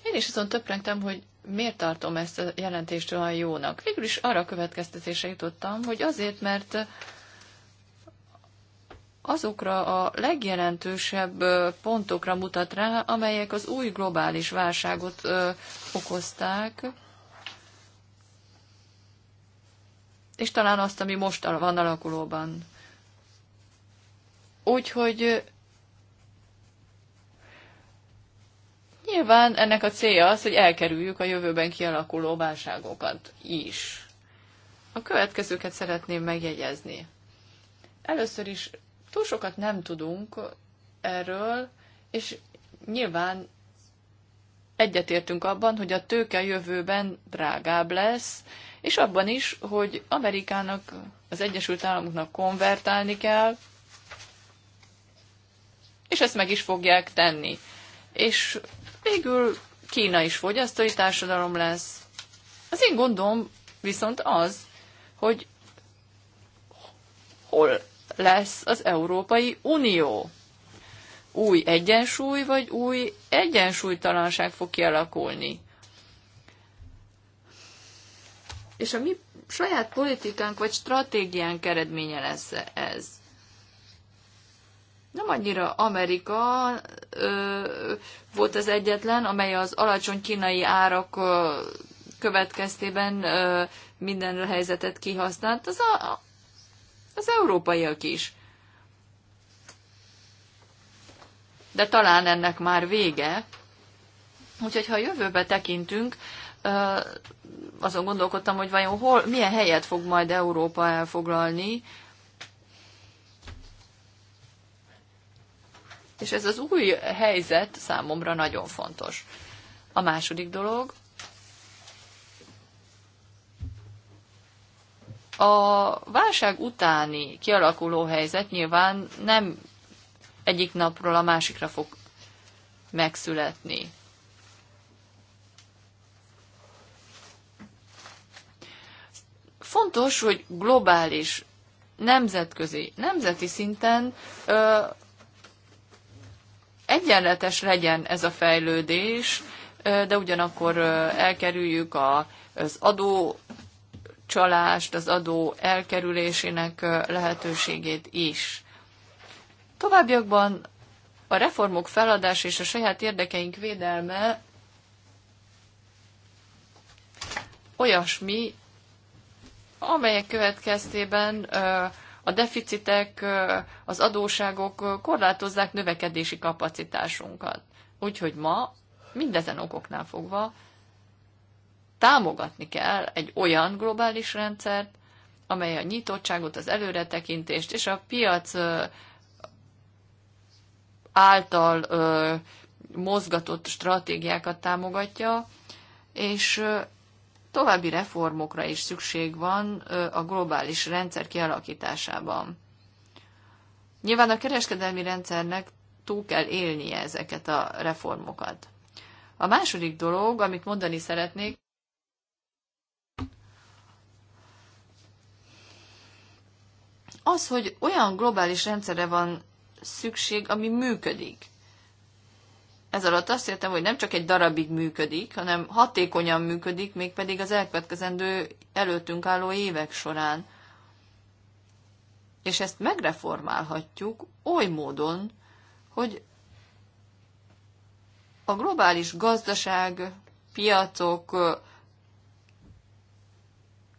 Én is azon töprengtem, hogy miért tartom ezt a jelentést olyan jónak. Végül is arra következtetése jutottam, hogy azért, mert azokra a legjelentősebb pontokra mutat rá, amelyek az új globális válságot okozták, és talán azt, ami most van alakulóban. Úgyhogy Nyilván ennek a célja az, hogy elkerüljük a jövőben kialakuló válságokat is. A következőket szeretném megjegyezni. Először is túl sokat nem tudunk erről, és nyilván egyetértünk abban, hogy a tőke jövőben drágább lesz, és abban is, hogy Amerikának, az Egyesült Államoknak konvertálni kell, és ezt meg is fogják tenni. És Végül Kína is fogyasztói társadalom lesz. Az én gondom viszont az, hogy hol lesz az Európai Unió. Új egyensúly, vagy új egyensúlytalanság fog kialakulni. És a mi saját politikánk vagy stratégiánk eredménye lesz ez nem annyira Amerika ö, volt az egyetlen, amely az alacsony kínai árak ö, következtében ö, minden helyzetet kihasznált, az, a, az európaiak is. De talán ennek már vége. Úgyhogy ha a jövőbe tekintünk, ö, azon gondolkodtam, hogy vajon hol, milyen helyet fog majd Európa elfoglalni és ez az új helyzet számomra nagyon fontos. A második dolog, a válság utáni kialakuló helyzet nyilván nem egyik napról a másikra fog megszületni. Fontos, hogy globális, nemzetközi, nemzeti szinten ö, egyenletes legyen ez a fejlődés, de ugyanakkor elkerüljük az adó csalást, az adó elkerülésének lehetőségét is. Továbbiakban a reformok feladás és a saját érdekeink védelme olyasmi, amelyek következtében a deficitek, az adóságok korlátozzák növekedési kapacitásunkat. Úgyhogy ma mindezen okoknál fogva támogatni kell egy olyan globális rendszert, amely a nyitottságot, az előretekintést és a piac által mozgatott stratégiákat támogatja, és további reformokra is szükség van a globális rendszer kialakításában. Nyilván a kereskedelmi rendszernek túl kell élnie ezeket a reformokat. A második dolog, amit mondani szeretnék, az, hogy olyan globális rendszerre van szükség, ami működik. Ez alatt azt értem, hogy nem csak egy darabig működik, hanem hatékonyan működik, mégpedig az elkövetkezendő előttünk álló évek során. És ezt megreformálhatjuk oly módon, hogy a globális gazdaság, piacok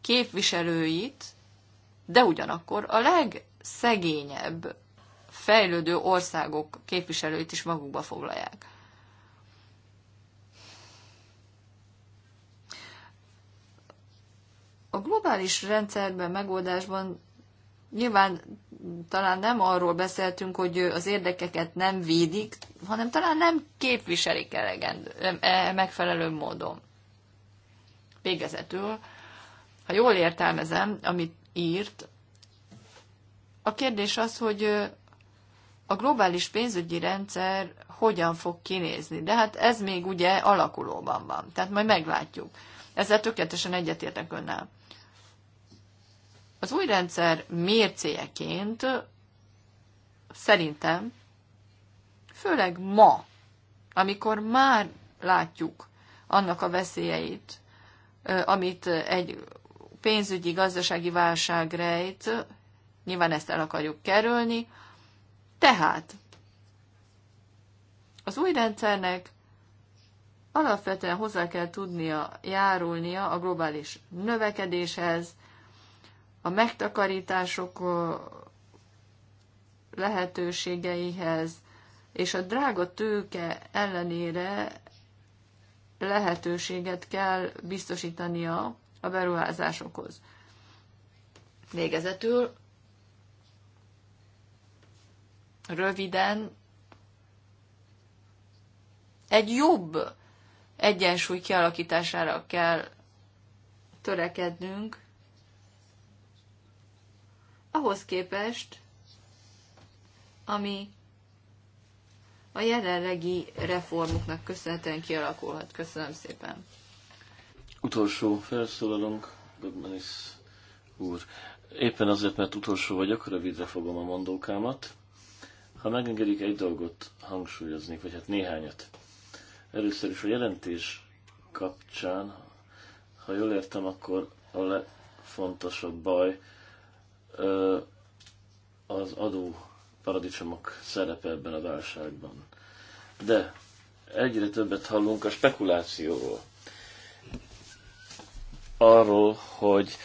képviselőit, de ugyanakkor a legszegényebb fejlődő országok képviselőit is magukba foglalják. A globális rendszerben, megoldásban nyilván talán nem arról beszéltünk, hogy az érdekeket nem védik, hanem talán nem képviselik elegend, e, megfelelő módon. Végezetül, ha jól értelmezem, amit írt, a kérdés az, hogy a globális pénzügyi rendszer hogyan fog kinézni. De hát ez még ugye alakulóban van, tehát majd meglátjuk. Ezzel tökéletesen egyetértek önnel. Az új rendszer mércéjeként szerintem, főleg ma, amikor már látjuk annak a veszélyeit, amit egy pénzügyi, gazdasági válság rejt, nyilván ezt el akarjuk kerülni, tehát az új rendszernek alapvetően hozzá kell tudnia járulnia a globális növekedéshez, a megtakarítások lehetőségeihez, és a drága tőke ellenére lehetőséget kell biztosítania a beruházásokhoz. Végezetül röviden egy jobb egyensúly kialakítására kell törekednünk ahhoz képest, ami a jelenlegi reformoknak köszönhetően kialakulhat. Köszönöm szépen. Utolsó felszólalunk, Dogmanis úr. Éppen azért, mert utolsó vagyok, rövidre fogom a mondókámat. Ha megengedik, egy dolgot hangsúlyoznék, vagy hát néhányat. Először is a jelentés kapcsán, ha jól értem, akkor a legfontosabb baj az adó paradicsomok szerepe ebben a válságban. De egyre többet hallunk a spekulációról. Arról, hogy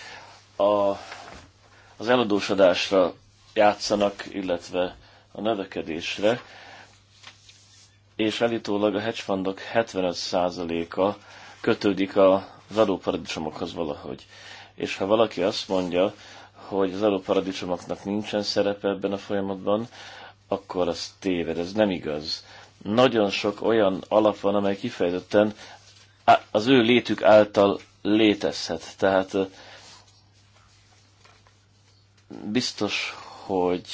a, az eladósodásra játszanak, illetve a növekedésre, és elítólag a hedgefundok 75%-a kötődik az adóparadicsomokhoz valahogy. És ha valaki azt mondja, hogy az adóparadicsomoknak nincsen szerepe ebben a folyamatban, akkor az téved, ez nem igaz. Nagyon sok olyan alap van, amely kifejezetten az ő létük által létezhet. Tehát biztos, hogy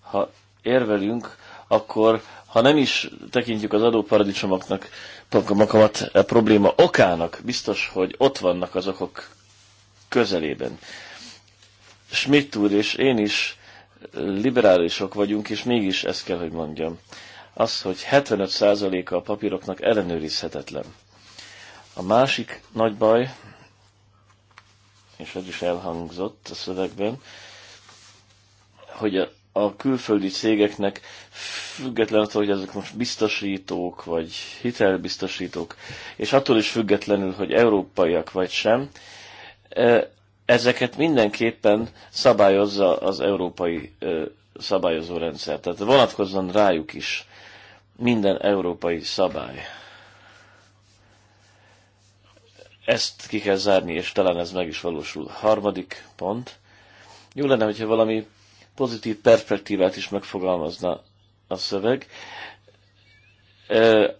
ha érvelünk, akkor ha nem is tekintjük az adóparadicsomoknak a e probléma okának, biztos, hogy ott vannak az okok közelében. Schmidt úr és én is liberálisok vagyunk, és mégis ezt kell, hogy mondjam. Az, hogy 75%-a a papíroknak ellenőrizhetetlen. A másik nagy baj, és ez is elhangzott a szövegben, hogy a, a külföldi cégeknek független attól, hogy ezek most biztosítók, vagy hitelbiztosítók, és attól is függetlenül, hogy európaiak vagy sem, e, ezeket mindenképpen szabályozza az európai szabályozó rendszer. Tehát vonatkozzon rájuk is minden európai szabály. Ezt ki kell zárni, és talán ez meg is valósul. Harmadik pont. Jó lenne, hogyha valami pozitív perspektívát is megfogalmazna a szöveg.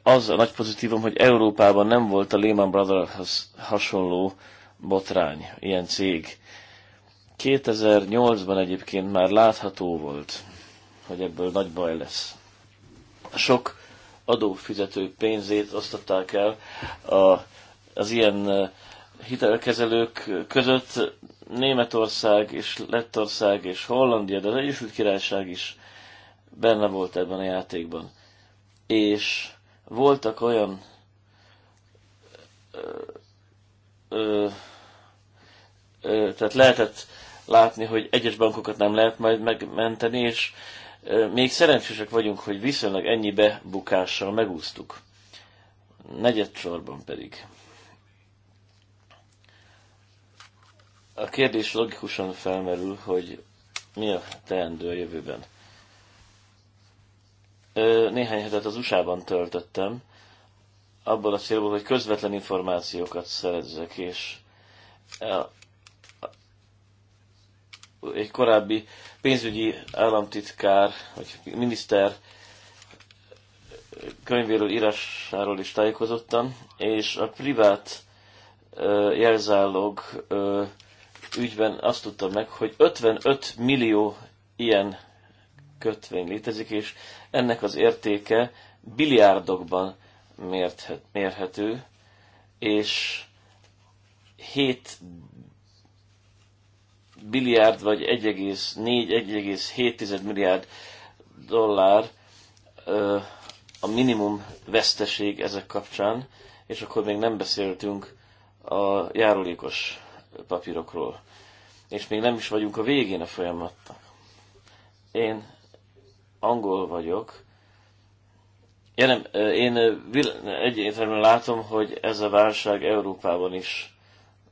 Az a nagy pozitívum, hogy Európában nem volt a Lehman Brothers hasonló botrány, ilyen cég. 2008-ban egyébként már látható volt, hogy ebből nagy baj lesz. Sok adófizető pénzét osztották el a, az ilyen hitelkezelők között Németország és Lettország és Hollandia, de az Egyesült Királyság is benne volt ebben a játékban. És voltak olyan ö, ö, tehát lehetett látni, hogy egyes bankokat nem lehet majd megmenteni, és még szerencsések vagyunk, hogy viszonylag ennyi bebukással megúsztuk. Negyed sorban pedig. A kérdés logikusan felmerül, hogy mi a teendő a jövőben. Néhány hetet az USA-ban töltöttem, abból a célból, hogy közvetlen információkat szerezzek, és egy korábbi pénzügyi államtitkár, vagy miniszter könyvéről, írásáról is tájékozottam, és a privát jelzálog ügyben azt tudtam meg, hogy 55 millió ilyen kötvény létezik, és ennek az értéke biliárdokban mérthet, mérhető, és 7 milliárd vagy 1,4-1,7 milliárd dollár a minimum veszteség ezek kapcsán, és akkor még nem beszéltünk a járulékos papírokról. És még nem is vagyunk a végén a folyamatnak. Én angol vagyok. Ja nem, én egyértelműen látom, hogy ez a válság Európában is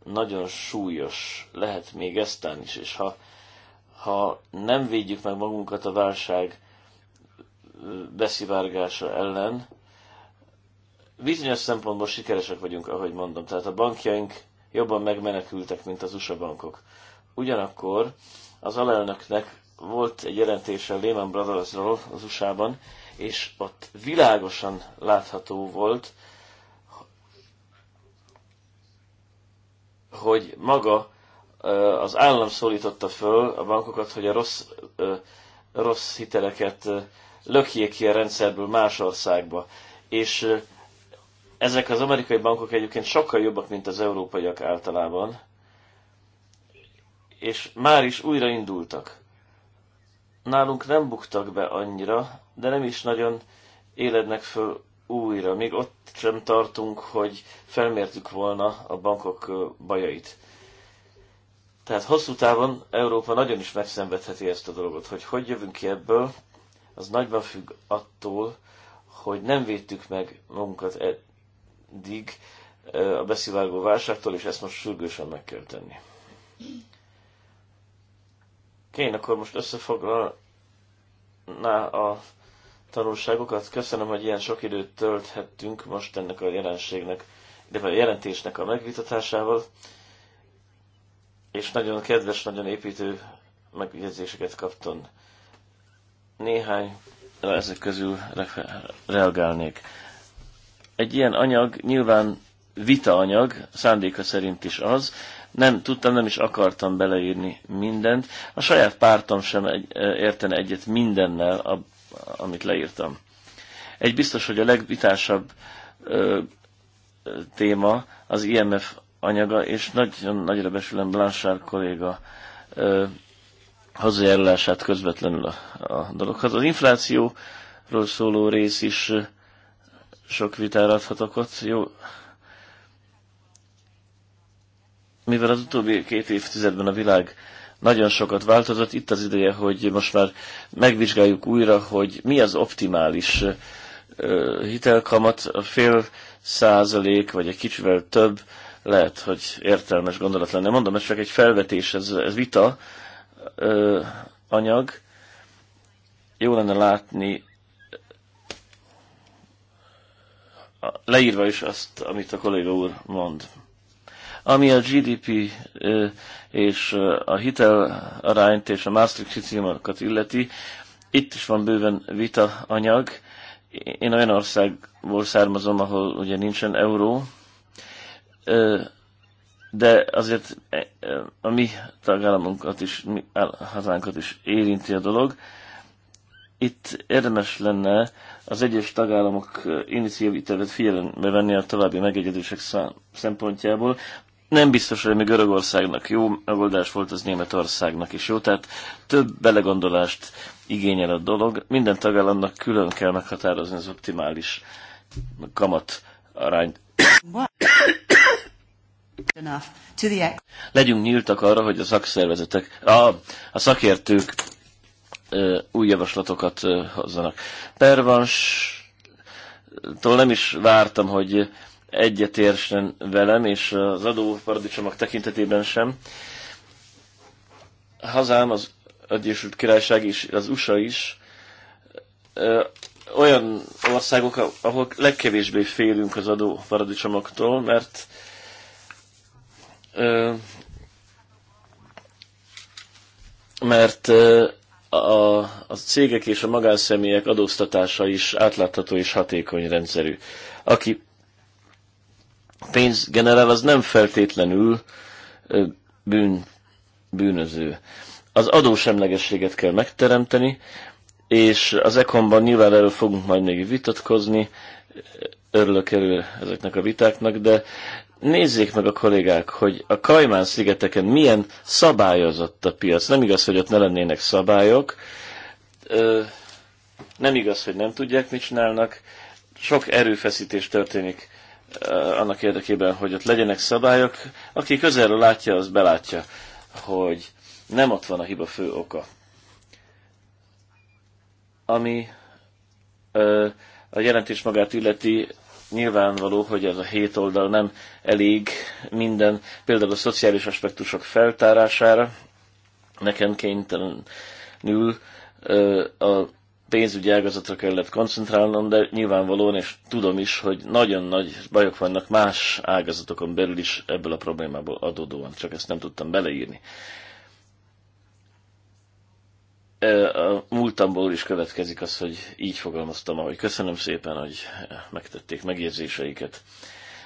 nagyon súlyos, lehet még eztán is, és ha, ha nem védjük meg magunkat a válság beszivárgása ellen, bizonyos szempontból sikeresek vagyunk, ahogy mondom. Tehát a bankjaink jobban megmenekültek, mint az USA bankok. Ugyanakkor az alelnöknek volt egy jelentése Lehman Brothersról az USA-ban, és ott világosan látható volt, hogy maga az állam szólította föl a bankokat, hogy a rossz, rossz hiteleket lökjék ki a rendszerből más országba. És ezek az amerikai bankok egyébként sokkal jobbak, mint az európaiak általában, és már is újra indultak. Nálunk nem buktak be annyira, de nem is nagyon élednek föl újra. Még ott sem tartunk, hogy felmértük volna a bankok bajait. Tehát hosszú távon Európa nagyon is megszenvedheti ezt a dolgot, hogy hogy jövünk ki ebből, az nagyban függ attól, hogy nem védtük meg magunkat eddig a beszivágó válságtól, és ezt most sürgősen meg kell tenni. Kény, akkor most összefoglalná a tanulságokat. Köszönöm, hogy ilyen sok időt tölthettünk most ennek a jelenségnek, de a jelentésnek a megvitatásával, és nagyon kedves, nagyon építő megjegyzéseket kaptam. Néhány ezek közül reagálnék. Egy ilyen anyag nyilván vita anyag, szándéka szerint is az, nem tudtam, nem is akartam beleírni mindent. A saját pártom sem egy, értene egyet mindennel amit leírtam. Egy biztos, hogy a legvitásabb ö, ö, téma az IMF anyaga, és nagyon nagyra besülem Blanchard kolléga ö, hazajárulását közvetlenül a, a dologhoz. Az inflációról szóló rész is ö, sok vitára adhatok ott. Jó. Mivel az utóbbi két évtizedben a világ nagyon sokat változott. Itt az ideje, hogy most már megvizsgáljuk újra, hogy mi az optimális hitelkamat, a fél százalék, vagy egy kicsivel több, lehet, hogy értelmes gondolat lenne. Mondom, ez csak egy felvetés, ez, ez vita ö, anyag. Jó lenne látni leírva is azt, amit a kolléga úr mond. Ami a GDP és a hitel arányt és a Maastricht kritériumokat illeti, itt is van bőven vita anyag. Én olyan országból származom, ahol ugye nincsen euró, de azért e, e, a mi tagállamunkat is, mi hazánkat is érinti a dolog. Itt érdemes lenne az egyes tagállamok iniciatívet figyelembe venni a további megegyezések szempontjából nem biztos, hogy ami Görögországnak jó megoldás volt, az Németországnak is jó. Tehát több belegondolást igényel a dolog. Minden tagállamnak külön kell meghatározni az optimális kamat arányt. Legyünk nyíltak arra, hogy a szakszervezetek, a, a szakértők ö, új javaslatokat ö, hozzanak. Pervans, nem is vártam, hogy egyetérsen velem, és az adóparadicsomok tekintetében sem. Hazám, az Egyesült Királyság is, az USA is olyan országok, ahol legkevésbé félünk az adóparadicsomoktól, mert mert a, a cégek és a magánszemélyek adóztatása is átlátható és hatékony rendszerű. Aki generál, az nem feltétlenül bűn, bűnöző. Az adósemlegességet kell megteremteni, és az ekonban nyilván erről fogunk majd még vitatkozni, örülök elő ezeknek a vitáknak, de nézzék meg a kollégák, hogy a Kajmán szigeteken milyen szabályozott a piac. Nem igaz, hogy ott ne lennének szabályok, nem igaz, hogy nem tudják, mit csinálnak, sok erőfeszítés történik Eh, annak érdekében, hogy ott legyenek szabályok. Aki közelről látja, az belátja, hogy nem ott van a hiba fő oka. Ami eh, a jelentés magát illeti, nyilvánvaló, hogy ez a hét oldal nem elég minden, például a szociális aspektusok feltárására. Nekem kénytelenül eh, a pénzügyi ágazatra kellett koncentrálnom, de nyilvánvalóan, és tudom is, hogy nagyon nagy bajok vannak más ágazatokon belül is ebből a problémából adódóan, csak ezt nem tudtam beleírni. E, a múltamból is következik az, hogy így fogalmaztam, ahogy köszönöm szépen, hogy megtették megérzéseiket.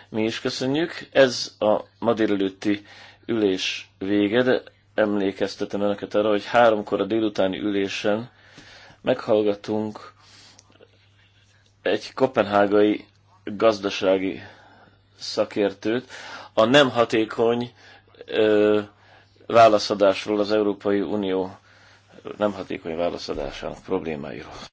Mi is köszönjük. Ez a ma délelőtti ülés vége, de emlékeztetem önöket arra, hogy háromkor a délutáni ülésen meghallgatunk egy kopenhágai gazdasági szakértőt a nem hatékony ö, válaszadásról, az Európai Unió nem hatékony válaszadásának problémáiról.